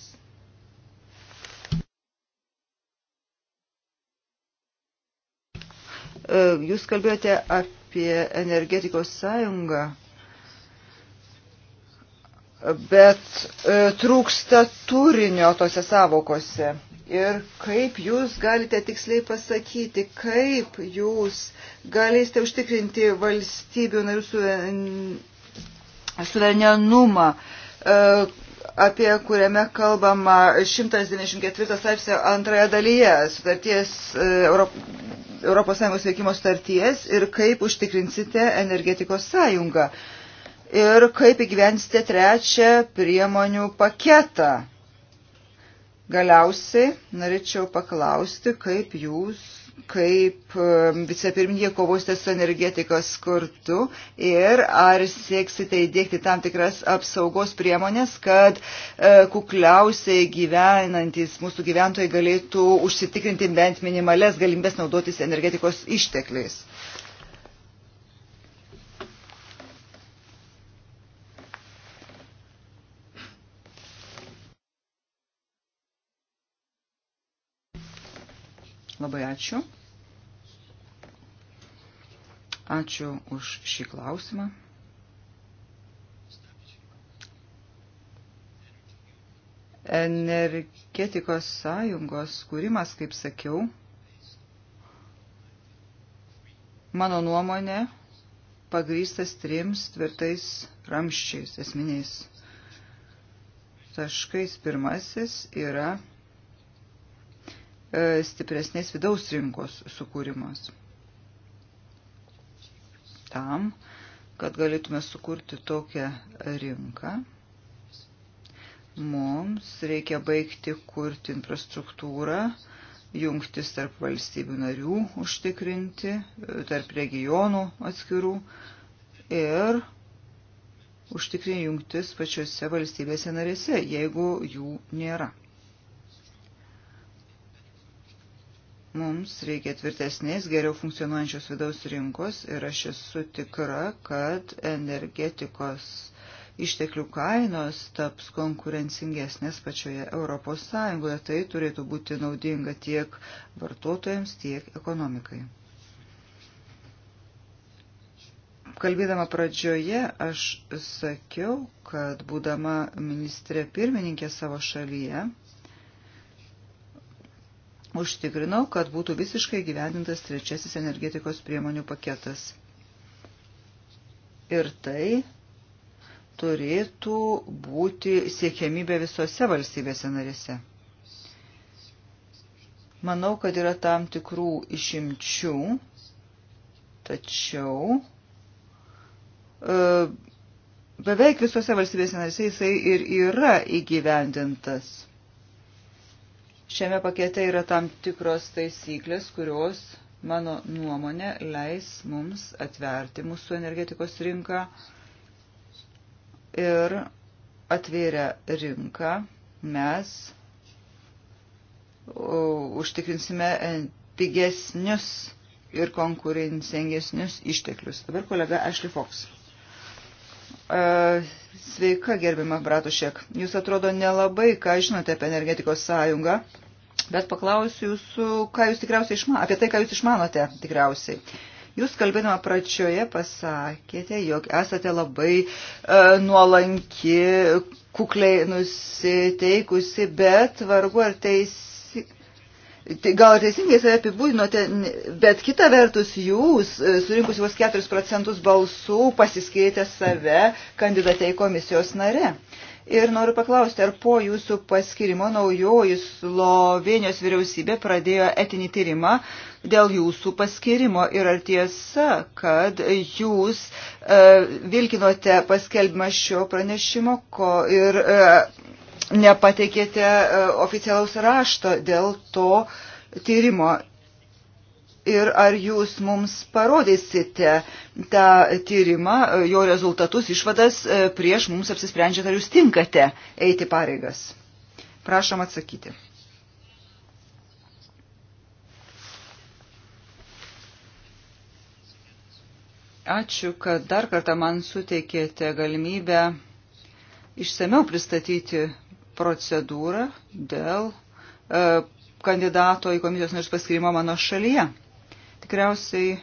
E, jūs kalbėjote apie energetikos sąjungą, bet e, trūksta turinio tose savokose Ir kaip jūs galite tiksliai pasakyti, kaip jūs galėsite užtikrinti valstybių narių suverenumą, e, apie kuriame kalbama 194 straipsnio antroje dalyje sutarties ES veikimo sutarties ir kaip užtikrinsite energetikos sąjungą ir kaip įgyvensite trečią priemonių paketą Galiausiai norėčiau paklausti, kaip jūs, kaip vicepirmininkė kovosite su energetikos skurtu ir ar sieksite įdėkti tam tikras apsaugos priemonės, kad e, kukliausiai gyvenantis mūsų gyventojai galėtų užsitikrinti bent minimales galimybės naudotis energetikos ištekliais. Labai ačiū. Ačiū už šį klausimą. Energetikos sąjungos kūrimas, kaip sakiau, mano nuomonė, pagrystas trims tvirtais ramščiais esminiais. Taškais pirmasis yra E, stipresnės vidaus rinkos sukūrimas. Tam, kad galėtume sukurti tokią rinką, mums reikia baigti kurti infrastruktūrą, jungtis tarp valstybių narių užtikrinti, e, tarp regionų atskirų ir užtikrinti jungtis pačiose valstybėse narėse, jeigu jų nėra. Mums reikia tvirtesnės, geriau funkcionuojančios vidaus rinkos ir aš esu tikra, kad energetikos išteklių kainos taps konkurencingesnės pačioje Europos Sąjungoje. Tai turėtų būti naudinga tiek vartotojams, tiek ekonomikai. Kalbėdama pradžioje, aš sakiau, kad būdama ministrė pirmininkė savo šalyje, užtikrino, kad būtų visiškai gyvendintas trečiasis energetikos priemonių paketas. Ir tai turėtų būti siekiamybė visose valstybėse narėse. Manau, kad yra tam tikrų išimčių, tačiau e, beveik visose valstybėse narėse jisai ir yra įgyvendintas. Šiame pakete yra tam tikros taisyklės, kurios, mano nuomonė, leis mums atverti mūsų energetikos rinką ir atvėrę rinką mes užtikrinsime pigesnius ir konkurencingesnius išteklius. Dabar kolega Ashley Fox. E, sveika, gerbima Bratušek. Jūs atrodo nelabai, ką žinote apie energetikos sąjungą, bet paklausiu jūsų, ką jūs tikriausiai išmanote, apie tai, ką jūs išmanote tikriausiai. Jūs kalbėdama pradžioje pasakėte, jog esate labai e, nuolanki, kukliai nusiteikusi, bet vargu ar teis Tai gal teisingai save apibūdinote, bet kita vertus jūs, e, surinkus vos 4 procentus balsų, pasiskirėte save kandidatei komisijos nare. Ir noriu paklausti, ar po jūsų paskirimo naujoji Slovenijos vyriausybė pradėjo etinį tyrimą dėl jūsų paskirimo ir ar tiesa, kad jūs e, vilkinote paskelbimą šio pranešimo ko, ir e, nepateikėte e, oficialaus rašto dėl to tyrimo. Ir ar jūs mums parodysite tą tyrimą, e, jo rezultatus, išvadas e, prieš mums apsisprendžiant, ar jūs tinkate eiti pareigas? Prašom atsakyti. Ačiū, kad dar kartą man suteikėte galimybę išsameu pristatyti procedūrą dėl e, kandidato į komisijos narius paskirimo mano šalyje. Tikriausiai e,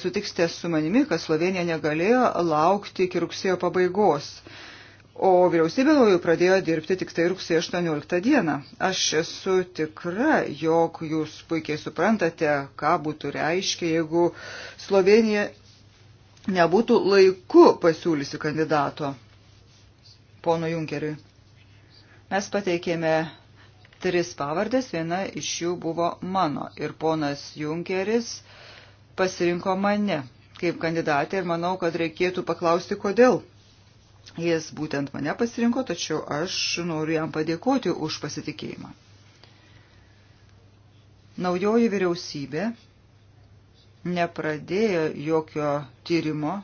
sutiksite su manimi, kad Slovenija negalėjo laukti iki rugsėjo pabaigos. O vyriausybė naujų pradėjo dirbti tik tai rugsėjo 18 dieną. Aš esu tikra, jog jūs puikiai suprantate, ką būtų reiškia, jeigu Slovenija nebūtų laiku pasiūlysi kandidato pono Junkeriui. Mes pateikėme tris pavardės, viena iš jų buvo mano ir ponas Junkeris pasirinko mane kaip kandidatę ir manau, kad reikėtų paklausti, kodėl. Jis būtent mane pasirinko, tačiau aš noriu jam padėkoti už pasitikėjimą. Naujoji vyriausybė nepradėjo jokio tyrimo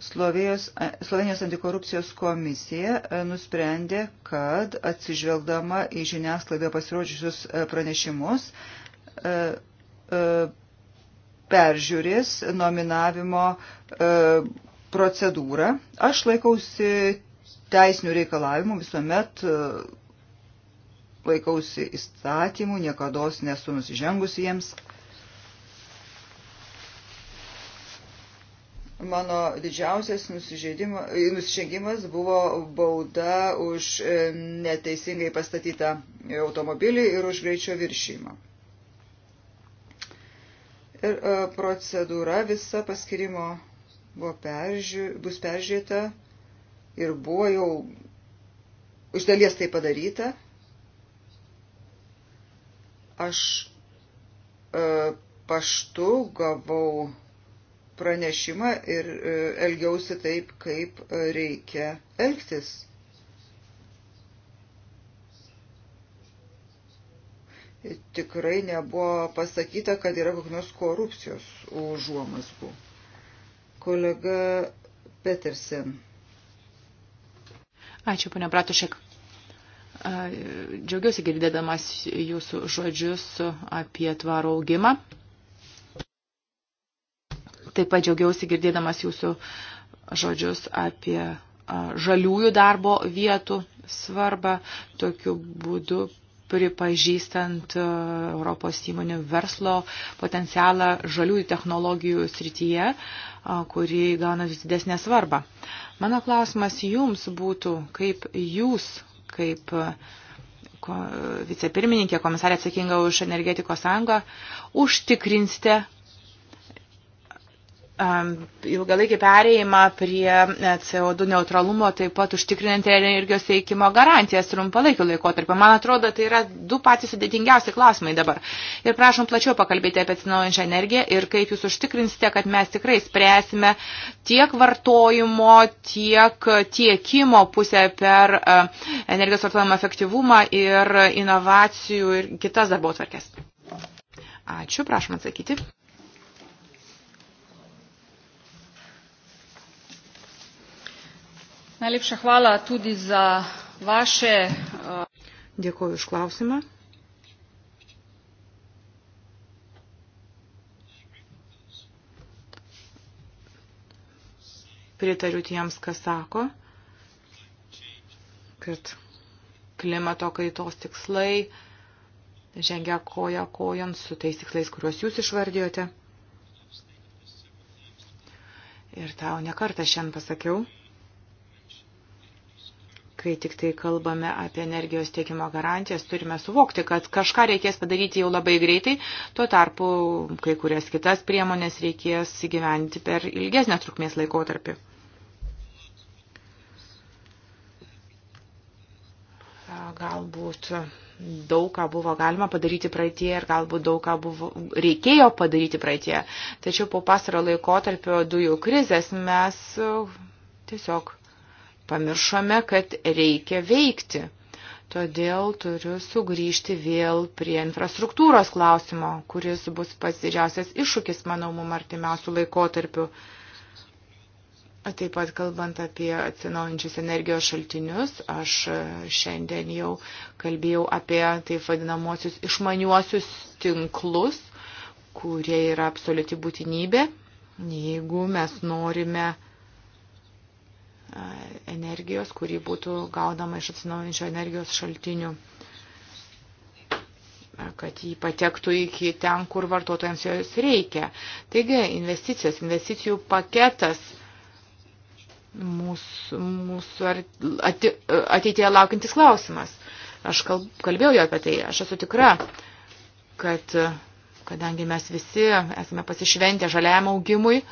Slovėjos, Slovenijos antikorupcijos komisija nusprendė, kad atsižvelgdama į žiniasklaidą pasirodžiusius pranešimus, peržiūrės nominavimo procedūrą. Aš laikausi teisinių reikalavimų visuomet laikausi įstatymų, niekada nesu nusižengusi jiems. Mano didžiausias nusižengimas buvo bauda už e, neteisingai pastatytą automobilį ir už greičio viršymą. Ir e, procedūra visa paskirimo peržiū, bus peržiūrėta ir buvo jau iš dalies tai padaryta. Aš e, paštu gavau pranešimą ir e, elgiausi taip, kaip e, reikia elgtis. Tikrai nebuvo pasakyta, kad yra kokios korupcijos užuomasgų. Kolega Petersen. Ačiū, ponia Bratušek. Džiaugiuosi girdėdamas jūsų žodžius apie tvarų augimą. Taip pat džiaugiausi girdėdamas jūsų žodžius apie žaliųjų darbo vietų svarbą, tokiu būdu pripažįstant Europos įmonių verslo potencialą žaliųjų technologijų srityje, kuri gauna vis didesnę svarbą. Mano klausimas jums būtų, kaip jūs, kaip vicepirmininkė, komisarė atsakinga už energetikos sąjungą, užtikrinsite, Um, ilgalaikį perėjimą prie e, CO2 neutralumo, taip pat užtikrinant energijos veikimo garantijas trumpalaikiu laikotarpiu. Man atrodo, tai yra du patys sudėtingiausi klausimai dabar. Ir prašom plačiau pakalbėti apie atsinaujančią energiją ir kaip jūs užtikrinsite, kad mes tikrai spręsime tiek vartojimo, tiek tiekimo pusę per e, energijos vartojimo efektyvumą ir inovacijų ir kitas darbo tvarkės. Ačiū, prašom atsakyti. Najlepša hvala tudi za vaše. Eh, Dėkuoju už klausimą. Pritariu tiems, kas sako, kad klimato kaitos tikslai žengia koja kojant su tais tikslais, kuriuos jūs išvardijote. Ir tau nekartą šiandien pasakiau kai tik tai kalbame apie energijos tiekimo garantijas, turime suvokti, kad kažką reikės padaryti jau labai greitai, tuo tarpu kai kurias kitas priemonės reikės įgyventi per ilgesnę trukmės laikotarpį. Galbūt daug ką buvo galima padaryti praeitie ir galbūt daug ką buvo, reikėjo padaryti praeitie. Tačiau po pasaro laikotarpio dujų krizės mes tiesiog Pamiršome, kad reikia veikti. Todėl turiu sugrįžti vėl prie infrastruktūros klausimo, kuris bus pats didžiausias iššūkis, manau, mum artimiausių laikotarpių. Taip pat kalbant apie atsinaujančius energijos šaltinius, aš šiandien jau kalbėjau apie taip vadinamosius išmaniuosius tinklus, kurie yra absoliuti būtinybė, jeigu mes norime E, energijos, kuri būtų gaudama iš atsinaujinčio energijos šaltinių e, kad jį patektų iki ten, kur vartotojams jos reikia. Taigi investicijos, investicijų paketas mūsų, mūsų ati, e, ateityje laukintis klausimas. Aš kalbėjau jau apie tai, aš esu tikra, kad kadangi mes visi esame pasišventę žaliajam augimui,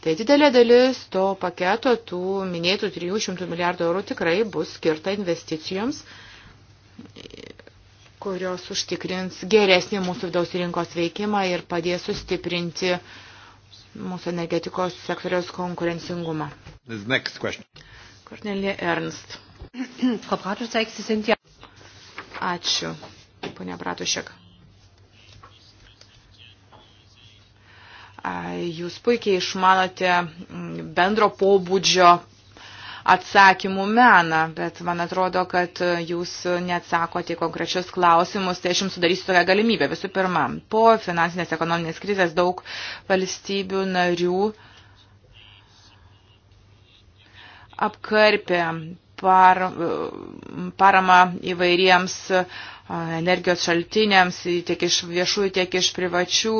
Tai didelė dalis to paketo, tų minėtų 300 milijardų eurų tikrai bus skirta investicijoms, kurios užtikrins geresnį mūsų vidaus rinkos veikimą ir padės sustiprinti mūsų energetikos sektoriaus konkurencingumą. Kornelija Ernst. Ačiū, ponia Bratušek. Jūs puikiai išmanote mm, bendro pobūdžio atsakymų meną, bet man atrodo, kad jūs neatsakote į konkrečius klausimus, tai aš jums sudarysiu tokią galimybę. Visų pirma, po finansinės ekonominės krizės daug valstybių narių apkarpė par, paramą įvairiems energijos šaltiniams, tiek iš viešųjų, tiek iš privačių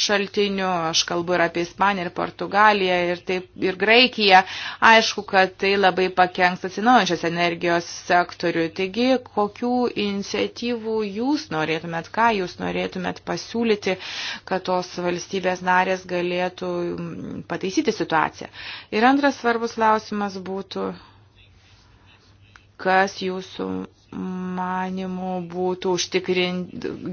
šaltinių, aš kalbu ir apie Ispaniją, ir Portugaliją, ir, taip, ir Graikiją. Aišku, kad tai labai pakenks atsinaujančios energijos sektoriui. Taigi, kokių iniciatyvų jūs norėtumėt, ką jūs norėtumėt pasiūlyti, kad tos valstybės narės galėtų mm, pataisyti situaciją. Ir antras svarbus klausimas būtų kas jūsų manimų būtų užtikrin...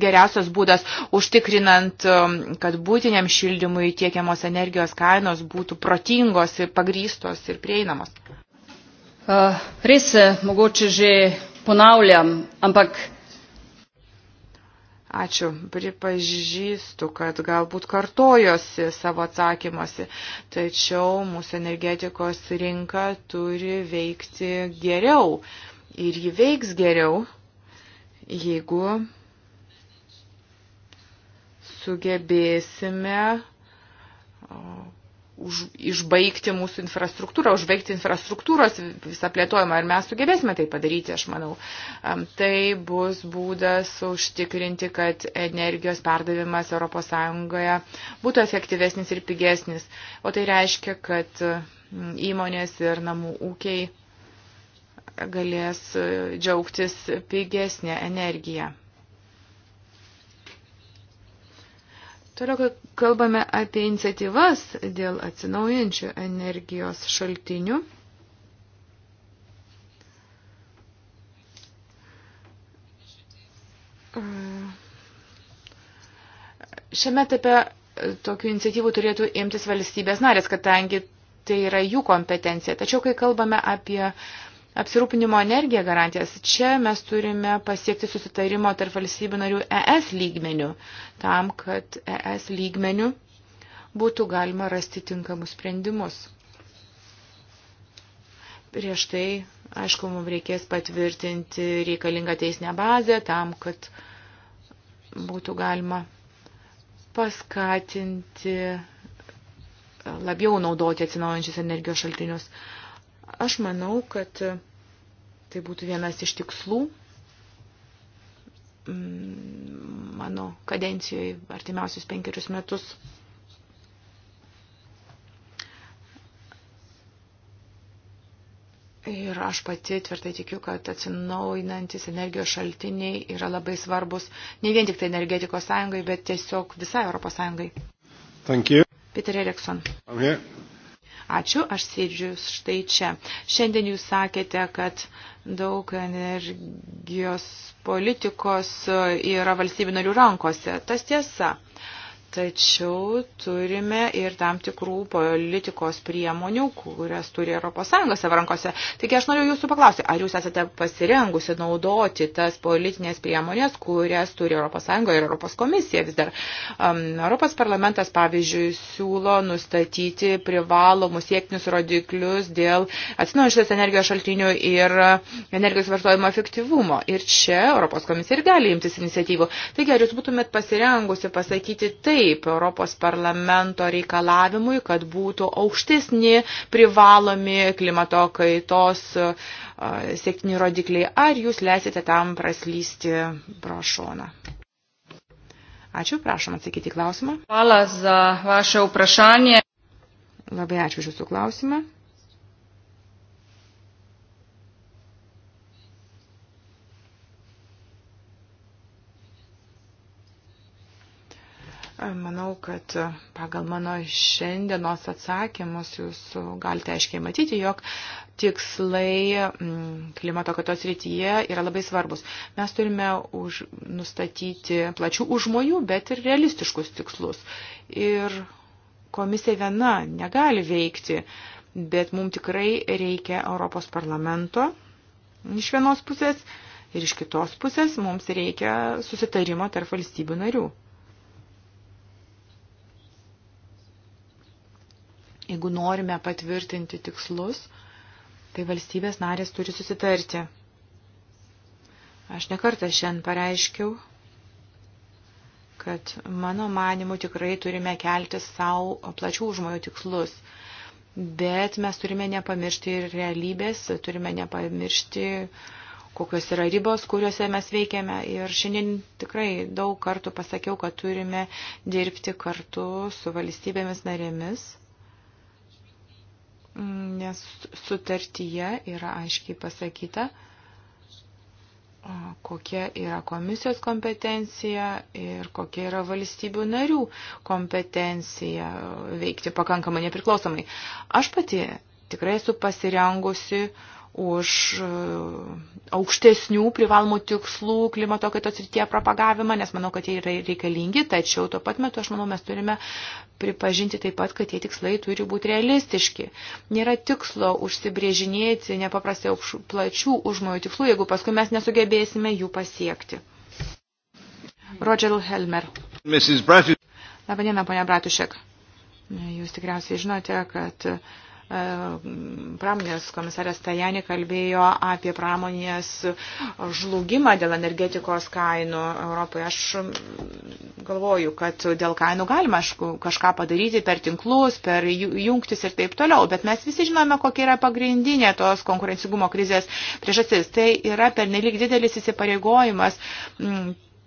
geriausias būdas užtikrinant, um, kad būtiniam šildymui tiekiamos energijos kainos būtų protingos ir pagrystos ir prieinamos? Uh, res se eh, mogoče že ponavljam, ampak Ačiū. Pripažįstu, kad galbūt kartojosi savo atsakymuose, tačiau mūsų energetikos rinka turi veikti geriau. Ir ji veiks geriau, jeigu sugebėsime už, išbaigti mūsų infrastruktūrą, užbaigti infrastruktūros visą plėtojimą. Ar mes sugebėsime tai padaryti, aš manau. Tai bus būdas užtikrinti, kad energijos perdavimas ES būtų efektyvesnis ir pigesnis. O tai reiškia, kad įmonės ir namų ūkiai galės e, džiaugtis pigesnė energija. Toliau kalbame apie iniciatyvas dėl atsinaujančių energijos šaltinių. Šiame etape e, tokių iniciatyvų turėtų imtis valstybės narės, kadangi tai yra jų kompetencija. Tačiau, kai kalbame apie apsirūpinimo energija garantijas. Čia mes turime pasiekti susitarimo tarp valstybių narių ES lygmenių, tam, kad ES lygmenių būtų galima rasti tinkamus sprendimus. Prieš tai, aišku, mums reikės patvirtinti reikalingą teisinę bazę tam, kad būtų galima paskatinti labiau naudoti atsinaujančius energijos šaltinius. Aš manau, kad tai būtų vienas iš tikslų mm, mano kadencijoje artimiausius penkerius metus. Ir aš pati tvirtai tikiu, kad atsinaujinantis energijos šaltiniai yra labai svarbus ne vien tik tai energetikos sąjungai, bet tiesiog visai Europos sąjungai. Thank you. Peter Erikson. Ačiū, aš sėdžiu štai čia. Šiandien jūs sakėte, kad uh, daug energijos politikos yra valstybių narių rankose. Tas tiesa. Tačiau turime ir tam tikrų politikos priemonių, kurias turi ES savo rankose. Taigi aš noriu jūsų paklausti, ar jūs esate pasirengusi naudoti tas politinės priemonės, kurias turi ES ir ES komisija vis dar. Um, Europos parlamentas, pavyzdžiui, siūlo nustatyti privalomus siektinius rodiklius dėl atsinaujančios energijos šaltinių ir energijos vartojimo efektyvumo. Ir čia Europos komisija ir gali imtis iniciatyvų. Taigi ar jūs būtumėt pasirengusi pasakyti tai, taip Europos parlamento reikalavimui, kad būtų aukštesni privalomi klimato kaitos e, sėktini rodikliai. Ar jūs leisite tam praslysti pro šoną? Ačiū, prašom atsakyti klausimą. Hvala za vaše uprašanje. Labai ačiū už jūsų klausimą. Manau, kad pagal mano šiandienos atsakymus jūs galite aiškiai matyti, jog tikslai mm, klimato kaitos rytyje yra labai svarbus. Mes turime už, nustatyti plačių užmojų, bet ir realistiškus tikslus. Ir komisija viena negali veikti, bet mums tikrai reikia Europos parlamento iš vienos pusės ir iš kitos pusės mums reikia susitarimo tarp valstybių narių. Jeigu norime patvirtinti tikslus, tai valstybės narės turi susitarti. Aš nekartą šiandien pareiškiau, kad mano manimu tikrai turime kelti savo plačių užmojų tikslus. Bet mes turime nepamiršti ir realybės, turime nepamiršti, kokios yra ribos, kuriuose mes veikiame. Ir šiandien tikrai daug kartų pasakiau, kad turime dirbti kartu su valstybėmis narėmis nes sutartyje yra aiškiai pasakyta, kokia yra komisijos kompetencija ir kokia yra valstybių narių kompetencija veikti pakankamai nepriklausomai. Aš pati tikrai esu pasirengusi uh, už e, aukštesnių privalomų tikslų klimato kaitos rytie propagavimą, nes manau, kad jie yra reikalingi, tačiau tuo pat metu, aš manau, mes turime pripažinti taip pat, kad tie tikslai turi būti realistiški. Nėra tikslo užsibrėžinėti nepaprastai aukš, plačių užmojų tikslų, jeigu paskui mes nesugebėsime jų pasiekti. Roger Helmer. Labadiena, ponia Bratušek. Jūs tikriausiai žinote, kad uh, E, pramonės komisaras Tajani kalbėjo apie pramonės žlugimą dėl energetikos kainų Europoje. Aš galvoju, kad dėl kainų galima aišku, kažką padaryti per tinklus, per jungtis ir taip toliau, bet mes visi žinome, kokia yra pagrindinė tos konkurencingumo krizės priežastis. Tai yra per nelik didelis įsipareigojimas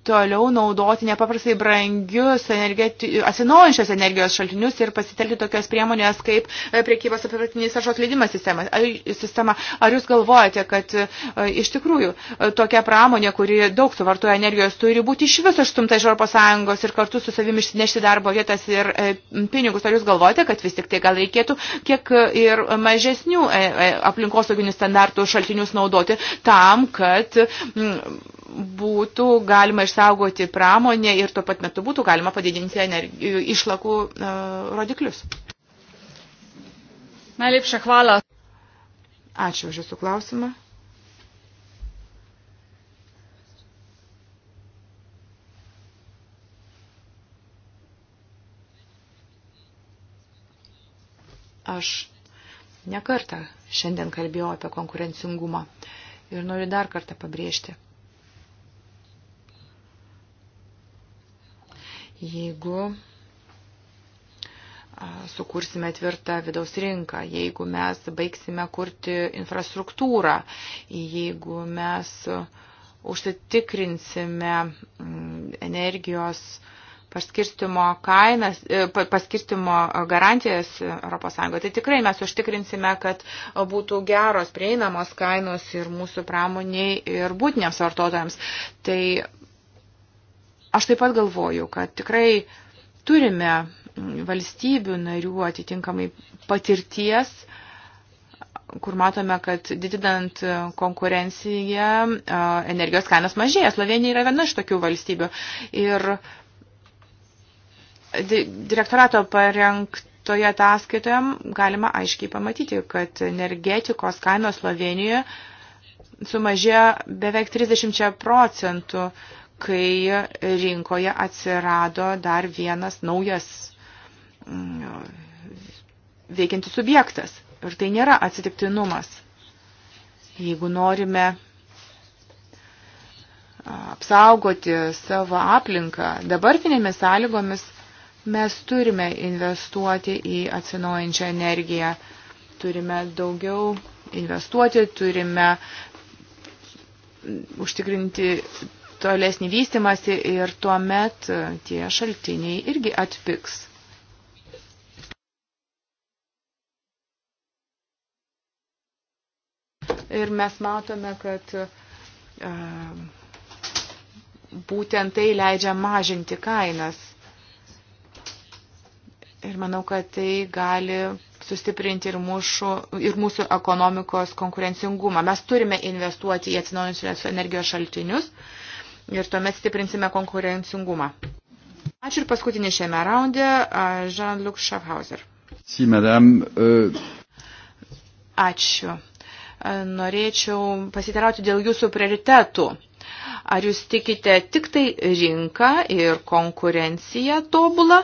toliau naudoti nepaprastai brangius atsinaujančios energijos šaltinius ir pasitelkti tokios priemonės kaip e, priekybos apivartiniais taršos leidimas sistema. sistema. Ar jūs galvojate, kad e, iš tikrųjų e, tokia pramonė, kuri daug suvartoja energijos, turi būti iš viso išstumta iš ES ir kartu su savimi išsinešti darbo vietas ir pinigus? Ar jūs galvojate, kad vis tik tai gal reikėtų kiek ir mažesnių aplinkosauginių standartų šaltinius naudoti tam, kad būtų galima išsaugoti pramonę ir tuo pat metu būtų galima padidinti išlakų e, rodiklius. Najlepša hvala. Ačiū už Jūsų klausimą. Aš nekartą šiandien kalbėjau apie konkurencingumą ir noriu dar kartą pabrėžti – jeigu sukursime tvirtą vidaus rinką, jeigu mes baigsime kurti infrastruktūrą, jeigu mes užsitikrinsime mm, energijos paskirstimo kainas, e, paskirstimo garantijas ES, tai tikrai mes užtikrinsime, kad būtų geros prieinamos kainos ir mūsų pramoniai ir būtiniams vartotojams. Tai Aš taip pat galvoju, kad tikrai turime valstybių narių atitinkamai patirties, kur matome, kad didinant konkurenciją energijos kainas mažėja. Slovenija yra viena iš tokių valstybių. Ir direktorato parengtoje ataskaitoje galima aiškiai pamatyti, kad energetikos kainos Slovenijoje sumažėjo beveik 30 procentų kai rinkoje atsirado dar vienas naujas mm, veikiantis subjektas. Ir tai nėra atsitiktinumas. Jeigu norime apsaugoti savo aplinką, dabartinėmis sąlygomis mes turime investuoti į atsinaujančią energiją. Turime daugiau investuoti, turime užtikrinti tolesnį vystimąsi ir tuo met e, tie šaltiniai irgi atpiks. Ir mes matome, kad e, būtent tai leidžia mažinti kainas. Ir manau, kad tai gali sustiprinti ir mūsų, ir mūsų ekonomikos konkurencingumą. Mes turime investuoti į atsinaujinančius energijos šaltinius, ir tuomet stiprinsime konkurencingumą. Ačiū ir paskutinį šiame raunde, Jean-Luc Schaffhauser. Si, madame, uh... Ačiū. Norėčiau pasitarauti dėl jūsų prioritetų Ar jūs tikite tik tai rinką ir konkurenciją tobulą,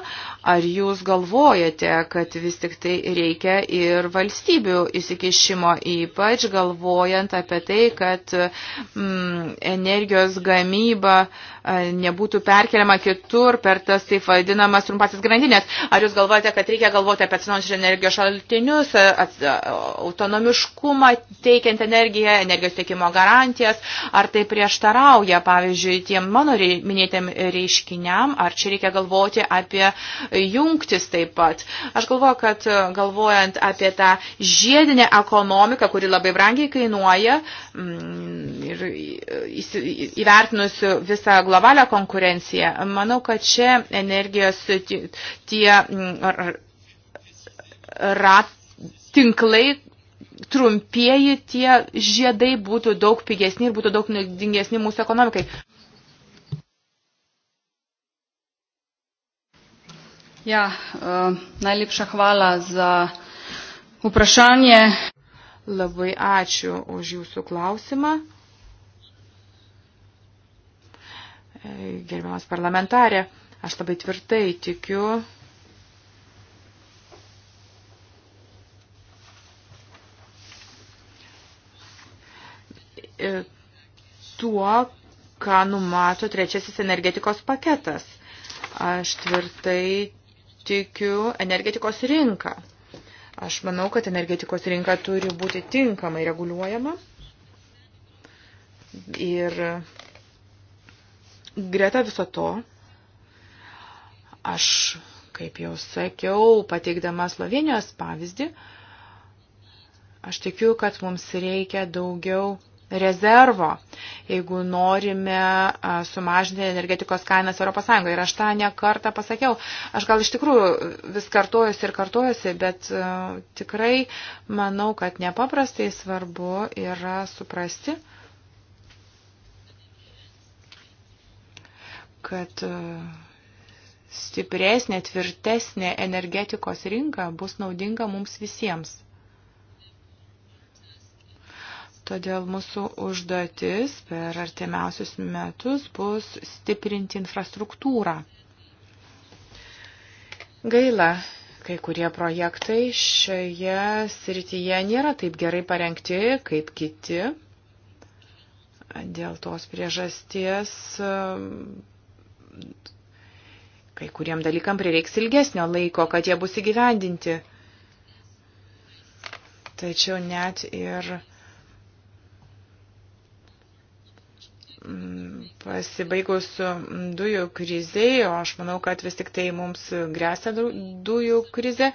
ar jūs galvojate, kad vis tik tai reikia ir valstybių įsikišimo, ypač galvojant apie tai, kad mm, energijos gamyba nebūtų perkeliama kitur per tas taip vadinamas trumpasis grandinės. Ar jūs galvojate, kad reikia galvoti apie atsinaujančius energijos šaltinius, autonomiškumą teikiant energiją, energijos tiekimo garantijas, ar tai prieštarauja? prieštarauja, pavyzdžiui, tiem mano rei, minėtėm reiškiniam, ar čia reikia galvoti apie jungtis taip pat. Aš galvoju, kad galvojant apie tą žiedinę ekonomiką, kuri labai brangiai kainuoja mm, ir įvertinus visą globalią konkurenciją, manau, kad čia energijos tie mm, ratai tinklai trumpieji tie žiedai būtų daug pigesni ir būtų daug naudingesni mūsų ekonomikai. Ja, uh, najlepša hvala za vprašanje. Labai ačiū už jūsų klausimą. E, gerbiamas parlamentarė, aš labai tvirtai tikiu E, tuo, ką numato trečiasis energetikos paketas. Aš tvirtai tikiu energetikos rinką. Aš manau, kad energetikos rinka turi būti tinkamai reguliuojama. Ir greta viso to, aš, kaip jau sakiau, pateikdama Slovenijos pavyzdį, aš tikiu, kad mums reikia daugiau rezervo, jeigu norime sumažinti energetikos kainas ES. Ir aš tą nekartą pasakiau. Aš gal iš tikrųjų vis kartojusi ir kartojusi, bet tikrai manau, kad nepaprastai svarbu yra suprasti, kad stipresnė, tvirtesnė energetikos rinka bus naudinga mums visiems. Todėl mūsų užduotis per artimiausius metus bus stiprinti infrastruktūrą. Gaila, kai kurie projektai šioje srityje nėra taip gerai parengti kaip kiti. Dėl tos priežasties kai kuriem dalykam prireiks ilgesnio laiko, kad jie bus įgyvendinti. Tačiau net ir pasibaigus dujų kriziai, o aš manau, kad vis tik tai mums grėsia dujų krizė,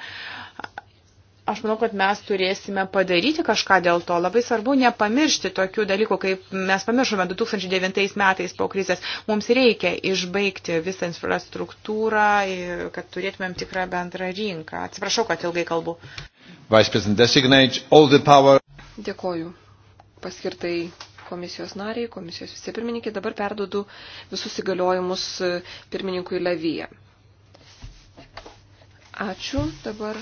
aš manau, kad mes turėsime padaryti kažką dėl to. Labai svarbu nepamiršti tokių dalykų, kaip mes pamiršome 2009 metais po krizės. Mums reikia išbaigti visą infrastruktūrą, kad turėtumėm tikrą bendrą rinką. Atsiprašau, kad ilgai kalbu. Vice President Designate, all the power. Dėkoju. Paskirtai komisijos nariai, komisijos vicepirmininkė. Dabar perdodu visus įgaliojimus e, pirmininkui Levyje. Ačiū. Dabar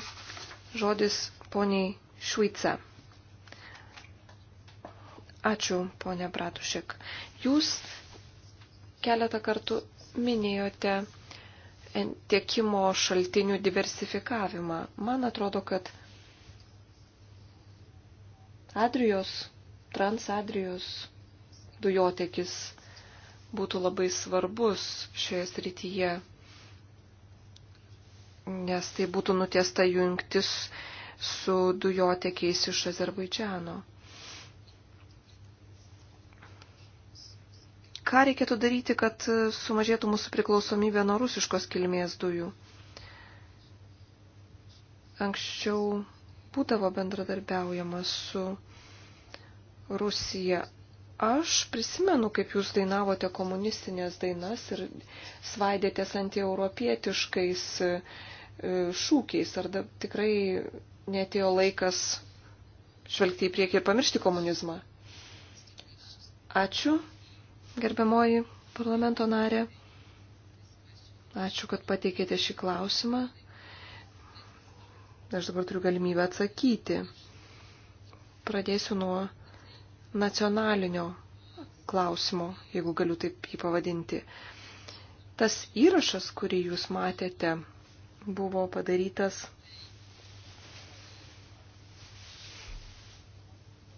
žodis poniai Šuica. Ačiū, ponė Bratušek. Jūs keletą kartų minėjote tiekimo šaltinių diversifikavimą. Man atrodo, kad Adrijos Transadrijos dujotekis būtų labai svarbus šioje srityje, nes tai būtų nutiesta jungtis su dujotekiais iš Azerbaidžiano. Ką reikėtų daryti, kad sumažėtų mūsų priklausomybė nuo rusiškos kilmės dujų? Anksčiau būdavo bendradarbiaujama su Rusija. Aš prisimenu, kaip jūs dainavote komunistinės dainas ir svaidėtės antieuropietiškais e, šūkiais. Ar da, tikrai netėjo laikas žvelgti į priekį ir pamiršti komunizmą? Ačiū, gerbiamoji parlamento narė. Ačiū, kad pateikėte šį klausimą. Aš dabar turiu galimybę atsakyti. Pradėsiu nuo nacionalinio klausimo, jeigu galiu taip jį pavadinti. Tas įrašas, kurį jūs matėte, buvo padarytas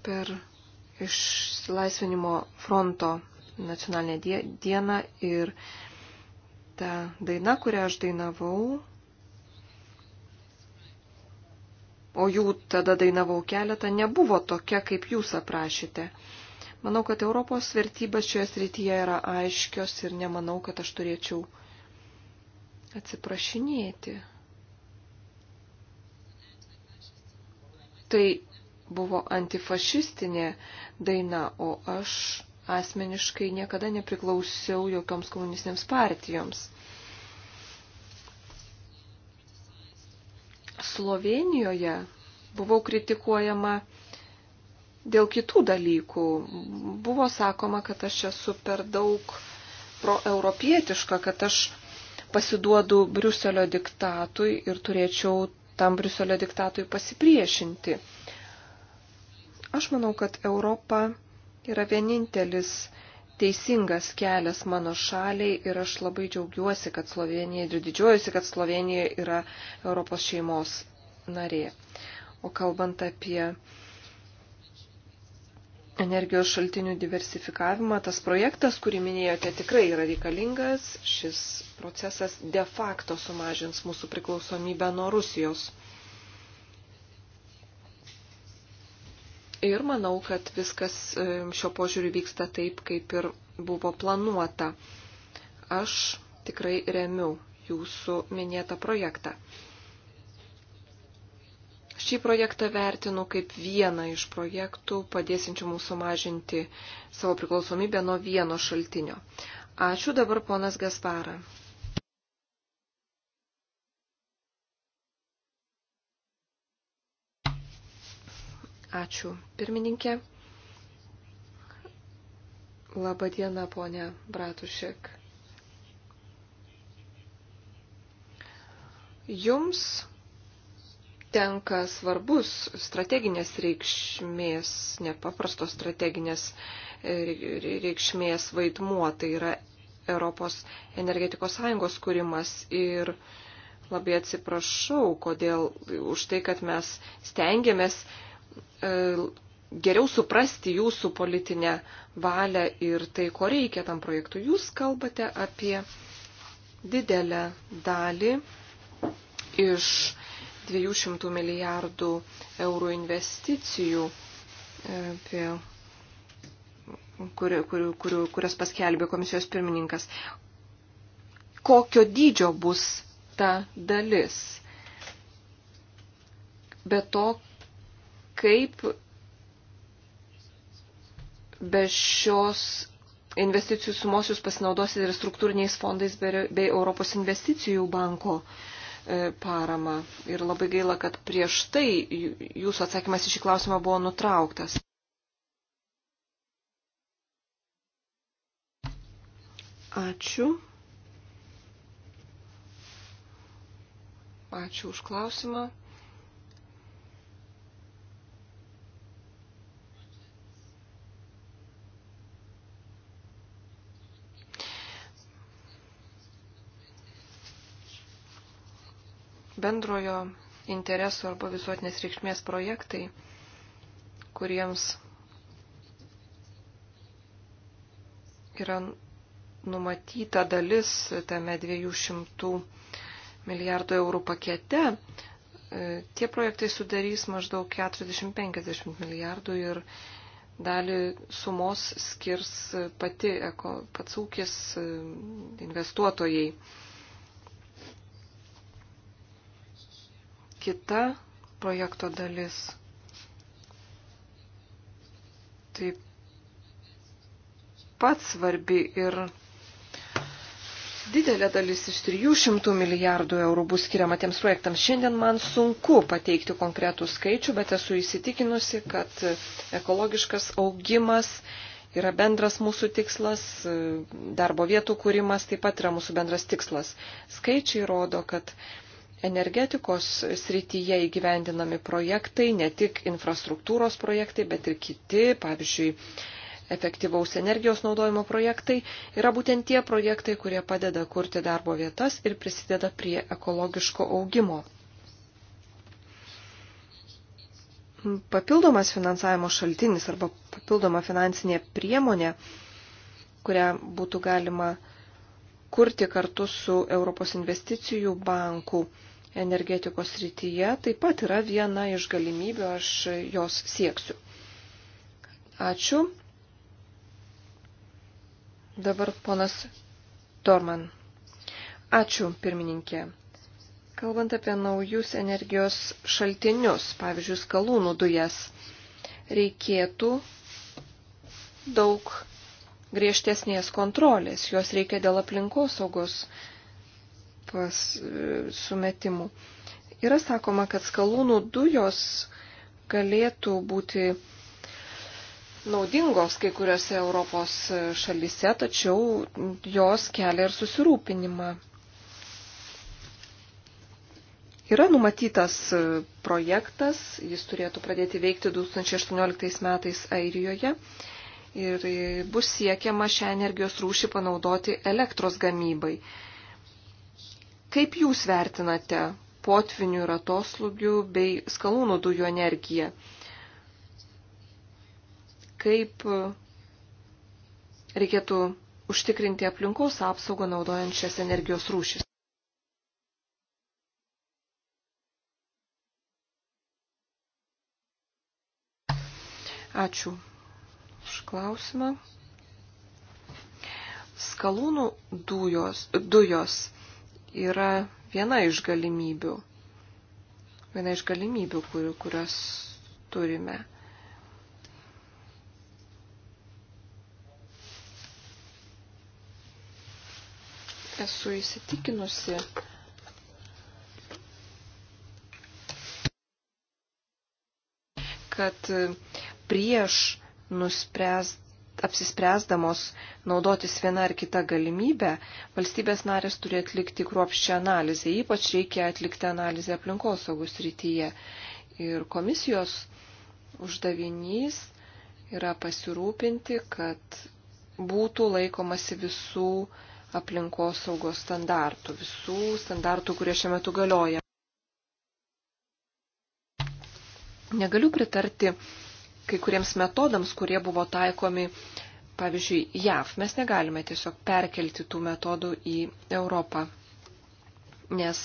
per išlaisvinimo fronto nacionalinę dieną ir ta daina, kurią aš dainavau, o jų tada dainavau keletą, nebuvo tokia, kaip jūs aprašėte. Manau, kad Europos vertybės šioje srityje yra aiškios ir nemanau, kad aš turėčiau atsiprašinėti. Tai buvo antifašistinė daina, o aš asmeniškai niekada nepriklausiau jokioms komunistinėms partijoms. Slovenijoje buvau kritikuojama dėl kitų dalykų. Buvo sakoma, kad aš esu per daug proeuropietiška, kad aš pasiduodu Briuselio diktatui ir turėčiau tam Briuselio diktatui pasipriešinti. Aš manau, kad Europa yra vienintelis teisingas kelias mano šaliai ir aš labai džiaugiuosi, kad Slovenija ir didžiuojuosi, kad Slovenija yra Europos šeimos narė. O kalbant apie energijos šaltinių diversifikavimą, tas projektas, kurį minėjote, tikrai yra reikalingas. Šis procesas de facto sumažins mūsų priklausomybę nuo Rusijos. Ir manau, kad viskas e, šio požiūriu vyksta taip, kaip ir buvo planuota. Aš tikrai remiu jūsų minėtą projektą. Šį projektą vertinu kaip vieną iš projektų, padėsinčių mūsų mažinti savo priklausomybę nuo vieno šaltinio. Ačiū dabar ponas Gaspara. Ačiū, pirmininkė. Labadiena, ponė Bratušek. Jums tenka svarbus strateginės reikšmės, nepaprastos strateginės reikšmės vaidmuo, tai yra Europos energetikos sąjungos kūrimas ir labai atsiprašau, kodėl už tai, kad mes stengiamės E, geriau suprasti jūsų politinę valią ir tai, ko reikia tam projektui. Jūs kalbate apie didelę dalį iš 200 milijardų eurų investicijų, apie, e, kur, kur, kur, kurias paskelbė komisijos pirmininkas. Kokio dydžio bus ta dalis? Be to, kaip be šios investicijų sumos jūs pasinaudosite ir struktūriniais fondais bei Europos investicijų banko e, parama. Ir labai gaila, kad prieš tai jūsų atsakymas į šį klausimą buvo nutrauktas. Ačiū. Ačiū už klausimą. bendrojo interesų arba visuotinės reikšmės projektai, kuriems yra numatyta dalis tame 200 milijardų eurų pakete, e, tie projektai sudarys maždaug 40-50 milijardų ir dalį sumos skirs pati, pats ūkis e, investuotojai. kita projekto dalis. Taip pat svarbi ir didelė dalis iš 300 milijardų eurų bus skiriama tiems projektams. Šiandien man sunku pateikti konkretų skaičių, bet esu įsitikinusi, kad ekologiškas augimas yra bendras mūsų tikslas, darbo vietų kūrimas taip pat yra mūsų bendras tikslas. Skaičiai rodo, kad energetikos srityje įgyvendinami projektai, ne tik infrastruktūros projektai, bet ir kiti, pavyzdžiui, efektyvaus energijos naudojimo projektai, yra būtent tie projektai, kurie padeda kurti darbo vietas ir prisideda prie ekologiško augimo. Papildomas finansavimo šaltinis arba papildoma finansinė priemonė, kurią būtų galima kurti kartu su Europos investicijų banku energetikos rytyje taip pat yra viena iš galimybių, aš jos sieksiu. Ačiū. Dabar ponas Dorman. Ačiū, pirmininkė. Kalbant apie naujus energijos šaltinius, pavyzdžiui, skalūnų dujas, reikėtų daug griežtesnės kontrolės, jos reikia dėl aplinkosaugos pas, e, sumetimų. Yra sakoma, kad skalūnų dujos galėtų būti naudingos kai kuriuose Europos šalise, tačiau jos kelia ir susirūpinimą. Yra numatytas projektas, jis turėtų pradėti veikti 2018 metais Airijoje ir bus siekiama šią energijos rūšį panaudoti elektros gamybai. Kaip jūs vertinate potvinių ir atoslugių bei skalūnų dujų energiją? Kaip reikėtų užtikrinti aplinkos apsaugą naudojant šias energijos rūšis? Ačiū už klausimą. Skalūnų dujos, dujos yra viena iš galimybių. Viena iš galimybių, kur, kurias turime. Esu įsitikinusi, kad prieš nuspręst apsispręsdamos naudotis vieną ar kitą galimybę, valstybės narės turi atlikti kruopščią analizę, ypač reikia atlikti analizę aplinkosaugus rytyje. Ir komisijos uždavinys yra pasirūpinti, kad būtų laikomasi visų aplinkosaugos standartų, visų standartų, kurie šiuo metu galioja. Negaliu pritarti kai kuriems metodams, kurie buvo taikomi, pavyzdžiui, JAV. Mes negalime tiesiog perkelti tų metodų į Europą, nes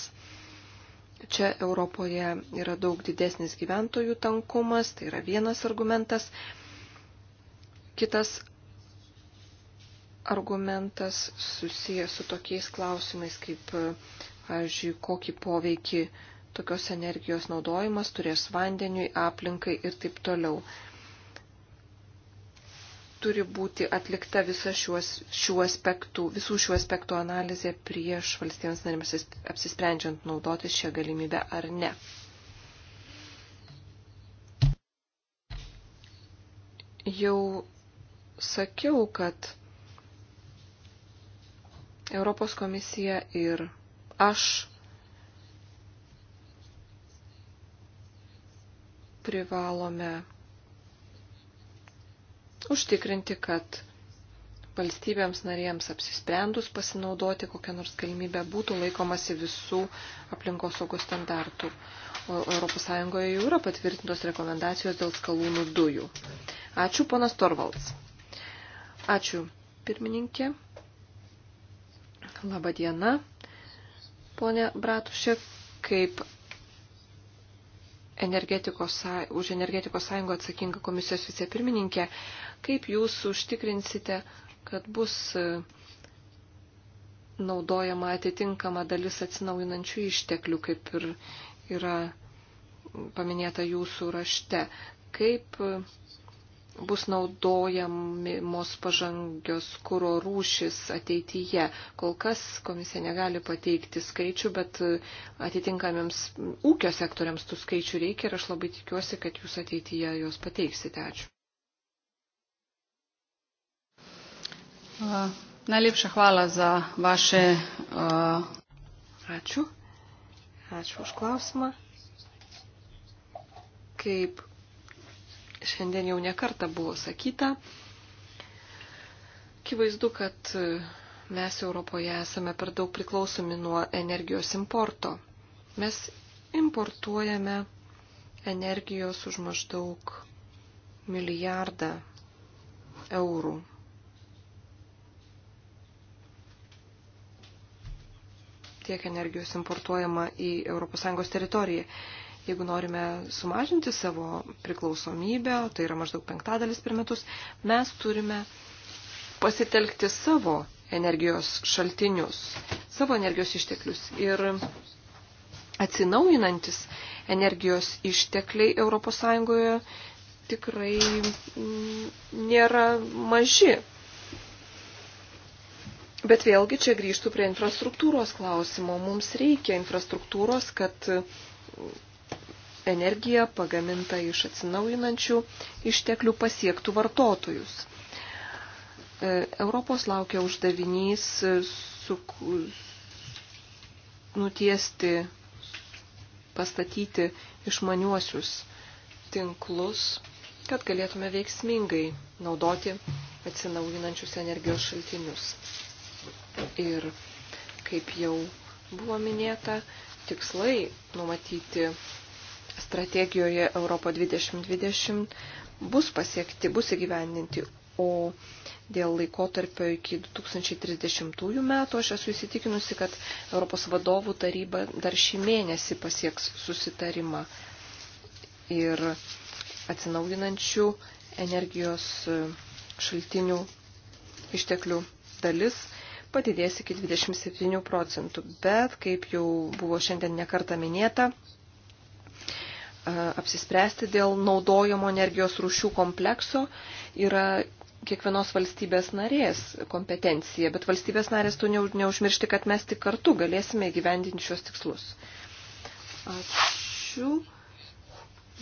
čia Europoje yra daug didesnis gyventojų tankumas, tai yra vienas argumentas. Kitas argumentas susijęs su tokiais klausimais, kaip, pavyzdžiui, kokį poveikį tokios energijos naudojimas turės vandeniui, aplinkai ir taip toliau turi būti atlikta visa šiuos, šiuo aspektu, visų šių aspektų analizė prieš valstybėms narėms apsisprendžiant naudotis šią galimybę ar ne. Jau sakiau, kad Europos komisija ir aš privalome užtikrinti, kad valstybėms narėms apsisprendus pasinaudoti kokią nors galimybę būtų laikomasi visų aplinkosaugos standartų. O ES jau yra patvirtintos rekomendacijos dėl skalūnų dujų. Ačiū, ponas Torvalds. Ačiū, pirmininkė. Labą dieną, ponė Bratušė, kaip energetikos, už energetikos sąjungą atsakinga komisijos vicepirmininkė. Kaip jūs užtikrinsite, kad bus e, naudojama atitinkama dalis atsinaujinančių išteklių, kaip ir yra paminėta jūsų rašte. Kaip e, bus naudojamos pažangios kūro rūšis ateityje. Kol kas komisija negali pateikti skaičių, bet e, atitinkamiems ūkio sektoriams tų skaičių reikia ir aš labai tikiuosi, kad jūs ateityje juos pateiksite. Ačiū. Uh, najlepša hvala za vaše. Uh... Ačiū. Ačiū už klausimą. Kaip šiandien jau nekarta buvo sakyta, akivaizdu, kad mes Europoje esame per daug priklausomi nuo energijos importo. Mes importuojame energijos už maždaug milijardą eurų tiek energijos importuojama į ES teritoriją. Jeigu norime sumažinti savo priklausomybę, tai yra maždaug penktadalis per metus, mes turime pasitelkti savo energijos šaltinius, savo energijos išteklius. Ir atsinaujinantis energijos ištekliai ES tikrai mm, nėra maži Bet vėlgi čia grįžtų prie infrastruktūros klausimo. Mums reikia infrastruktūros, kad energija pagaminta iš atsinaujinančių išteklių pasiektų vartotojus. E, Europos laukia uždavinys su, nutiesti, pastatyti išmaniuosius tinklus, kad galėtume veiksmingai naudoti atsinaujinančius energijos šaltinius. Ir kaip jau buvo minėta, tikslai numatyti strategijoje Europo 2020 bus pasiekti, bus įgyvendinti, o dėl laikotarpio iki 2030 metų aš esu įsitikinusi, kad Europos vadovų taryba dar šį mėnesį pasieks susitarimą ir atsinaudinančių energijos šaltinių išteklių dalis padidės iki 27 procentų. Bet, kaip jau buvo šiandien nekarta minėta, apsispręsti dėl naudojamo energijos rūšių komplekso yra kiekvienos valstybės narės kompetencija, bet valstybės narės tu neužmiršti, kad mes tik kartu galėsime gyvendinti šios tikslus. Ačiū.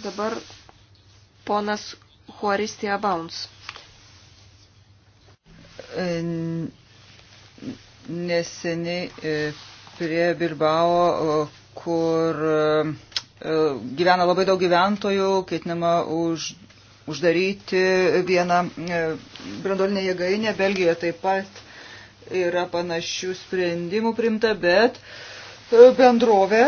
Dabar ponas Juaristija Bauns neseniai e, prie Bilbao, e, kur e, gyvena labai daug gyventojų, ketinama už, uždaryti vieną brandolinę jėgainę. Belgijoje taip pat yra panašių sprendimų primta, bet bendrovė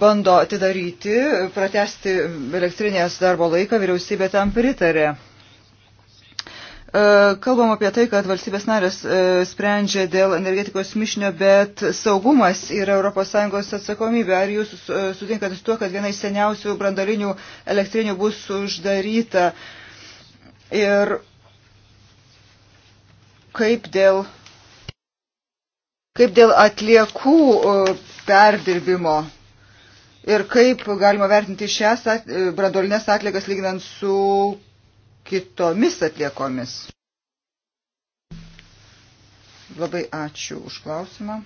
bando atidaryti, pratesti elektrinės darbo laiką, vyriausybė tam pritarė. E, kalbam apie tai, kad valstybės narės e, sprendžia dėl energetikos mišinio, bet saugumas yra ES atsakomybė. Ar jūs e, sutinkate su tuo, kad viena iš seniausių brandalinių elektrinių bus uždaryta? Ir kaip dėl, kaip dėl atliekų perdirbimo? Ir kaip galima vertinti šias brandolinės atliekas lyginant su kitomis atliekomis. Labai ačiū už klausimą.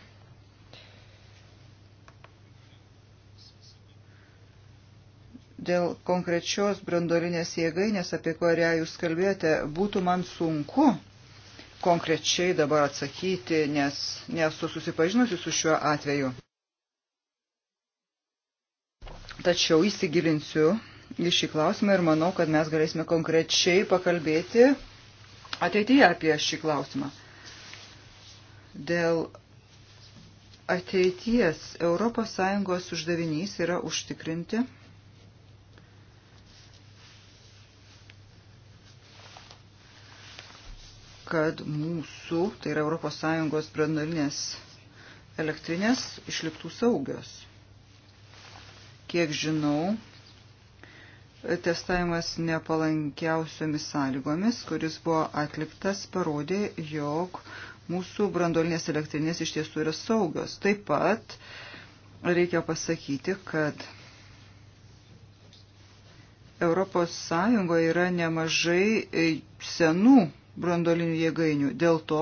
Dėl konkrečios brandolinės jėgainės, apie kurią jūs kalbėjote, būtų man sunku konkrečiai dabar atsakyti, nes nesu susipažinusi su šiuo atveju. Tačiau įsigilinsiu į šį klausimą ir manau, kad mes galėsime konkrečiai pakalbėti ateityje apie šį klausimą. Dėl ateities ES uždavinys yra užtikrinti kad mūsų, tai yra ES brandolinės elektrinės, išliktų saugios. Kiek žinau, testavimas nepalankiausiomis sąlygomis, kuris buvo atliktas, parodė, jog mūsų brandolinės elektrinės iš tiesų yra saugios. Taip pat reikia pasakyti, kad Europos Sąjungoje yra nemažai senų brandolinių jėgainių. Dėl to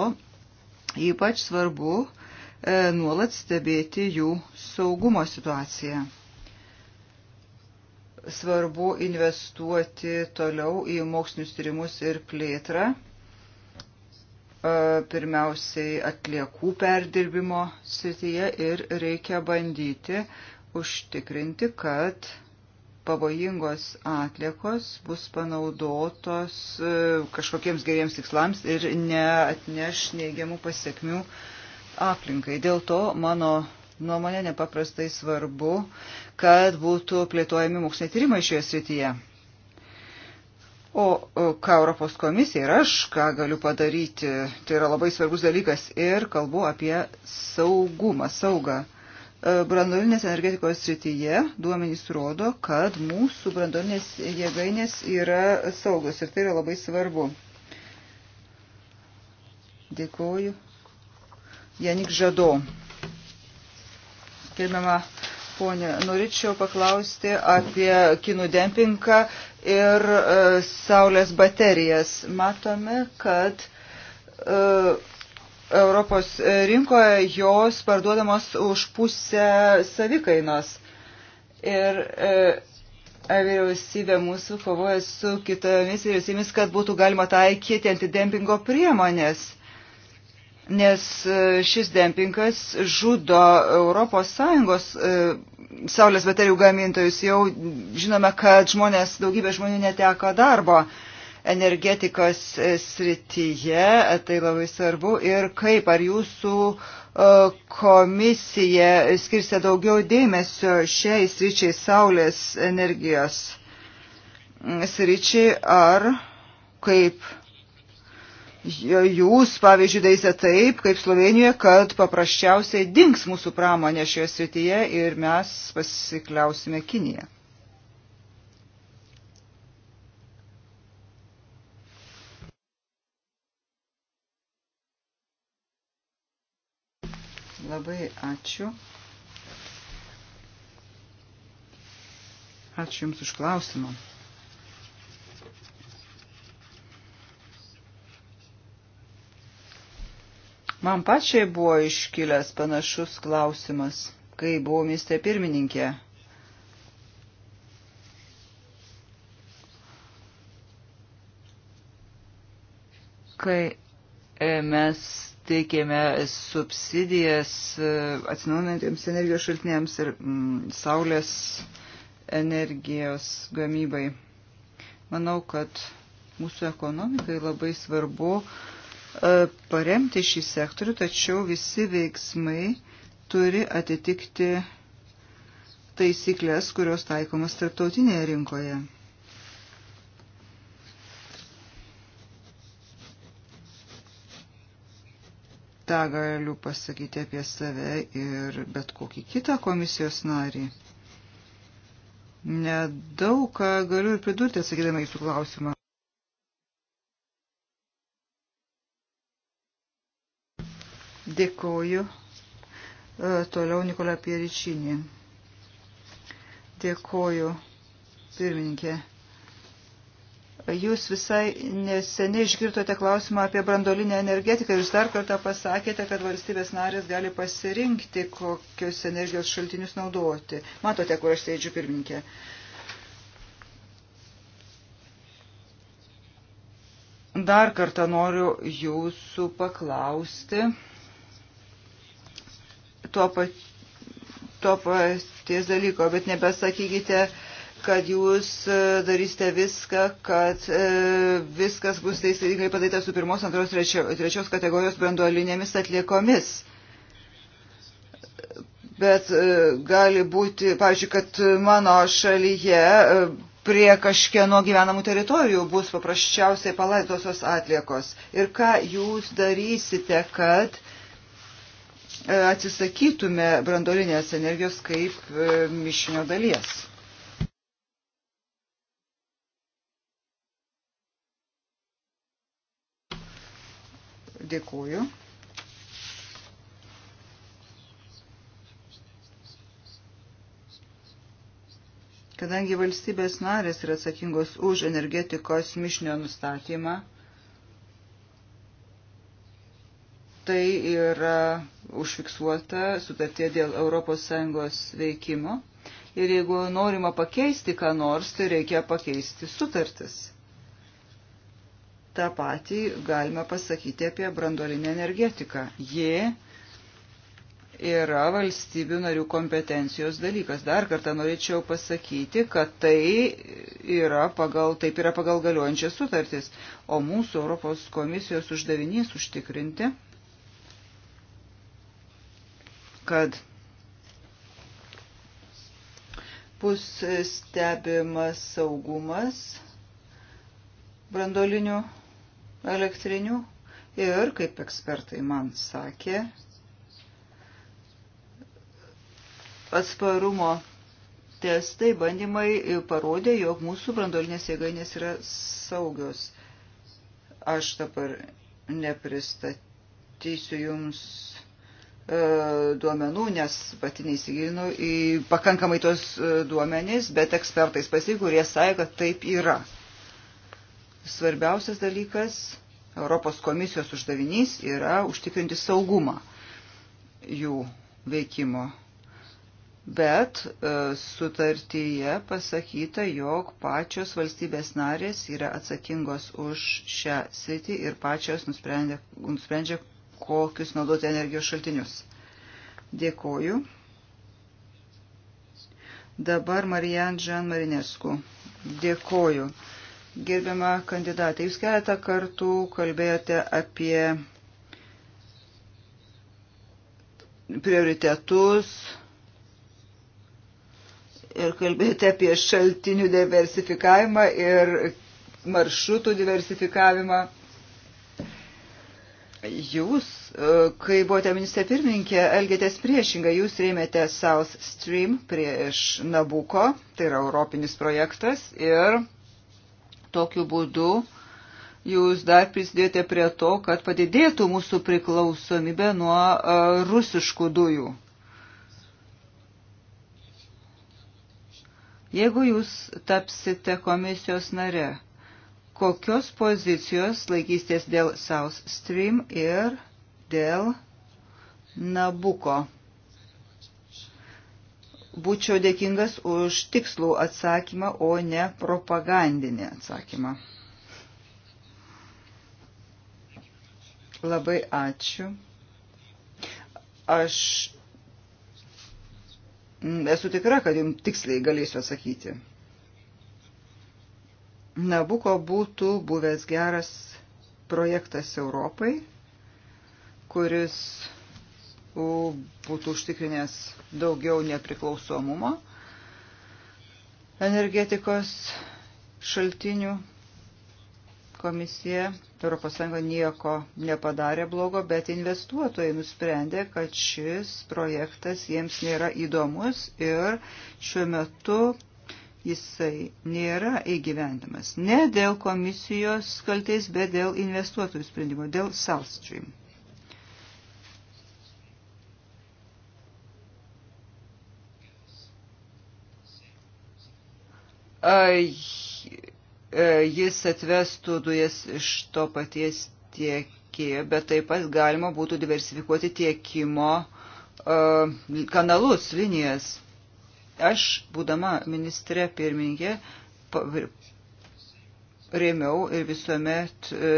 ypač svarbu e, nuolat stebėti jų saugumo situaciją svarbu investuoti toliau į mokslinius tyrimus ir plėtrą, e, pirmiausiai atliekų perdirbimo srityje ir reikia bandyti užtikrinti, kad pavojingos atliekos bus panaudotos e, kažkokiems geriems tikslams ir neatneš neigiamų pasiekmių aplinkai. Dėl to mano nuomonė nepaprastai svarbu, kad būtų plėtojami moksliniai tyrimai šioje srityje. O ką Europos komisija ir aš, ką galiu padaryti, tai yra labai svarbus dalykas ir kalbu apie saugumą, saugą. E, brandolinės energetikos srityje duomenys rodo, kad mūsų brandolinės jėgainės yra saugos ir tai yra labai svarbu. Dėkuoju. Janik Žado. Gerbima ponė, norėčiau paklausti apie kinų dempingą ir e, saulės baterijas. Matome, kad e, Europos rinkoje jos parduodamos už pusę savikainos. Ir e, vyriausybė mūsų kovoja su kitomis vyriausybėmis, kad būtų galima taikyti antidempingo priemonės nes e, šis dempingas žudo ES e, saulės baterijų gamintojus. Jau žinome, kad žmonės, daugybė žmonių neteko darbo energetikos e, srityje, tai labai svarbu. Ir kaip ar jūsų komisija skirsia daugiau dėmesio šiai sričiai saulės energijos sričiai ar kaip jūs, pavyzdžiui, daisite taip, kaip Slovenijoje, kad paprasčiausiai dinks mūsų pramonė šioje srityje ir mes pasikliausime Kiniją. Labai ačiū. Ačiū Jums už klausimą. Man pačiai buvo iškilęs panašus klausimas, kai buvau mieste pirmininkė. Kai e, mes teikėme subsidijas e, atsinaujinantiems energijos šaltiniams ir mm, saulės energijos gamybai. Manau, kad mūsų ekonomikai labai svarbu uh, E, paremti šį sektorių, tačiau visi veiksmai turi atitikti taisyklės, kurios taikomas tarptautinėje rinkoje. Ta galiu pasakyti apie save ir bet kokį kitą komisijos narį. Nedaug ką galiu ir pridurti atsakydama į jūsų klausimą. Dėkoju. E, toliau Nikola Pieričinė. Dėkoju, pirmininkė. Jūs visai neseniai išgirtote klausimą apie brandolinę energetiką. Jūs dar kartą pasakėte, kad valstybės narės gali pasirinkti, kokius energijos šaltinius naudoti. Matote, kur aš sėdžiu pirmininkė. Dar kartą noriu jūsų paklausti tuo, pa, tuo paties dalyko, bet nebesakykite, kad jūs e, darysite viską, kad e, viskas bus teisingai padaryta su pirmos, antros, trečio, trečios kategorijos branduolinėmis atliekomis bet e, gali būti, pavyzdžiui, kad mano šalyje prie kažkieno gyvenamų teritorijų bus paprasčiausiai palaidosios atliekos. Ir ką jūs darysite, kad E, atsisakytume brandolinės energijos kaip e, mišinio dalies. Dėkuoju. Kadangi valstybės narės yra atsakingos už energetikos mišinio nustatymą, tai yra užfiksuota sutartie dėl ES veikimo. Ir jeigu norima pakeisti ką nors, tai reikia pakeisti sutartis. Ta patį galime pasakyti apie brandolinę energetiką. Ji yra valstybių narių kompetencijos dalykas. Dar kartą norėčiau pasakyti, kad tai yra pagal, taip yra pagal galiojančias sutartis, o mūsų Europos komisijos uždavinys užtikrinti, kad bus stebimas saugumas brandolinių elektrinių ir, kaip ekspertai man sakė, atsparumo testai, bandymai parodė, jog mūsų brandolinės jėgainės yra saugios. Aš dabar nepristatysiu jums E, duomenų, nes pati neįsigilinu į pakankamai tos e, duomenys, bet ekspertais pasigurie sąja, kad taip yra. Svarbiausias dalykas Europos komisijos uždavinys yra užtikrinti saugumą jų veikimo. Bet e, sutartyje pasakyta, jog pačios valstybės narės yra atsakingos už šią sritį ir pačios nusprendžia, nusprendžia kokius naudoti energijos šaltinius. Dėkoju. Dabar Marijan Žan Marinesku. Dėkoju. Gerbiama kandidatė, jūs keletą kartų kalbėjote apie prioritetus ir kalbėjote apie šaltinių diversifikavimą ir maršrutų diversifikavimą. Jūs, e, kai buvote ministrė pirmininkė, elgėtės priešingai, jūs rėmėte South Stream prieš Nabuko, tai yra europinis projektas, ir tokiu būdu jūs dar prisidėjote prie to, kad padidėtų mūsų priklausomybė nuo e, rusiškų dujų. Jeigu jūs tapsite komisijos nare, kokios pozicijos laikystės dėl South Stream ir dėl Nabuko. Būčiau dėkingas už tikslų atsakymą, o ne propagandinį atsakymą. Labai ačiū. Aš esu tikra, kad jums tiksliai galėsiu atsakyti. Nabuko būtų buvęs geras projektas Europai, kuris būtų užtikrinęs daugiau nepriklausomumo energetikos šaltinių. Komisija ES nieko nepadarė blogo, bet investuotojai nusprendė, kad šis projektas jiems nėra įdomus ir šiuo metu jisai nėra įgyvendamas. Ne dėl komisijos kaltais, bet dėl investuotojų sprendimo, dėl South Stream. E, jis atvestų dujas iš to paties tiekėjo, bet taip pat galima būtų diversifikuoti tiekimo e, kanalus, linijas. Aš, būdama ministre pirmininkė, rėmiau ir visuomet e,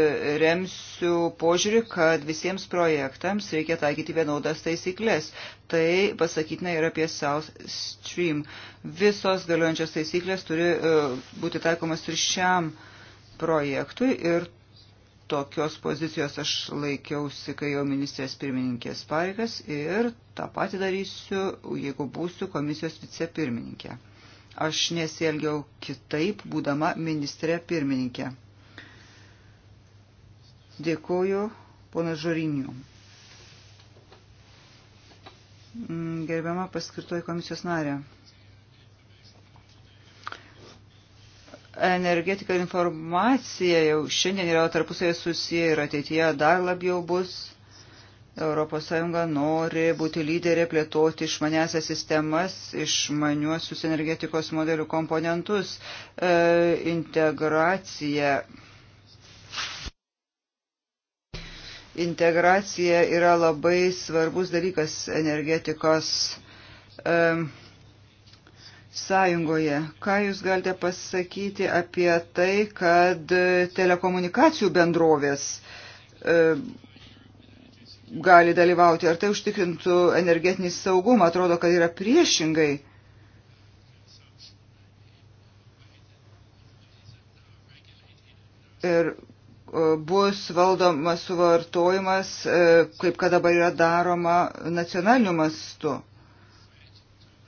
remsiu požiūrį, kad visiems projektams reikia taikyti vienodas taisyklės. Tai pasakytina ir apie South Stream. Visos galiojančios taisyklės turi e, būti taikomas ir šiam projektui ir tokios pozicijos aš laikiausi, kai jau ministrės pirmininkės pareigas ir tą patį darysiu, jeigu būsiu komisijos vicepirmininkė. Aš nesielgiau kitaip, būdama ministrė pirmininkė. Dėkuoju, ponas Žoriniu. Mm, gerbiama paskirtoji komisijos narė. energetika ir informacija jau šiandien yra tarpusai susiję ir ateityje dar labiau bus. ES nori būti lyderė plėtoti išmanesias sistemas, išmaniuosius energetikos modelių komponentus, e, integraciją. Integracija yra labai svarbus dalykas energetikos e, sąjungoje. Ką Jūs galite pasakyti apie tai, kad telekomunikacijų bendrovės e, gali dalyvauti? Ar tai užtikrintų energetinį saugumą? Atrodo, kad yra priešingai. Ir e, bus valdomas suvartojimas, e, kaip kad dabar yra daroma nacionaliniu mastu.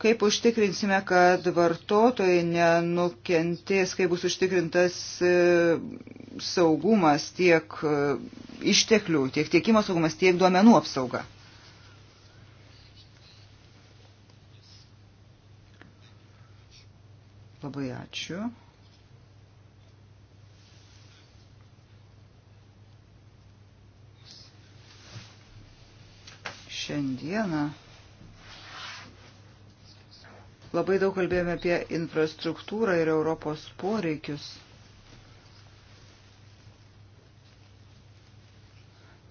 Kaip užtikrinsime, kad vartotojai nenukentės, kaip bus užtikrintas e, saugumas tiek e, išteklių, tiek tiekimo saugumas, tiek duomenų apsauga. Labai ačiū. Šiandieną Labai daug kalbėjome apie infrastruktūrą ir Europos poreikius.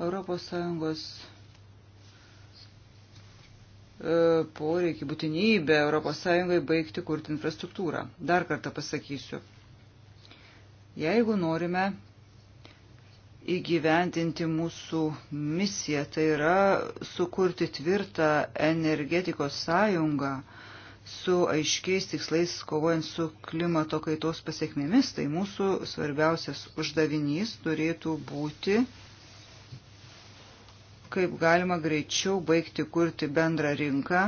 Europos Sąjungos e, poreikį, būtinybę Europos Sąjungai baigti kurti infrastruktūrą. Dar kartą pasakysiu. Jeigu norime įgyventinti mūsų misiją, tai yra sukurti tvirtą energetikos sąjungą, su aiškiais tikslais kovojant su klimato kaitos pasiekmėmis, tai mūsų svarbiausias uždavinys turėtų būti, kaip galima greičiau baigti kurti bendrą rinką.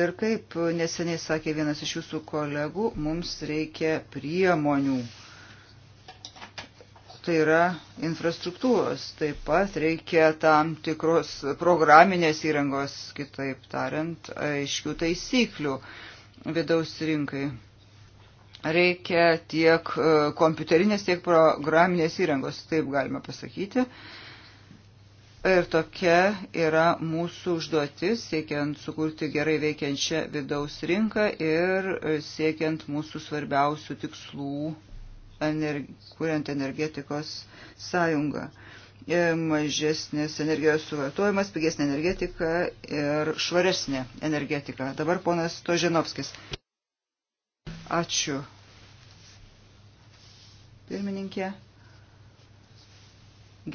Ir kaip neseniai sakė vienas iš jūsų kolegų, mums reikia priemonių tai yra infrastruktūros. Taip pat reikia tam tikros programinės įrangos, kitaip tariant, aiškių taisyklių vidaus rinkai. Reikia tiek e, kompiuterinės, tiek programinės įrangos, taip galima pasakyti. Ir tokia yra mūsų užduotis, siekiant sukurti gerai veikiančią vidaus rinką ir e, siekiant mūsų svarbiausių tikslų energi kuriant energetikos sąjungą. E, Mažesnis energijos suvartojimas, pigesnė energetika ir švaresnė energetika. Dabar ponas Toženovskis. Ačiū. Pirmininkė.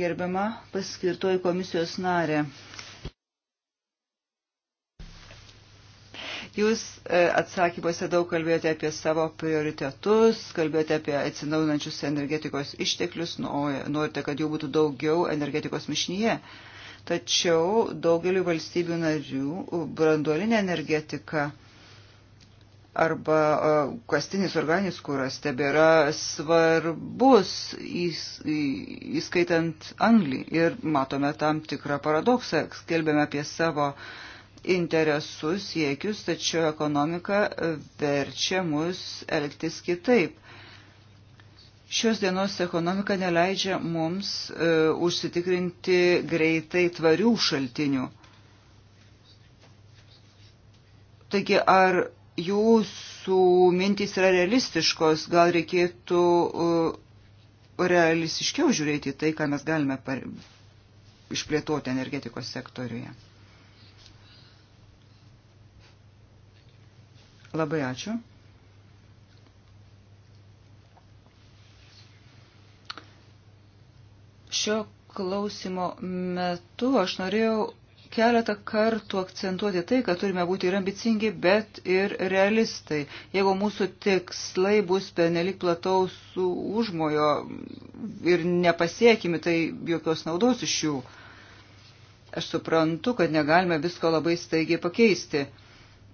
Gerbiama paskirtoji komisijos narė. Jūs e, atsakymuose daug kalbėjote apie savo prioritetus, kalbėjote apie atsinaujinančius energetikos išteklius, nu, norite, kad jų būtų daugiau energetikos mišnyje. Tačiau daugeliu valstybių narių branduolinė energetika arba e, kastinis organinis kūras tebėra svarbus, įskaitant anglį. Ir matome tam tikrą paradoksą, skelbėme apie savo uh, interesus, siekius, tačiau ekonomika e, verčia mus elgtis kitaip. Šios dienos ekonomika neleidžia mums e, užsitikrinti greitai tvarių šaltinių. Taigi, ar jūsų mintys yra realistiškos, gal reikėtų e, realistiškiau žiūrėti tai, ką mes galime par... išplėtoti energetikos sektoriuje? Labai ačiū. Šio klausimo metu aš norėjau keletą kartų akcentuoti tai, kad turime būti ir ambicingi, bet ir realistai. Jeigu mūsų tikslai bus penelik plataus užmojo ir nepasiekimi, tai jokios naudos iš jų. Aš suprantu, kad negalime visko labai staigiai pakeisti.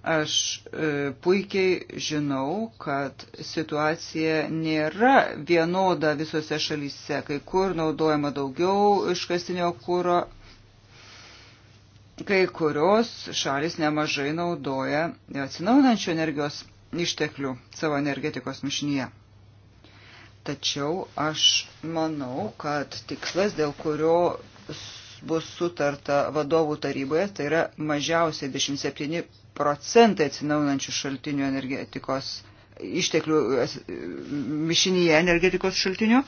Aš e, puikiai žinau, kad situacija nėra vienoda visose šalyse, kai kur naudojama daugiau iškastinio kūro, kai kurios šalis nemažai naudoja atsinaunančių energijos išteklių savo energetikos mišnyje. Tačiau aš manau, kad tikslas, dėl kurio bus sutarta vadovų taryboje, tai yra mažiausiai 27 procentai atsinaunančių šaltinių energetikos išteklių mišinyje energetikos šaltinių.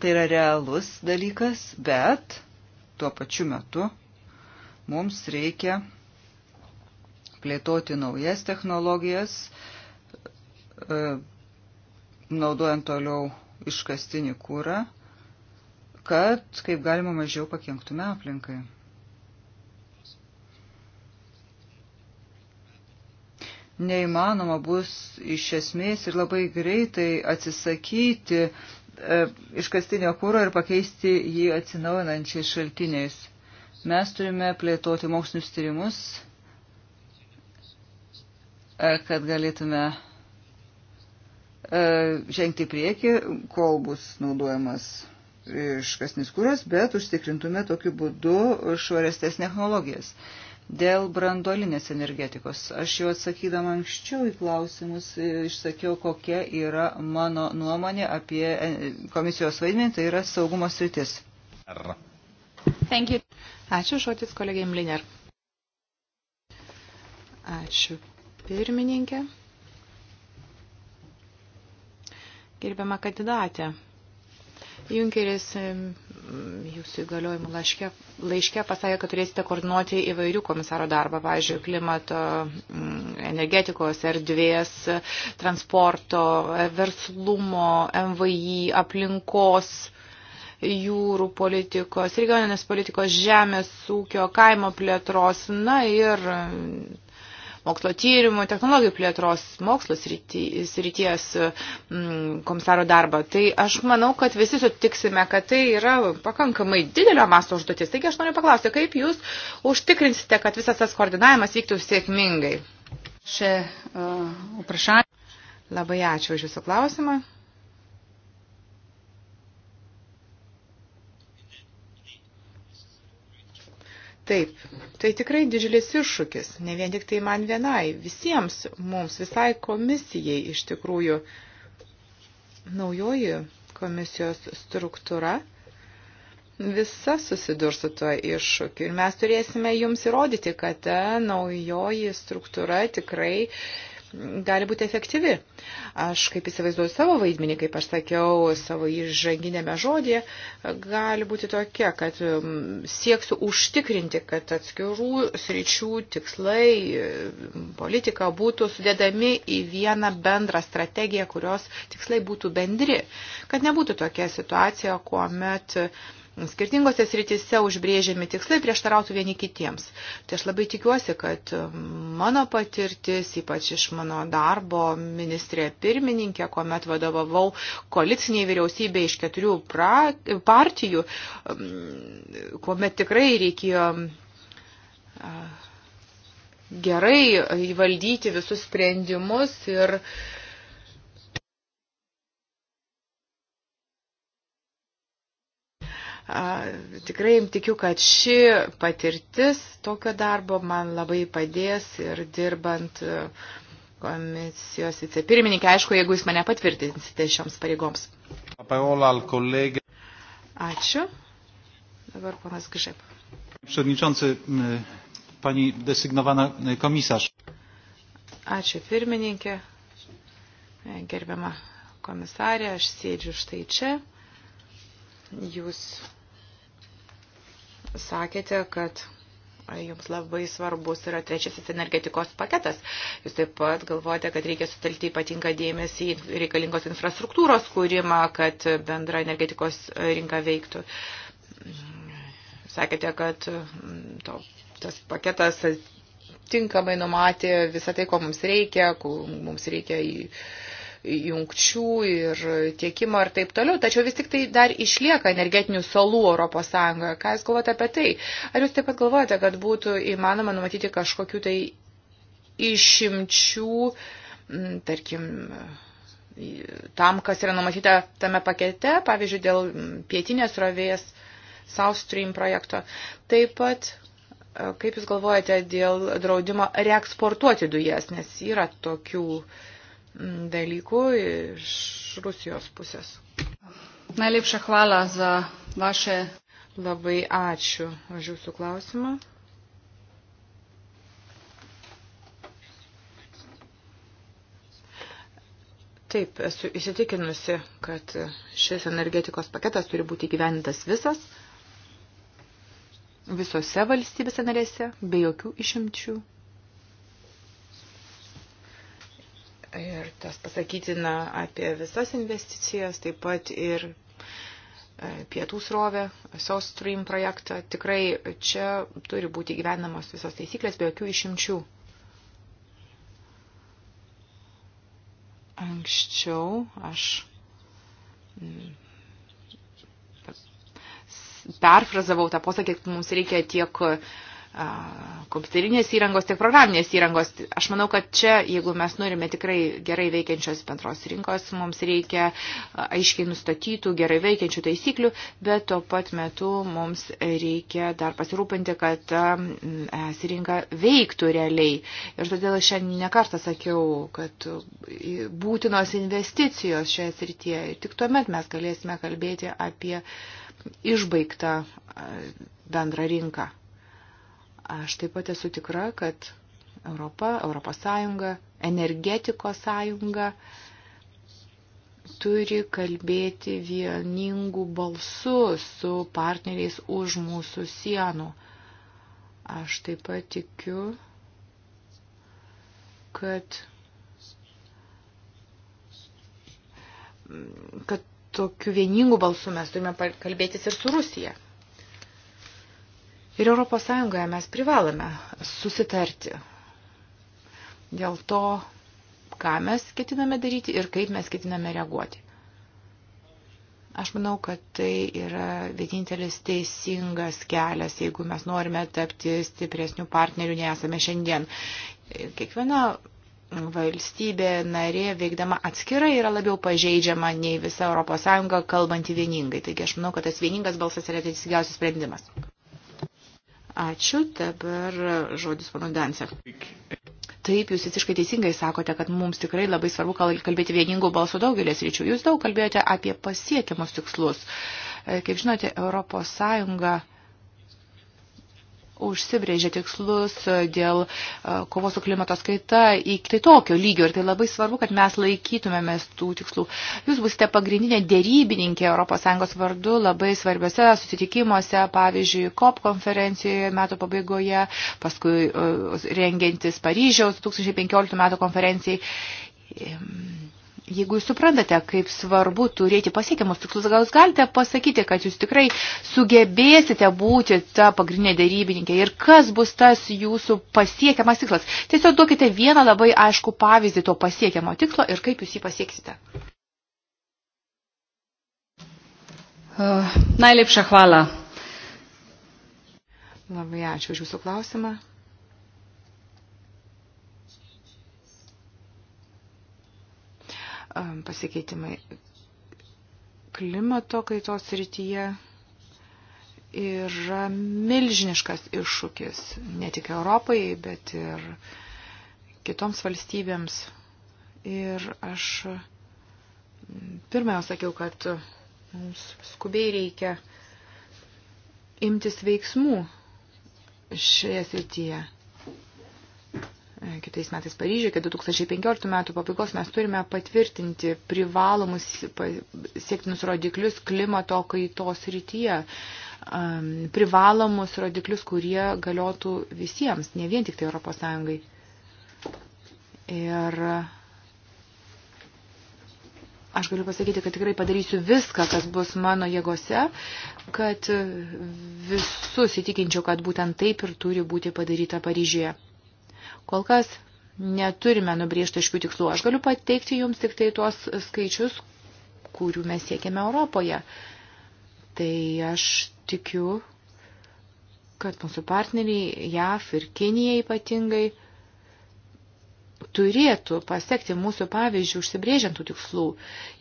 Tai yra realus dalykas, bet tuo pačiu metu mums reikia plėtoti naujas technologijas, e, naudojant toliau iškastinį kūrą, kad kaip galima mažiau pakenktume aplinkai. neįmanoma bus iš esmės ir labai greitai atsisakyti e, iškastinio kūro ir pakeisti jį atsinaujinančiais šaltiniais. Mes turime plėtoti mokslinius tyrimus, e, kad galėtume e, žengti prieki, kol bus naudojamas iškasnis kūras, bet užtikrintume tokiu būdu švaresnės technologijas. Dėl brandolinės energetikos. Aš jau atsakydama anksčiau į klausimus e, išsakiau, kokia yra mano nuomonė apie e, komisijos vaidmenį, tai yra saugumo sritis. Ačiū, šotis kolegai Mliner. Ačiū, pirmininkė. Gerbiama kandidatė. Junkeris jūsų įgaliojimų laiške, laiške pasakė, kad turėsite koordinuoti įvairių komisaro darbą, pavyzdžiui, klimato, mm, energetikos, erdvės, transporto, verslumo, MVI, aplinkos jūrų politikos, regioninės politikos, žemės ūkio, kaimo plėtros, na ir mokslo tyrimų, technologijų plėtros, mokslos srities mm, komisaro darbą. Tai aš manau, kad visi sutiksime, kad tai yra pakankamai didelio masto užduotis. Taigi aš noriu paklausti, kaip jūs užtikrinsite, kad visas tas koordinavimas vyktų sėkmingai? Čia, e, uh, Labai ačiū už Jūsų klausimą. Taip, tai tikrai didžiulis iššūkis, ne vien tik tai man vienai, visiems mums, visai komisijai iš tikrųjų. Naujoji komisijos struktūra visa susidurs su tuo iššūkiu ir mes turėsime jums įrodyti, kad ta naujoji struktūra tikrai gali būti efektyvi. Aš kaip įsivaizduoju savo vaidmenį, kaip aš sakiau savo įžanginėme žodėje, gali būti tokia, kad um, sieksiu užtikrinti, kad atskirų sričių tikslai, um, politika būtų sudėdami į vieną bendrą strategiją, kurios tikslai būtų bendri. Kad nebūtų tokia situacija, kuomet uh, skirtingose sritise užbrėžiami tikslai prieštarautų vieni kitiems. Tai aš labai tikiuosi, kad mano patirtis, ypač iš mano darbo ministrė pirmininkė, kuomet vadovavau koaliciniai vyriausybė iš keturių pra, partijų, um, kuomet tikrai reikėjo uh, gerai įvaldyti visus sprendimus ir uh, Tikrai tikiu, kad ši patirtis tokio darbo man labai padės ir dirbant e, komisijos vicepirmininkė, aišku, jeigu jūs mane patvirtinsite šioms pareigoms. Ačiū. Dabar ponas Gžep. Przewodniczący, pani desygnowana e, komisarz. Ačiū pirmininkė, e, gerbiama komisarė, aš sėdžiu štai čia. Jūs sakėte, kad jums labai svarbus yra trečiasis energetikos paketas. Jūs taip pat galvojate, kad reikia sutelkti ypatingą dėmesį į reikalingos infrastruktūros kūrimą, kad bendra energetikos rinka veiktų. Sakėte, kad mm, to, tas paketas tinkamai numatė visą tai, ko mums reikia, ko mums reikia į jungčių ir tiekimo ir taip toliau. Tačiau vis tik tai dar išlieka energetinių salų Europos Sąjungoje. Ką Jūs galvojate apie tai? Ar Jūs taip pat galvojate, kad būtų įmanoma numatyti kažkokių tai išimčių, tarkim, tam, kas yra numatyta tame pakete, pavyzdžiui, dėl pietinės rovės South Stream projekto. Taip pat, e, kaip Jūs galvojate dėl draudimo reeksportuoti dujas, nes yra tokių uh, dalykų iš Rusijos pusės. Najlepša hvala za vaše. Labai ačiū už jūsų klausimą. Taip, esu įsitikinusi, kad šis energetikos paketas turi būti gyvenintas visas, visose valstybėse narėse, be jokių išimčių. Ir tas pasakytina apie visas investicijas, taip pat ir e, pietų srovę, South Stream projektą. Tikrai čia turi būti gyvenamos visos taisyklės, be jokių išimčių. Anksčiau aš mm, perfrazavau tą posakį, kad mums reikia tiek uh, kompiuterinės įrangos, tiek programinės įrangos. Aš manau, kad čia, jeigu mes norime tikrai gerai veikiančios bendros rinkos, mums reikia aiškiai nustatytų, gerai veikiančių taisyklių, bet tuo pat metu mums reikia dar pasirūpinti, kad es rinka veiktų realiai. Ir todėl aš šiandien nekartą sakiau, kad būtinos investicijos šioje srityje. Ir tik tuomet mes galėsime kalbėti apie išbaigtą bendrą rinką. Aš taip pat esu tikra, kad Europa, Europos Sąjunga, energetikos sąjunga turi kalbėti vieningų balsų su partneriais už mūsų sienų. Aš taip pat tikiu, kad, kad tokiu vieningu balsu mes turime kalbėtis ir su Rusija. Ir Europos Sąjungoje mes privalome susitarti dėl to, ką mes ketiname daryti ir kaip mes ketiname reaguoti. Aš manau, kad tai yra vienintelis teisingas kelias, jeigu mes norime tapti stipresnių partnerių, nesame šiandien. Kiekviena valstybė narė veikdama atskirai yra labiau pažeidžiama nei visa ES kalbanti vieningai. Taigi aš manau, kad tas vieningas balsas yra teisingiausias sprendimas. Ačiū, dabar žodis panu Dansė. Taip, jūs visiškai teisingai sakote, kad mums tikrai labai svarbu kalbėti vieningų balsų daugelės ryčių. Jūs daug kalbėjote apie pasiekiamus tikslus. E, kaip žinote, Europos Sąjunga užsibrėžė tikslus e, dėl e, kovos su klimatos kaita iki tai tokio lygio ir tai labai svarbu, kad mes laikytumėmės tų tikslų. Jūs busite pagrindinė dėrybininkė ES vardu labai svarbiose susitikimuose, pavyzdžiui, COP konferencijoje metų pabaigoje, paskui e, rengiantis Paryžiaus 2015 metų konferencijai Jeigu jūs suprantate, kaip svarbu turėti pasiekiamus tikslus, gal jūs galite pasakyti, kad jūs tikrai sugebėsite būti ta pagrindinė dėrybininkė ir kas bus tas jūsų pasiekiamas tikslas. Tiesiog duokite vieną labai aišku pavyzdį to pasiekiamo tikslo ir kaip jūs jį pasieksite. Uh, najlepša hvala. Labai ačiū už jūsų klausimą. Um, pasikeitimai klimato kaitos rytyje yra milžiniškas iššūkis ne tik Europai, bet ir kitoms valstybėms. Ir aš mm, pirmiausia sakiau, kad mums skubiai reikia imtis veiksmų šioje srityje. E, kitais metais Paryžiuje, kad 2015 metų pabaigos mes turime patvirtinti privalomus siektinus rodiklius klimato kaitos rytyje, privalomus rodiklius, kurie galiotų visiems, ne vien tik tai Europos Sąjungai. Ir aš galiu pasakyti, kad tikrai padarysiu viską, kas bus mano jėgose, kad visus įtikinčiau, kad būtent taip ir turi būti padaryta Paryžiuje. Kol kas neturime nubriežti aiškių tikslų. Aš galiu pateikti jums tik tai tuos skaičius, kurių mes siekiame Europoje. Tai aš tikiu, kad mūsų partneriai, JAF ir Kinija ypatingai, turėtų pasiekti mūsų pavyzdžių užsibrėžiantų tikslų.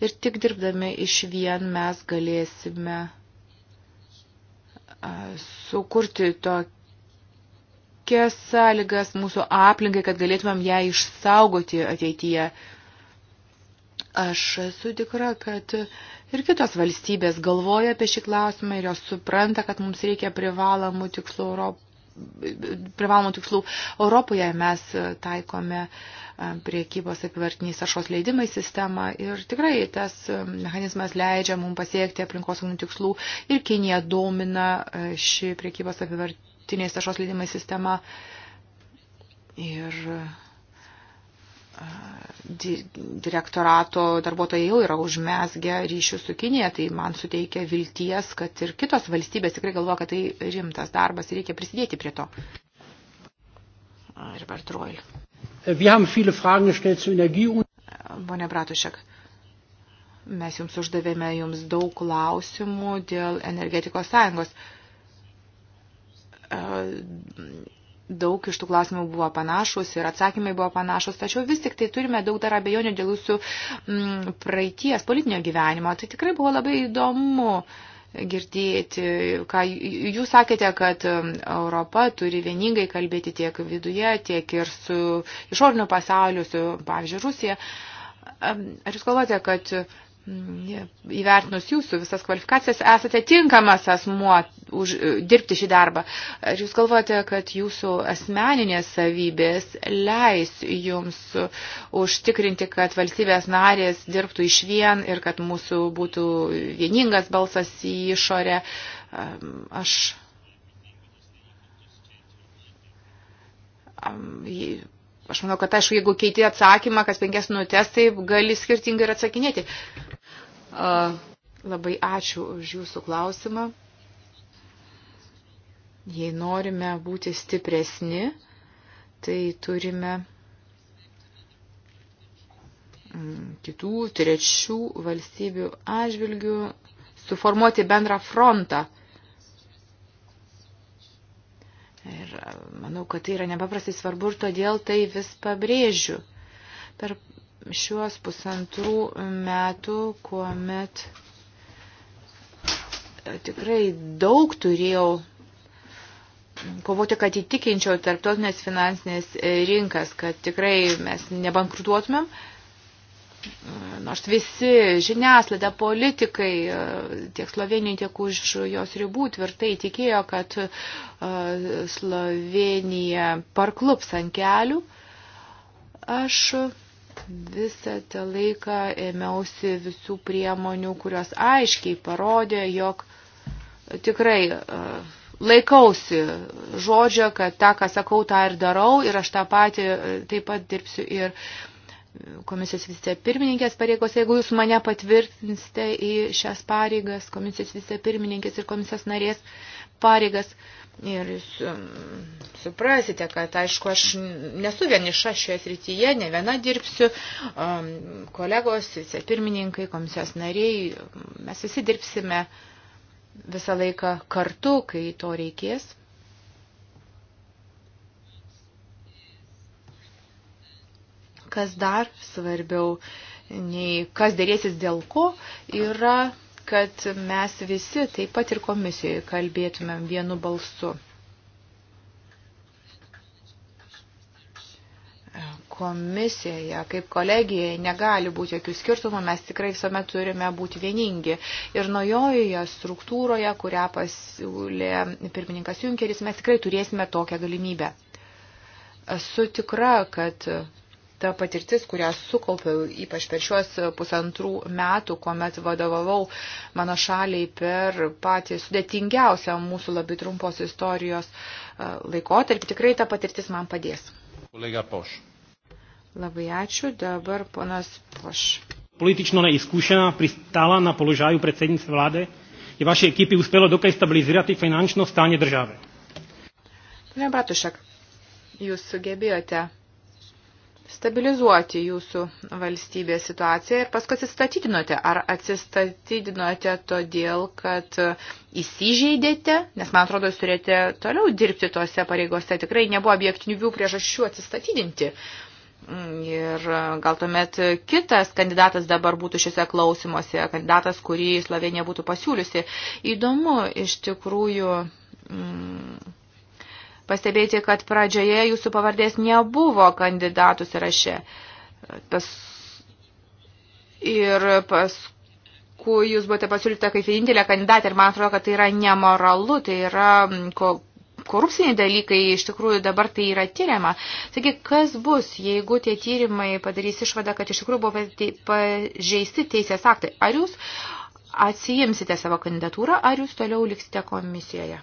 Ir tik dirbdami iš vien mes galėsime sukurti tokį palankias sąlygas mūsų aplinkai, kad galėtumėm ją išsaugoti ateityje. Aš esu tikra, kad ir kitos valstybės galvoja apie šį klausimą ir jos supranta, kad mums reikia privalomų tikslų, Europ... privalomų tikslų. Europoje mes taikome priekybos apivartiniais aršos leidimai sistemą ir tikrai tas mechanizmas leidžia mums pasiekti aplinkosauginių tikslų ir Kinija domina šį priekybos apivartinį tinės taršos leidimai sistema ir di direktorato darbuotojai jau yra užmesgę ryšių su Kinėje, tai man suteikia vilties, kad ir kitos valstybės tikrai galvoja, kad tai rimtas darbas ir reikia prisidėti prie to. Herbert Reul. Wir haben viele Fragen gestellt zu Energie und... Pone Bratušek, mes jums uždavėme jums daug klausimų dėl energetikos sąjungos. Uh, E, daug iš tų klausimų buvo panašus ir atsakymai buvo panašus, tačiau vis tik tai turime daug dar abejonių dėl jūsų m, mm, praeities politinio gyvenimo. Tai tikrai buvo labai įdomu girdėti, ką jūs sakėte, kad e, Europa turi vieningai kalbėti tiek viduje, tiek ir su išorniu pasauliu, su, pavyzdžiui, Rusija. Ar jūs galvojate, kad įvertinus jūsų visas kvalifikacijas, esate tinkamas asmuo už, e, dirbti šį darbą. Ar jūs galvojate, kad jūsų asmeninės savybės leis jums užtikrinti, kad valstybės narės dirbtų iš vien ir kad mūsų būtų vieningas balsas į išorę? Aš Aš manau, kad aišku, jeigu keiti atsakymą, kas penkias minutės, tai gali skirtingai ir atsakinėti. Labai ačiū už jūsų klausimą. Jei norime būti stipresni, tai turime mm, kitų trečių valstybių atžvilgių suformuoti bendrą frontą. Ir manau, kad tai yra nepaprastai svarbu ir todėl tai vis pabrėžiu. Per šiuos pusantrų metų, kuomet e, tikrai daug turėjau kovoti, kad įtikinčiau tarptautinės finansinės e, rinkas, kad tikrai mes nebankrutuotumėm. Nors visi žiniaslaida politikai, e, tiek Slovenijai, tiek už jos ribų tvirtai tikėjo, kad Slovenija parklups ant kelių. Aš Visą tą laiką ėmiausi visų priemonių, kurios aiškiai parodė, jog tikrai e, laikausi žodžio, kad tą, ką sakau, tą ir darau ir aš tą patį e, taip pat dirbsiu ir komisijos vicepirmininkės pareigos, jeigu jūs mane patvirtinsite į šias pareigas, komisijos vicepirmininkės ir komisijos narės pareigas. Uh, Ir jūs um, suprasite, kad, aišku, aš nesu vieniša šioje srityje, ne viena dirbsiu, um, kolegos, vicepirmininkai, komisijos nariai, mes visi dirbsime visą laiką kartu, kai to reikės. Kas dar svarbiau, nei kas dėrėsis dėl ko, yra kad mes visi, taip pat ir komisijoje, kalbėtumėm vienu balsu. komisijoje, kaip kolegijoje negali būti jokių skirtumų, mes tikrai visuomet turime būti vieningi. Ir naujojoje struktūroje, kurią pasiūlė pirmininkas Junkeris, mes tikrai turėsime tokią galimybę. Esu tikra, kad ta patirtis, kurią sukaupiau ypač per šiuos pusantrų metų, kuomet vadovavau mano šaliai per patį sudėtingiausią mūsų labai trumpos istorijos e, laikotarpį, tikrai ta patirtis man padės. Kolega Poš. Labai ačiū, dabar ponas Poš. Politično neiskušena pristala na položaju predsednice vlade i vaše ekipi uspelo dokaj stabilizirati finančno stanje države. Pane Bratušek, jūs sugebėjote stabilizuoti jūsų valstybės situaciją ir paskui atsistatydinote. Ar atsistatydinote todėl, kad įsižeidėte, nes man atrodo, jūs turėte toliau dirbti tose pareigose, tikrai nebuvo objektinių priežasčių atsistatydinti. Ir gal tuomet kitas kandidatas dabar būtų šiuose klausimuose, kandidatas, kurį Slovenija būtų pasiūliusi. Įdomu, iš tikrųjų. Mm, pastebėti, kad pradžioje jūsų pavardės nebuvo kandidatų sąraše. Pas... Ir paskui jūs buvote pasiūlyta kaip vienintelė kandidatė ir man atrodo, kad tai yra nemoralu, tai yra mm, ko, korupsiniai dalykai, iš tikrųjų dabar tai yra tyriama. Taigi, kas bus, jeigu tie tyrimai padarys išvadą, kad iš tikrųjų buvo pažeisti teisės aktai? Ar jūs atsijimsite savo kandidatūrą, ar jūs toliau liksite komisijoje?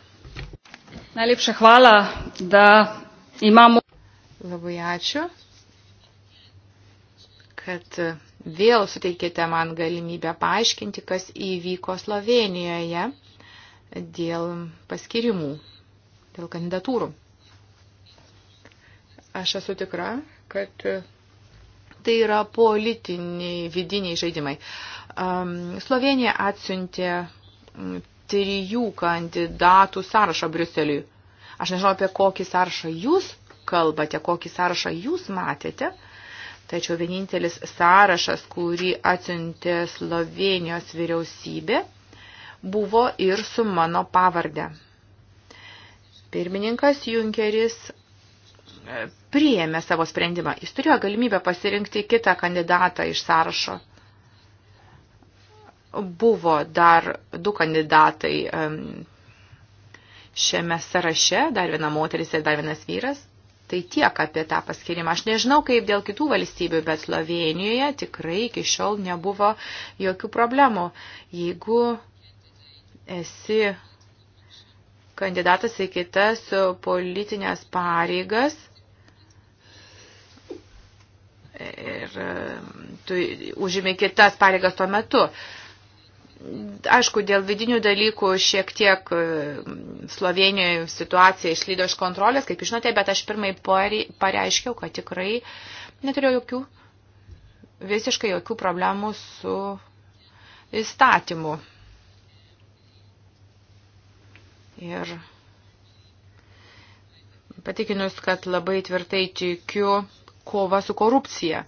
Najlepša hvala, da imamo. Labai ačiū, kad e, vėl suteikėte man galimybę paaiškinti, kas įvyko Slovenijoje dėl paskirimų, dėl kandidatūrų. Aš esu tikra, kad e, tai yra politiniai vidiniai žaidimai. Slovenija atsiuntė trijų kandidatų sąrašą Briuseliui. Aš nežinau, apie kokį sąrašą jūs kalbate, kokį sąrašą jūs matėte, tačiau vienintelis sąrašas, kurį atsiuntė Slovenijos vyriausybė, buvo ir su mano pavardė. Pirmininkas Junkeris e, priėmė savo sprendimą. Jis turėjo galimybę pasirinkti kitą kandidatą iš sąrašo buvo dar du kandidatai šiame sąraše, dar viena moteris ir dar vienas vyras. Tai tiek apie tą paskirimą. Aš nežinau, kaip dėl kitų valstybių, bet Slovenijoje tikrai iki šiol nebuvo jokių problemų. Jeigu esi kandidatas į kitas politinės pareigas, ir tu užimi kitas pareigas tuo metu. Aišku, dėl vidinių dalykų šiek tiek e, Slovenijoje situacija išlydo iš kontrolės, kaip žinote, bet aš pirmai pareiškiau, kad tikrai neturėjau jokių, visiškai jokių problemų su įstatymu. Ir patikinus, kad labai tvirtai tikiu kova su korupcija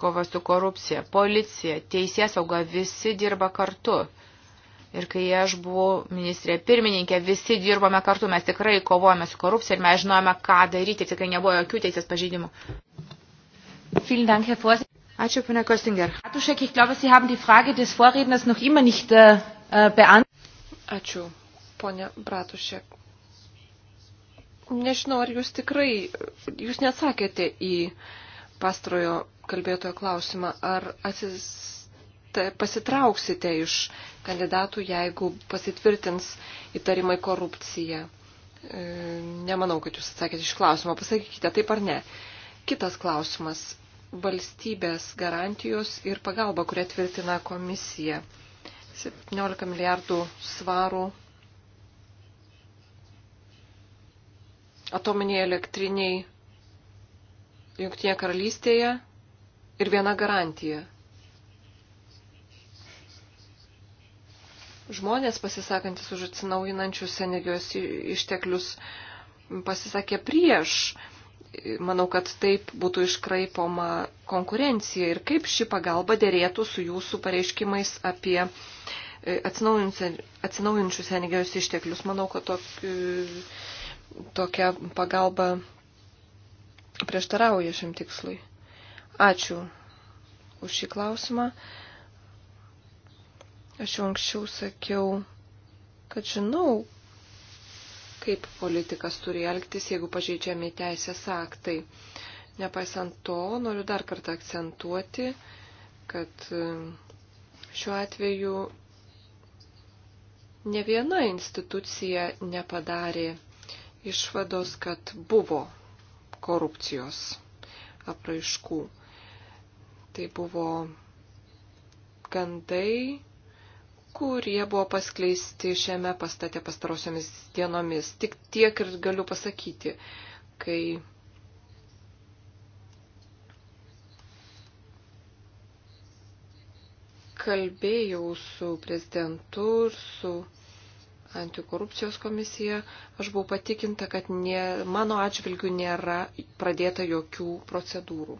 kova su korupcija, policija, teisėsauga, visi dirba kartu. Ir kai aš buvau ministrė pirmininkė, visi dirbome kartu, mes tikrai kovojame su korupcija ir mes žinojame, ką daryti, tikrai nebuvo jokių teisės pažeidimų. Ačiū, ponia Kostinger. Äh, äh, Ačiū, ponia Bratušek. Nežinau, ar jūs tikrai, jūs neatsakėte į pastrojo kalbėtojo klausimą, ar atsis, pasitrauksite iš kandidatų, jeigu pasitvirtins įtarimai korupcija? E, nemanau, kad jūs atsakėte iš klausimą. Pasakykite taip ar ne. Kitas klausimas. Valstybės garantijos ir pagalba, kurią tvirtina komisija. 17 milijardų svarų atominiai elektriniai Junktinėje karalystėje ir viena garantija. Žmonės pasisakantis už atsinaujinančius energijos išteklius pasisakė prieš. Manau, kad taip būtų iškraipoma konkurencija ir kaip ši pagalba dėrėtų su jūsų pareiškimais apie e, atsinaujinčius energijos išteklius. Manau, kad tok, e, tokia pagalba prieštarauja šiam tikslui. Ačiū už šį klausimą. Aš jau anksčiau sakiau, kad žinau, kaip politikas turi elgtis, jeigu pažeidžiami teisės aktai. Nepaisant to, noriu dar kartą akcentuoti, kad e, šiuo atveju ne viena institucija nepadarė išvados, kad buvo korupcijos apraiškų. Tai buvo gandai, kurie buvo paskleisti šiame pastate pastarosiomis dienomis. Tik tiek ir galiu pasakyti, kai kalbėjau su prezidentu ir su antikorupcijos komisija, aš buvau patikinta, kad ne, mano atžvilgių nėra pradėta jokių procedūrų.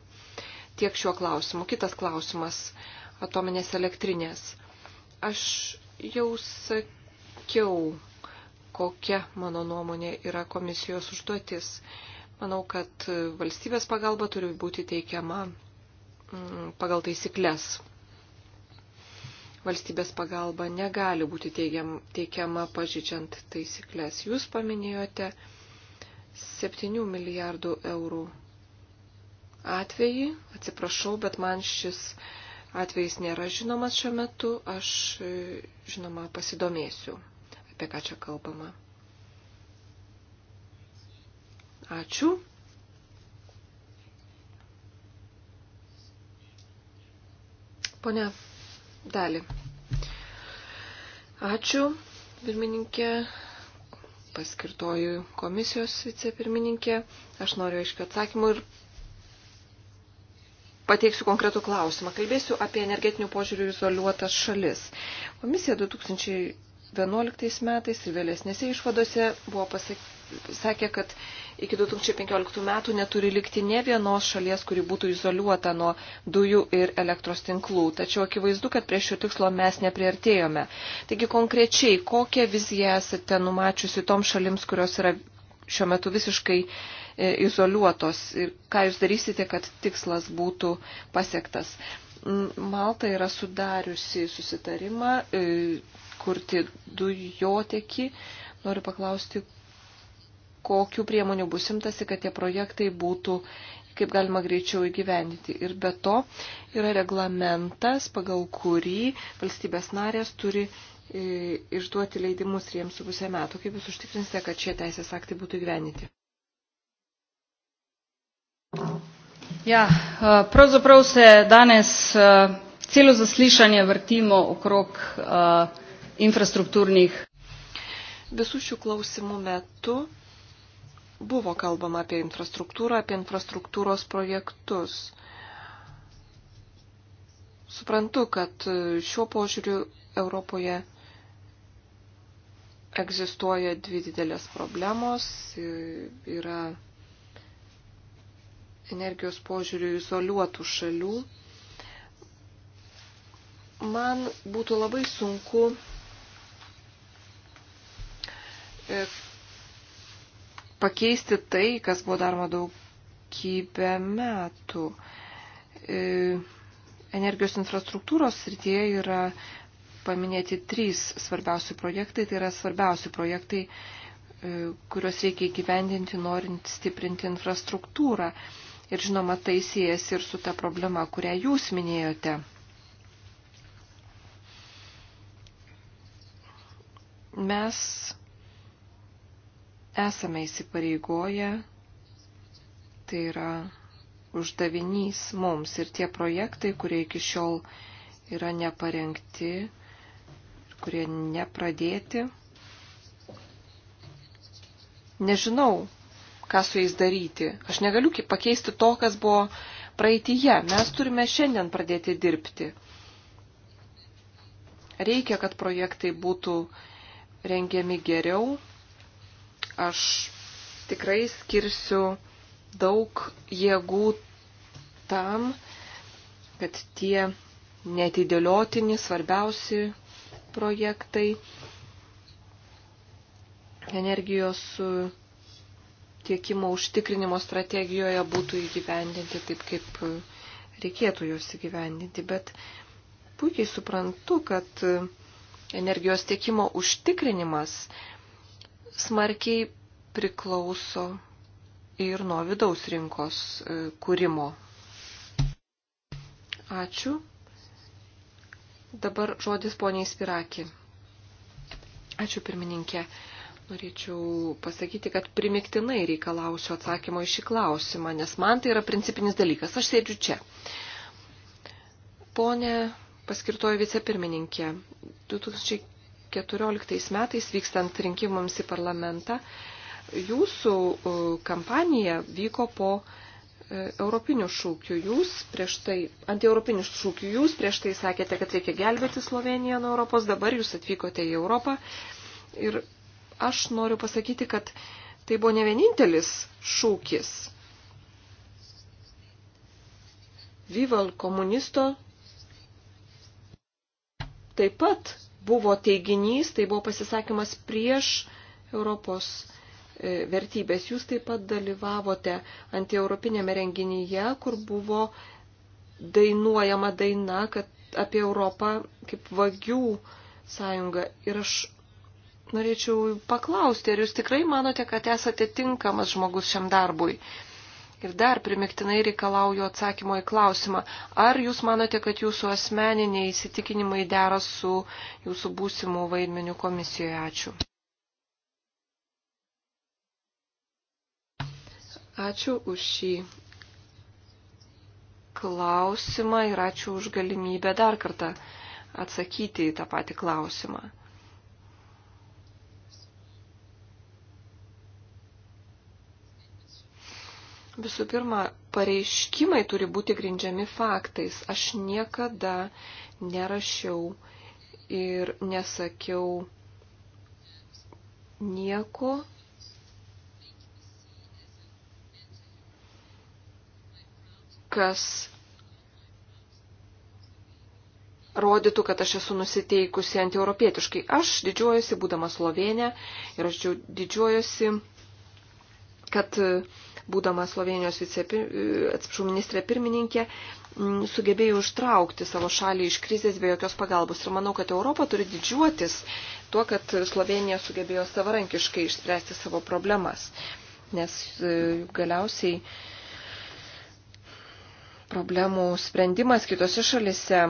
Tiek šiuo klausimu. Kitas klausimas - atominės elektrinės. Aš jau sakiau, kokia mano nuomonė yra komisijos užduotis. Manau, kad valstybės pagalba turi būti teikiama mm, pagal taisyklės. Valstybės pagalba negali būti teigiam, teikiama pažydžiant taisyklės. Jūs paminėjote 7 milijardų eurų atvejį. Atsiprašau, bet man šis atvejis nėra žinomas šiuo metu. Aš, e, žinoma, pasidomėsiu, apie ką čia kalbama. Ačiū. Pone Dali. Ačiū, pirmininkė paskirtojų komisijos vicepirmininkė. Aš noriu aiškių atsakymų ir pateiksiu konkretų klausimą. Kalbėsiu apie energetinių požiūrių izoliuotas šalis. Komisija 2011 metais ir vėlesnėse išvadose buvo pasakė, kad iki 2015 metų neturi likti ne vienos šalies, kuri būtų izoliuota nuo dujų ir elektros tinklų. Tačiau akivaizdu, kad prie šio tikslo mes nepriartėjome. Taigi konkrečiai, kokią viziją esate numačiusi tom šalims, kurios yra šiuo metu visiškai E, izoliuotos ir ką jūs darysite, kad tikslas būtų pasiektas. Malta yra sudariusi susitarimą e, kurti dujotekį. Noriu paklausti, kokiu priemonių bus imtasi, kad tie projektai būtų kaip galima greičiau įgyvendyti. Ir be to yra reglamentas, pagal kurį valstybės narės turi e, išduoti leidimus riems su pusę metų. Kaip jūs užtikrinsite, kad šie teisės aktai būtų įgyvendyti? Ja, eh, pravzaprav se danes eh, celo zaslišanje vrtimo okrog eh, infrastruktūrnih. Visų šių klausimų metu buvo kalbama apie infrastruktūrą, apie infrastruktūros projektus. Suprantu, kad e, šiuo požiūriu Europoje egzistuoja dvi didelės problemos. E, yra energijos požiūrių izoliuotų šalių, man būtų labai sunku e, pakeisti tai, kas buvo daroma daugybę metų. E, energijos infrastruktūros srityje yra paminėti trys svarbiausi projektai. Tai yra svarbiausi projektai, e, kuriuos reikia įgyvendinti, norint stiprinti infrastruktūrą. Ir žinoma, tai siejas ir su ta problema, kurią jūs minėjote. Mes esame įsipareigoję, tai yra uždavinys mums ir tie projektai, kurie iki šiol yra neparengti ir kurie nepradėti. Nežinau, ką su jais daryti. Aš negaliu pakeisti to, kas buvo praeitįje. Mes turime šiandien pradėti dirbti. Reikia, kad projektai būtų rengiami geriau. Aš tikrai skirsiu daug jėgų tam, kad tie netidėliotini svarbiausi projektai energijos tiekimo užtikrinimo strategijoje būtų įgyvendinti taip, kaip e, reikėtų juos įgyvendinti. Bet puikiai suprantu, kad e, energijos tiekimo užtikrinimas smarkiai priklauso ir nuo vidaus rinkos e, kūrimo. Ačiū. Dabar žodis poniai Spiraki. Ačiū pirmininkė. Norėčiau pasakyti, kad primiktinai reikalausiu atsakymo į šį klausimą, nes man tai yra principinis dalykas. Aš sėdžiu čia. Pone paskirtoji vicepirmininkė, 2014 metais vykstant rinkimams į parlamentą, jūsų e, kampanija vyko po e, europinių šūkių. Jūs prieš tai, antieuropinių šūkių, jūs prieš tai sakėte, kad reikia gelbėti Sloveniją nuo Europos, dabar jūs atvykote į Europą ir aš noriu pasakyti, kad tai buvo ne vienintelis šūkis. Vival komunisto taip pat buvo teiginys, tai buvo pasisakymas prieš Europos e, vertybės. Jūs taip pat dalyvavote antieuropinėme renginyje, kur buvo dainuojama daina, kad apie Europą kaip vagių sąjungą. Ir aš norėčiau paklausti, ar jūs tikrai manote, kad esate tinkamas žmogus šiam darbui? Ir dar primiktinai reikalauju atsakymo į klausimą, ar jūs manote, kad jūsų asmeniniai įsitikinimai dera su jūsų būsimų vaidmenių komisijoje? Ačiū. Ačiū už šį klausimą ir ačiū už galimybę dar kartą atsakyti į tą patį klausimą. Visų pirma, pareiškimai turi būti grindžiami faktais. Aš niekada nerašiau ir nesakiau nieko, kas rodytų, kad aš esu nusiteikusi antieuropietiškai. Aš didžiuojuosi, būdama Slovenė, ir aš didžiuojuosi, kad būdama Slovenijos vicepi, ministrė pirmininkė, sugebėjo ištraukti savo šalį iš krizės be jokios pagalbos. Ir manau, kad Europa turi didžiuotis tuo, kad Slovenija sugebėjo savarankiškai išspręsti savo problemas. Nes e, galiausiai problemų sprendimas kitose šalise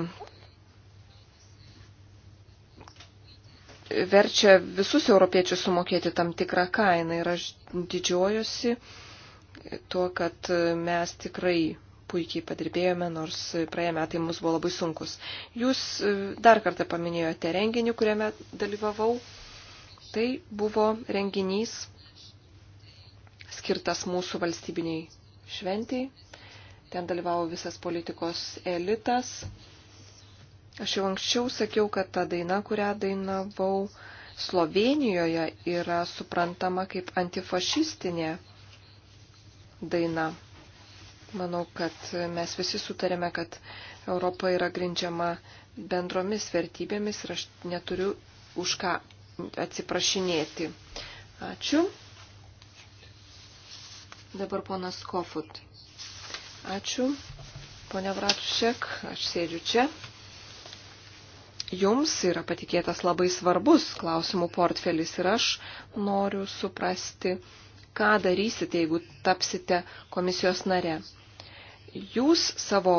verčia visus europiečius sumokėti tam tikrą kainą ir aš didžiuojuosi tuo, kad mes tikrai puikiai padirbėjome, nors praėję metai mums buvo labai sunkus. Jūs e, dar kartą paminėjote renginį, kuriame dalyvavau. Tai buvo renginys skirtas mūsų valstybiniai šventiai. Ten dalyvavo visas politikos elitas. Aš jau anksčiau sakiau, kad ta daina, kurią dainavau Slovenijoje, yra suprantama kaip antifašistinė daina. Manau, kad mes visi sutarėme, kad Europa yra grindžiama bendromis vertybėmis ir aš neturiu už ką atsiprašinėti. Ačiū. Dabar ponas Kofut. Ačiū. Pone Vratušek, aš sėdžiu čia. Jums yra patikėtas labai svarbus klausimų portfelis ir aš noriu suprasti, ką darysite, jeigu tapsite komisijos nare. Jūs savo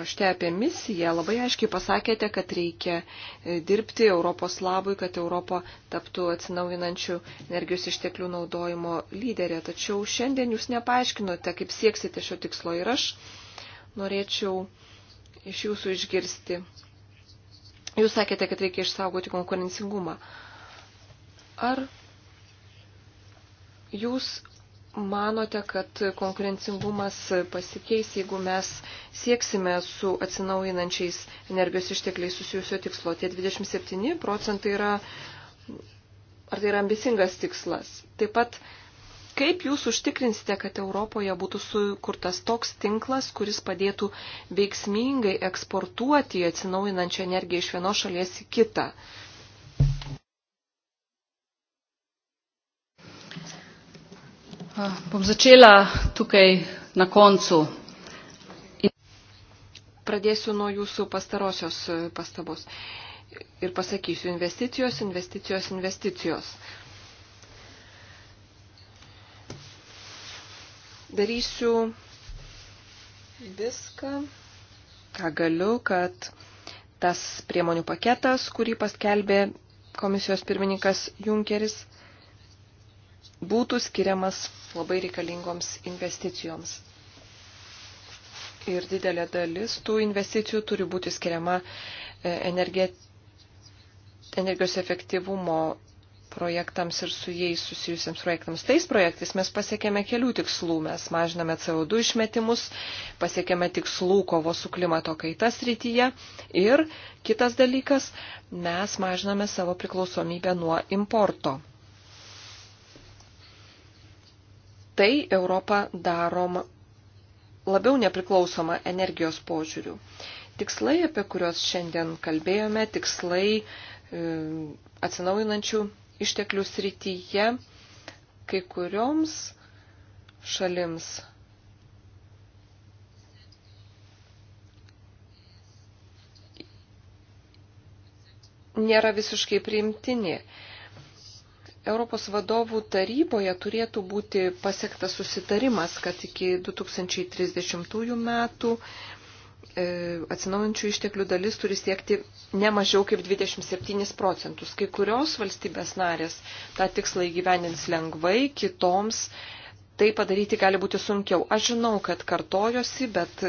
rašte apie misiją labai aiškiai pasakėte, kad reikia e, dirbti Europos labui, kad Europa taptų atsinaujinančių energijos išteklių naudojimo lyderė. Tačiau šiandien jūs nepaaiškinote, kaip sieksite šio tikslo ir aš norėčiau iš jūsų išgirsti. Jūs sakėte, kad reikia išsaugoti konkurencingumą. Ar Jūs manote, kad konkurencingumas pasikeis, jeigu mes sieksime su atsinaujinančiais energijos ištekliais susijusio tikslo. Tie 27 procentai yra, ar tai yra ambicingas tikslas. Taip pat, kaip jūs užtikrinsite, kad Europoje būtų sukurtas toks tinklas, kuris padėtų veiksmingai eksportuoti atsinaujinančią energiją iš vienos šalies į kitą? Eh, bom začela tukaj na koncu. Pradėsiu nuo jūsų pastarosios eh, pastabos. Ir pasakysiu, investicijos, investicijos, investicijos. Darysiu viską, ką galiu, kad tas priemonių paketas, kurį paskelbė komisijos pirmininkas Junkeris, būtų skiriamas labai reikalingoms investicijoms. Ir didelė dalis tų investicijų turi būti skiriama e, energet... energijos efektyvumo projektams ir su jais susijusiams projektams. Tais projektais mes pasiekėme kelių tikslų. Mes mažiname CO2 išmetimus, pasiekėme tikslų kovo su klimato kaitas rytyje ir kitas dalykas, mes mažiname savo priklausomybę nuo importo. tai Europą darom labiau nepriklausoma energijos požiūrių. Tikslai, apie kuriuos šiandien kalbėjome, tikslai e, atsinaujinančių išteklių srityje kai kurioms šalims nėra visiškai priimtini. Europos vadovų taryboje turėtų būti pasiektas susitarimas, kad iki 2030 metų e, atsinaujančių išteklių dalis turi siekti ne mažiau kaip 27 procentus. Kai kurios valstybės narės tą tikslą įgyvenins lengvai, kitoms tai padaryti gali būti sunkiau. Aš žinau, kad kartojosi, bet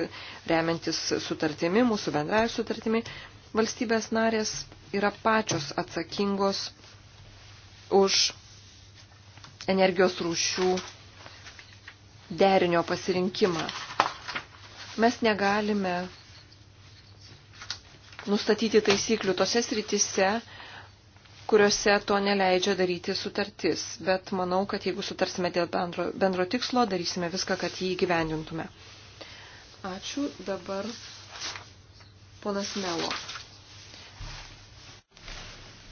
remiantis sutartimi, mūsų bendraja sutartimi, valstybės narės yra pačios atsakingos už energijos rūšių derinio pasirinkimą. Mes negalime nustatyti taisyklių tose sritise, kuriuose to neleidžia daryti sutartis. Bet manau, kad jeigu sutarsime dėl bendro, bendro tikslo, darysime viską, kad jį gyvendintume. Ačiū. Dabar ponas Melo.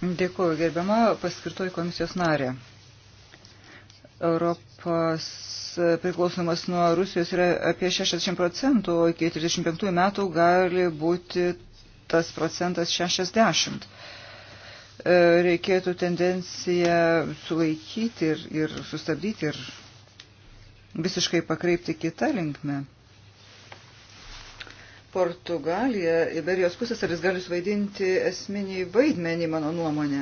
Dėkuoju, gerbiama paskirtoji komisijos narė. Europos priklausomas nuo Rusijos yra apie 60 procentų, o iki 35 metų gali būti tas procentas 60. E, reikėtų tendenciją sulaikyti ir, ir sustabdyti ir visiškai pakreipti kitą linkmę. Portugalija, Iberijos pusės, ar jis gali suvaidinti esminį vaidmenį, mano nuomonė?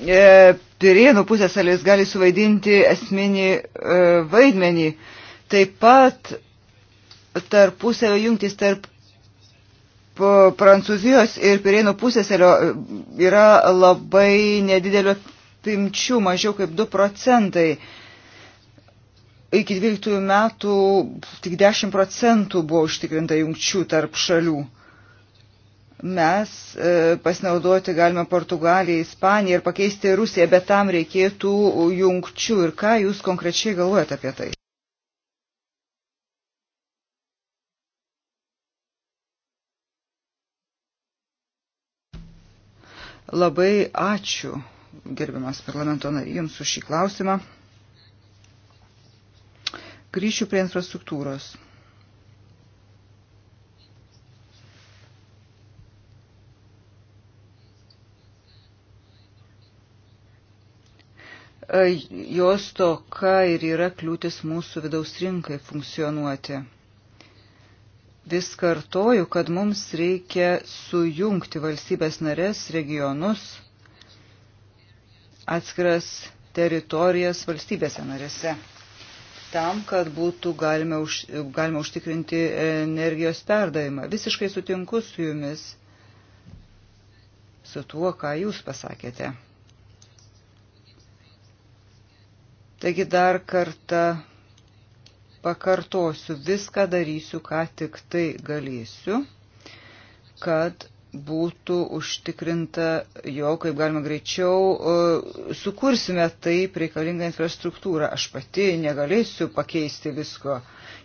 E, Pirėnų pusės alis gali suvaidinti esminį e, vaidmenį. Taip pat tarpusavio jungtis tarp Prancūzijos ir Pirėnų pusėselio e, yra labai nedidelio apimčių mažiau kaip 2 procentai. Iki 12 metų tik 10 procentų buvo užtikrinta jungčių tarp šalių. Mes e, pasinaudoti galime Portugaliją, Ispaniją ir pakeisti Rusiją, bet tam reikėtų jungčių. Ir ką jūs konkrečiai galvojate apie tai? Labai ačiū gerbiamas parlamento narys, jums už šį klausimą. Grįšiu prie infrastruktūros. E, jos toka ir yra kliūtis mūsų vidaus rinkai funkcionuoti vis kartoju, kad mums reikia sujungti valstybės narės regionus atskiras teritorijas valstybėse narėse, tam, kad būtų galima, už, galima užtikrinti energijos perdavimą. Visiškai sutinku su jumis, su tuo, ką jūs pasakėte. Taigi dar kartą pakartosiu, viską darysiu, ką tik tai galėsiu, kad būtų užtikrinta, jo kaip galima greičiau e, sukursime taip reikalingą infrastruktūrą. Aš pati negalėsiu pakeisti visko,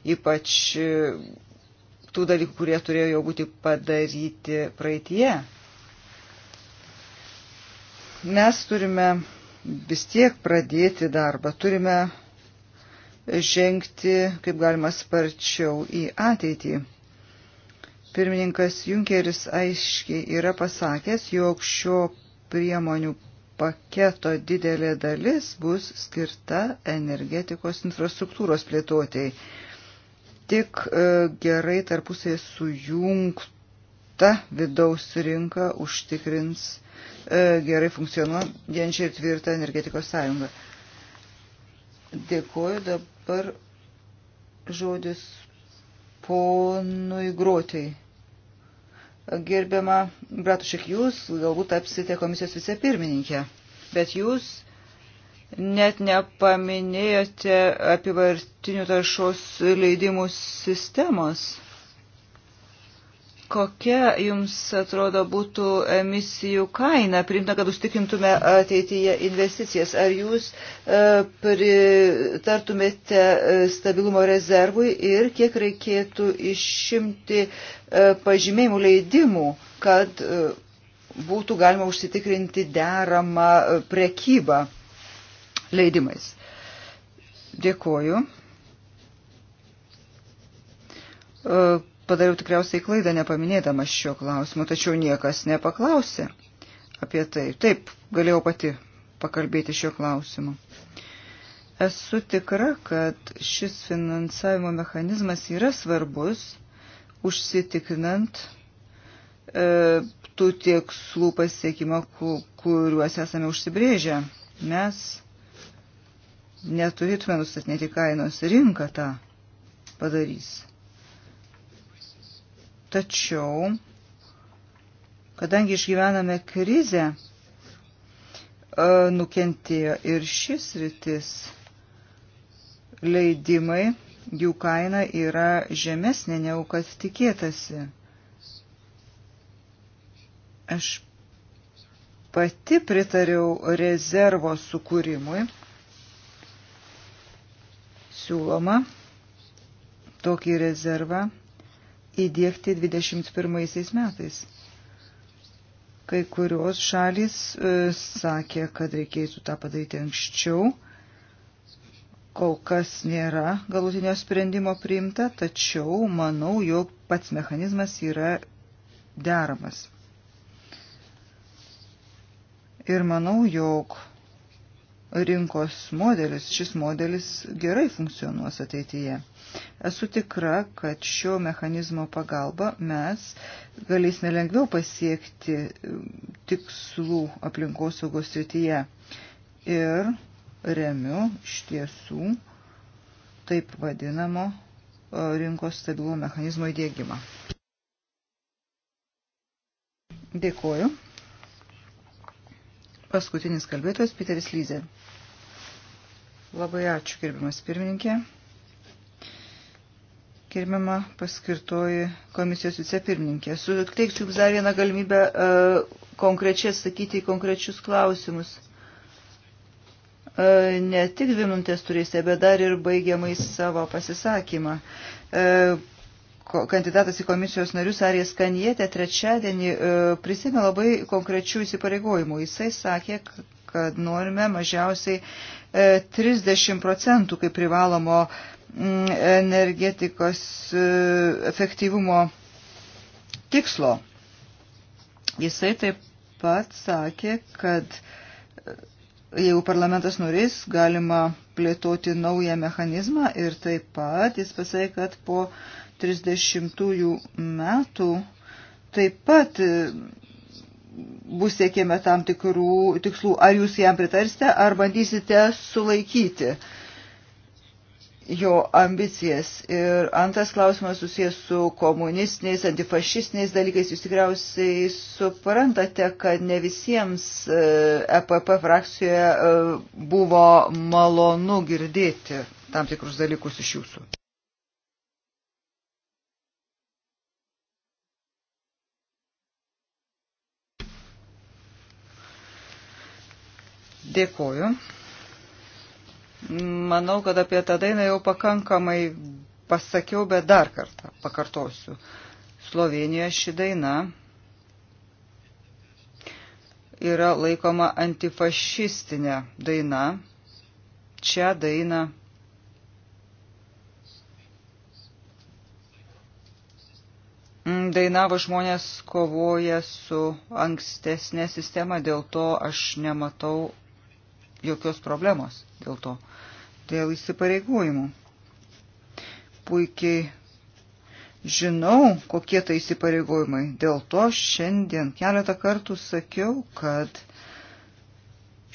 ypač e, tų dalykų, kurie turėjo jau būti padaryti praeitie. Mes turime vis tiek pradėti darbą, turime žengti kaip galima sparčiau į ateitį. Pirmininkas Junkeris aiškiai yra pasakęs, jog šio priemonių paketo didelė dalis bus skirta energetikos infrastruktūros plėtotėjai. Tik e, gerai tarpusai sujungta vidaus rinka užtikrins e, gerai funkcionuojančią ir tvirtą energetikos sąjungą. Dėkuoju dabar žodis ponui Grotijai. Gerbiama Bratušek, jūs galbūt tapsite komisijos vicepirmininkė, bet jūs net nepaminėjote apivartinių taršos leidimų sistemos. Kokia jums atrodo būtų emisijų kaina, priimta, kad užtikrintume ateityje investicijas? Ar jūs e, pritartumėte e, stabilumo rezervui ir kiek reikėtų išimti e, pažymėjimų leidimų, kad būtų galima užsitikrinti deramą prekybą leidimais? Dėkuoju padariau tikriausiai klaidą nepaminėdamas šio klausimo, tačiau niekas nepaklausė apie tai. Taip, galėjau pati pakalbėti šio klausimu. Esu tikra, kad šis finansavimo mechanizmas yra svarbus, užsitikrinant e, tų tikslų pasiekimą, kuriuos esame užsibrėžę. Mes neturėtume nustatinėti kainos, rinka tą padarys. Tačiau, kadangi išgyvename krizę, e, nukentėjo ir šis rytis leidimai, jų kaina yra žemesnė negu kad tikėtasi. Aš pati pritariau rezervo sukūrimui. Siūloma tokį rezervą įdėkti 21 metais. Kai kurios šalis e, sakė, kad reikėtų tą padaryti anksčiau. Kol kas nėra galutinio sprendimo priimta, tačiau manau, jog pats mechanizmas yra deramas. Ir manau, jog rinkos modelis. Šis modelis gerai funkcionuos ateityje. Esu tikra, kad šio mechanizmo pagalba mes galėsime lengviau pasiekti tikslų aplinkosaugos srityje. Ir remiu iš tiesų taip vadinamo rinkos stabilumo mechanizmo įdėgymą. Dėkuoju. Paskutinis kalbėtojas Piteris Lyzė. Labai ačiū, gerbiamas pirmininkė. Gerbiama paskirtoji komisijos vicepirmininkė. Suteikčiau jums dar vieną galimybę uh, konkrečiai atsakyti į konkrečius klausimus. Uh, ne tik dvi minutės turėsite, bet dar ir baigiamai savo pasisakymą. Uh, kandidatas į komisijos narius Arijas Kanietė trečiadienį e, prisėmė labai konkrečių įsipareigojimų. Jisai sakė, kad norime mažiausiai 30 e, procentų kaip privalomo mm, energetikos e, efektyvumo tikslo. Jisai taip pat sakė, kad jeigu parlamentas norės, galima plėtoti naują mechanizmą ir taip pat jis pasakė, kad po uh, 30 metų taip pat e, bus siekėme tam tikrų tikslų. Ar jūs jam pritarsite, ar bandysite sulaikyti jo ambicijas. Ir antras klausimas susijęs su komunistiniais, antifašistiniais dalykais. Jūs tikriausiai suprantate, kad ne visiems EPP e frakcijoje e, buvo malonu girdėti tam tikrus dalykus iš jūsų. Dėkuoju. Manau, kad apie tą dainą jau pakankamai pasakiau, bet dar kartą pakartosiu. Slovenijoje ši daina yra laikoma antifašistinė daina. Čia daina dainavo žmonės kovoja su ankstesnė sistema, dėl to aš nematau jokios problemos dėl to, dėl įsipareigojimų. Puikiai žinau, kokie tai įsipareigojimai. Dėl to šiandien keletą kartų sakiau, kad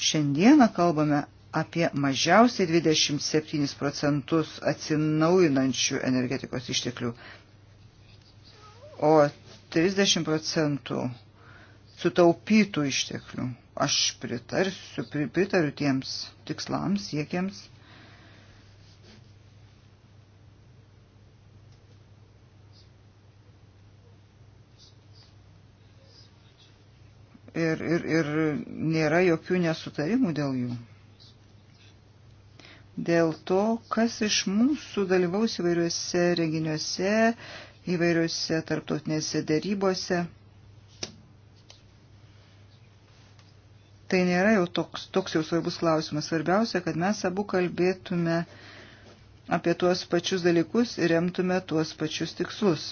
šiandieną kalbame apie mažiausiai 27 procentus atsinaujinančių energetikos išteklių, o 30 procentų sutaupytų išteklių. Aš pritarsiu, pritariu tiems tikslams, siekiams. Ir, ir, ir nėra jokių nesutarimų dėl jų dėl to, kas iš mūsų dalyvaus įvairiuose renginiuose, įvairiuose tarptautinėse dėrybose. tai nėra jau toks, toks jau svarbus klausimas. Svarbiausia, kad mes abu kalbėtume apie tuos pačius dalykus ir remtume tuos pačius tikslus.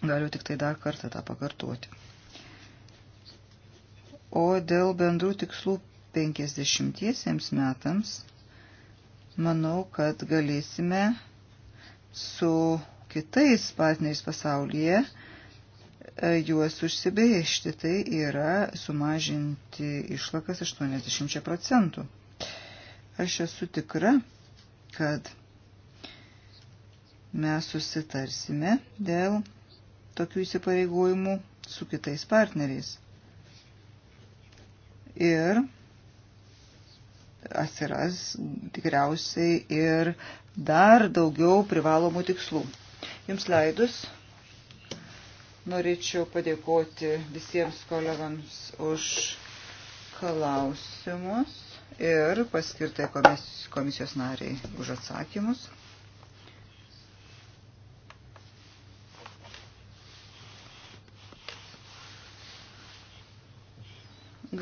Galiu tik tai dar kartą tą pakartoti. O dėl bendrų tikslų 50 metams, manau, kad galėsime su kitais partneriais pasaulyje uh, juos užsibėžti, tai yra sumažinti išlakas 80 procentų. Aš esu tikra, kad mes susitarsime dėl tokių įsipareigojimų su kitais partneriais. Ir atsiras tikriausiai ir dar daugiau privalomų tikslų. Jums leidus Norėčiau padėkoti visiems kolegams už klausimus ir paskirtai komisijos nariai už atsakymus.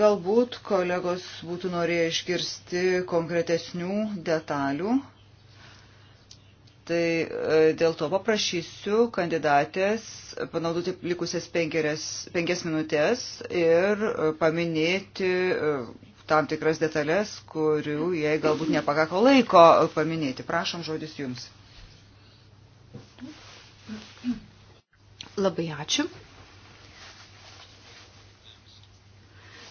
Galbūt kolegos būtų norėję išgirsti konkretesnių detalių Tai e, dėl to paprašysiu kandidatės panaudoti likusias penkerias, penkias minutės ir e, paminėti e, tam tikras detalės, kurių jai galbūt nepakako laiko paminėti. Prašom žodis jums. Labai ačiū.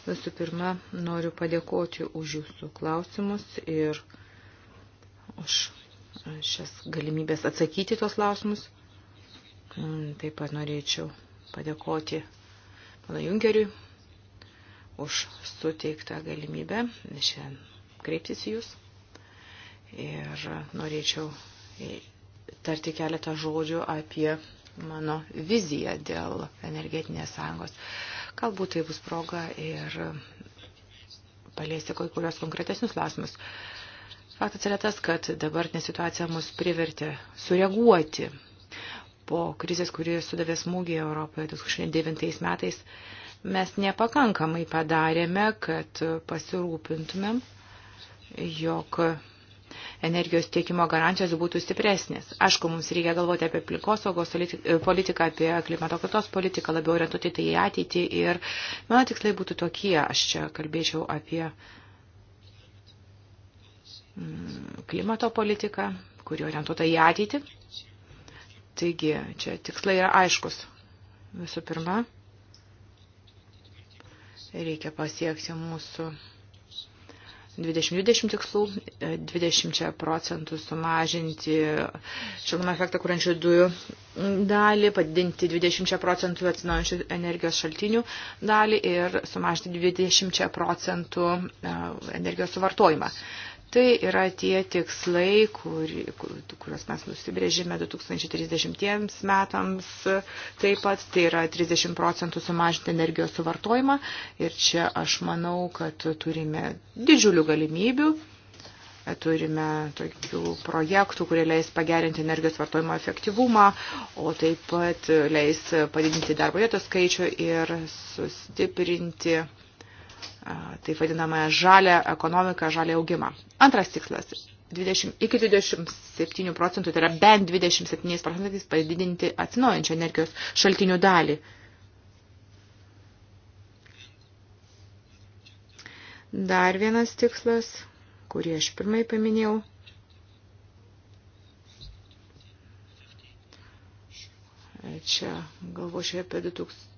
Visų pirma, noriu padėkoti už jūsų klausimus ir už šias galimybės atsakyti tos lausimus. Mm, taip pat norėčiau padėkoti mano Junkeriui už suteiktą galimybę šiandien kreiptis į Jūs. Ir norėčiau tarti keletą žodžių apie mano viziją dėl energetinės sąjungos. Galbūt tai bus proga ir paliesti kai kurios konkretesnius klausimus. Uh, Faktas yra tas, kad dabartinė situacija mus privertė sureaguoti po krizės, kuri sudavė smūgį Europoje 2009 metais. Mes nepakankamai padarėme, kad pasirūpintumėm, jog energijos tiekimo garantijos būtų stipresnės. Aišku, mums reikia galvoti apie aplinkosaugos politiką, apie klimato kaitos politiką, labiau orientuoti tai į ateitį. Ir mano tikslai būtų tokie, aš čia kalbėčiau apie Mm, klimato politiką, kuri orientuota į ateitį. Taigi, čia tikslai yra aiškus. Visų pirma, reikia pasiekti mūsų 2020 tikslų, 20 procentų sumažinti šilumą efektą kuriančių dujų dalį, padidinti 20 procentų atsinaujančių energijos šaltinių dalį ir sumažinti 20 procentų e, energijos suvartojimą. Tai yra tie tikslai, kur, kuriuos mes nusibrėžėme 2030 metams taip pat, tai yra 30 procentų sumažinti energijos suvartojimą ir čia aš manau, kad turime didžiulių galimybių turime tokių projektų, kurie leis pagerinti energijos vartojimo efektyvumą, o taip pat leis padidinti darbo vietos skaičių ir sustiprinti taip vadinamąją žalę ekonomiką, žalę augimą. Antras tikslas 20, iki 27 procentų, tai yra bent 27 procentais padidinti atsinaujančią energijos šaltinių dalį. Dar vienas tikslas, kurį aš pirmai paminėjau. Čia galvočiau apie 2000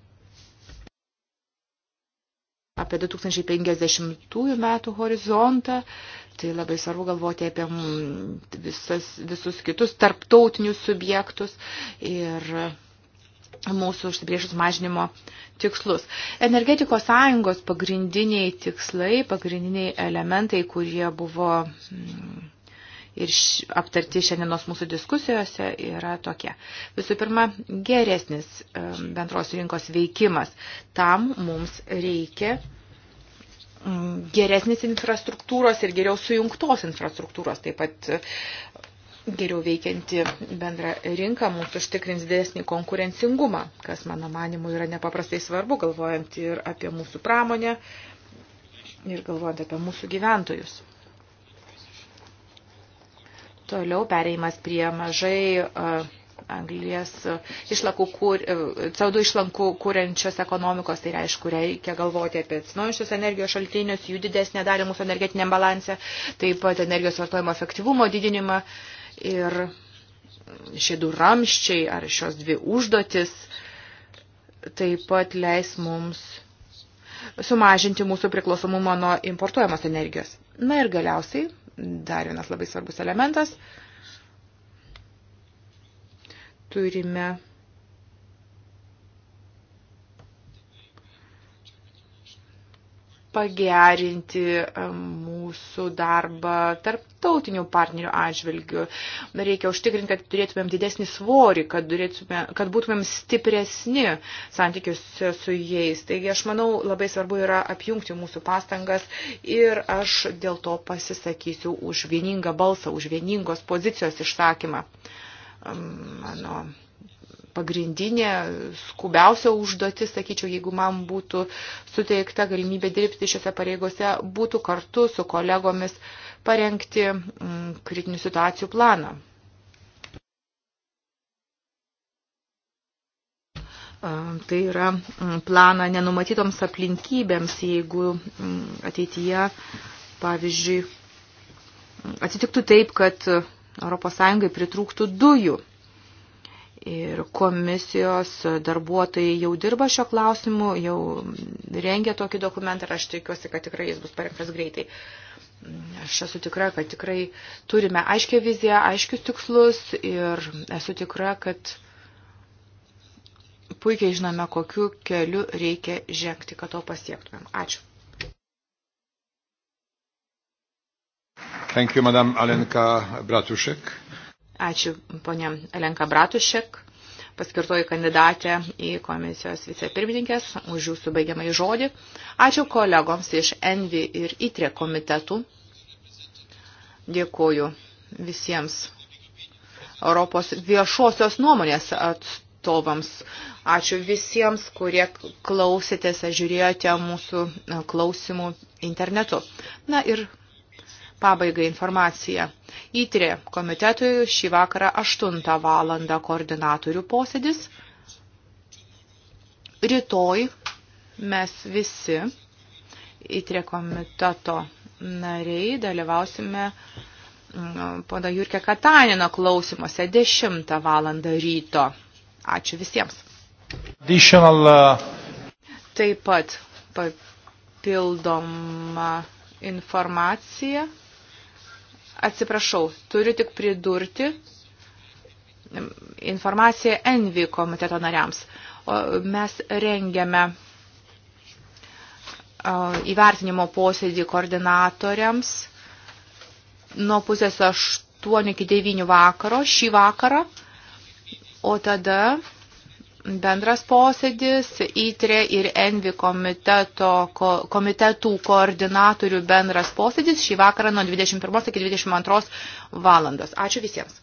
apie 2050 metų horizontą. Tai labai svarbu galvoti apie visas, visus kitus tarptautinius subjektus ir mūsų užsibriešus mažinimo tikslus. Energetikos sąjungos pagrindiniai tikslai, pagrindiniai elementai, kurie buvo. Mm, ir aptarti šiandienos mūsų diskusijose yra tokie. Visų pirma, geresnis bendros rinkos veikimas. Tam mums reikia geresnis infrastruktūros ir geriau sujungtos infrastruktūros, taip pat e, geriau veikianti bendra rinka mums užtikrins didesnį konkurencingumą, kas mano manimu yra nepaprastai svarbu, galvojant ir apie mūsų pramonę, ir galvojant apie mūsų gyventojus. Toliau pereimas prie mažai anglies išlakų, kur, e, CO2 išlankų kūrenčios ekonomikos, tai aišku, reikia galvoti apie atsinaujančius energijos šaltinius, jų didesnę dalį mūsų energetiniam balanse, taip pat energijos vartojimo efektyvumo didinimą ir šie du ramščiai ar šios dvi užduotis taip pat leis mums sumažinti mūsų priklausomumą nuo importuojamos energijos. Na ir galiausiai dar vienas labai svarbus elementas. Turime pagerinti e, mūsų darbą tarptautinių partnerių atžvilgių. Reikia užtikrinti, kad turėtumėm didesnį svorį, kad, turėtume, kad būtumėm stipresni santykiuose su jais. Taigi aš manau, labai svarbu yra apjungti mūsų pastangas ir aš dėl to pasisakysiu už vieningą balsą, už vieningos pozicijos išsakymą. Mano pagrindinė, skubiausia užduotis, sakyčiau, jeigu man būtų suteikta galimybė dirbti šiose pareigose, būtų kartu su kolegomis parengti mm, kritinių situacijų planą. Tai yra mm, planą nenumatytoms aplinkybėms, jeigu mm, ateityje, pavyzdžiui, atsitiktų taip, kad ES pritrūktų dujų Ir komisijos darbuotojai jau dirba šio klausimu, jau rengia tokį dokumentą ir aš tikiuosi, kad tikrai jis bus parengtas greitai. Aš esu tikra, kad tikrai turime aiškę viziją, aiškius tikslus ir esu tikra, kad puikiai žinome, kokiu keliu reikia žengti, kad to pasiektumėm. Ačiū. Thank you, Madam Alenka Bratušek. Ačiū, ponė Elenka Bratušek, paskirtoji kandidatė į komisijos vicepirmininkės, už jūsų baigiamą į žodį. Ačiū kolegoms iš Envi ir ITRE komitetų. Dėkuoju visiems Europos viešosios nuomonės atstovams atstovams. Ačiū visiems, kurie klausėtės, žiūrėjote mūsų klausimų internetu. Na ir Pabaigai informacija. Įtrė komitetui šį vakarą 8 valandą koordinatorių posėdis. Rytoj mes visi įtrė komiteto nariai dalyvausime mm, pana Jurkė Katanino klausimuose 10 valandą ryto. Ačiū visiems. Additional... Uh, Taip pat papildoma informacija. Atsiprašau, turiu tik pridurti informaciją Envi komiteto nariams. O mes rengiame įvertinimo posėdį koordinatoriams nuo pusės 8 iki 9 vakaro šį vakarą, o tada bendras posėdis, ITRE ir ENVI komiteto, ko, komitetų koordinatorių bendras posėdis šį vakarą nuo 21 iki 22 valandos. Ačiū visiems.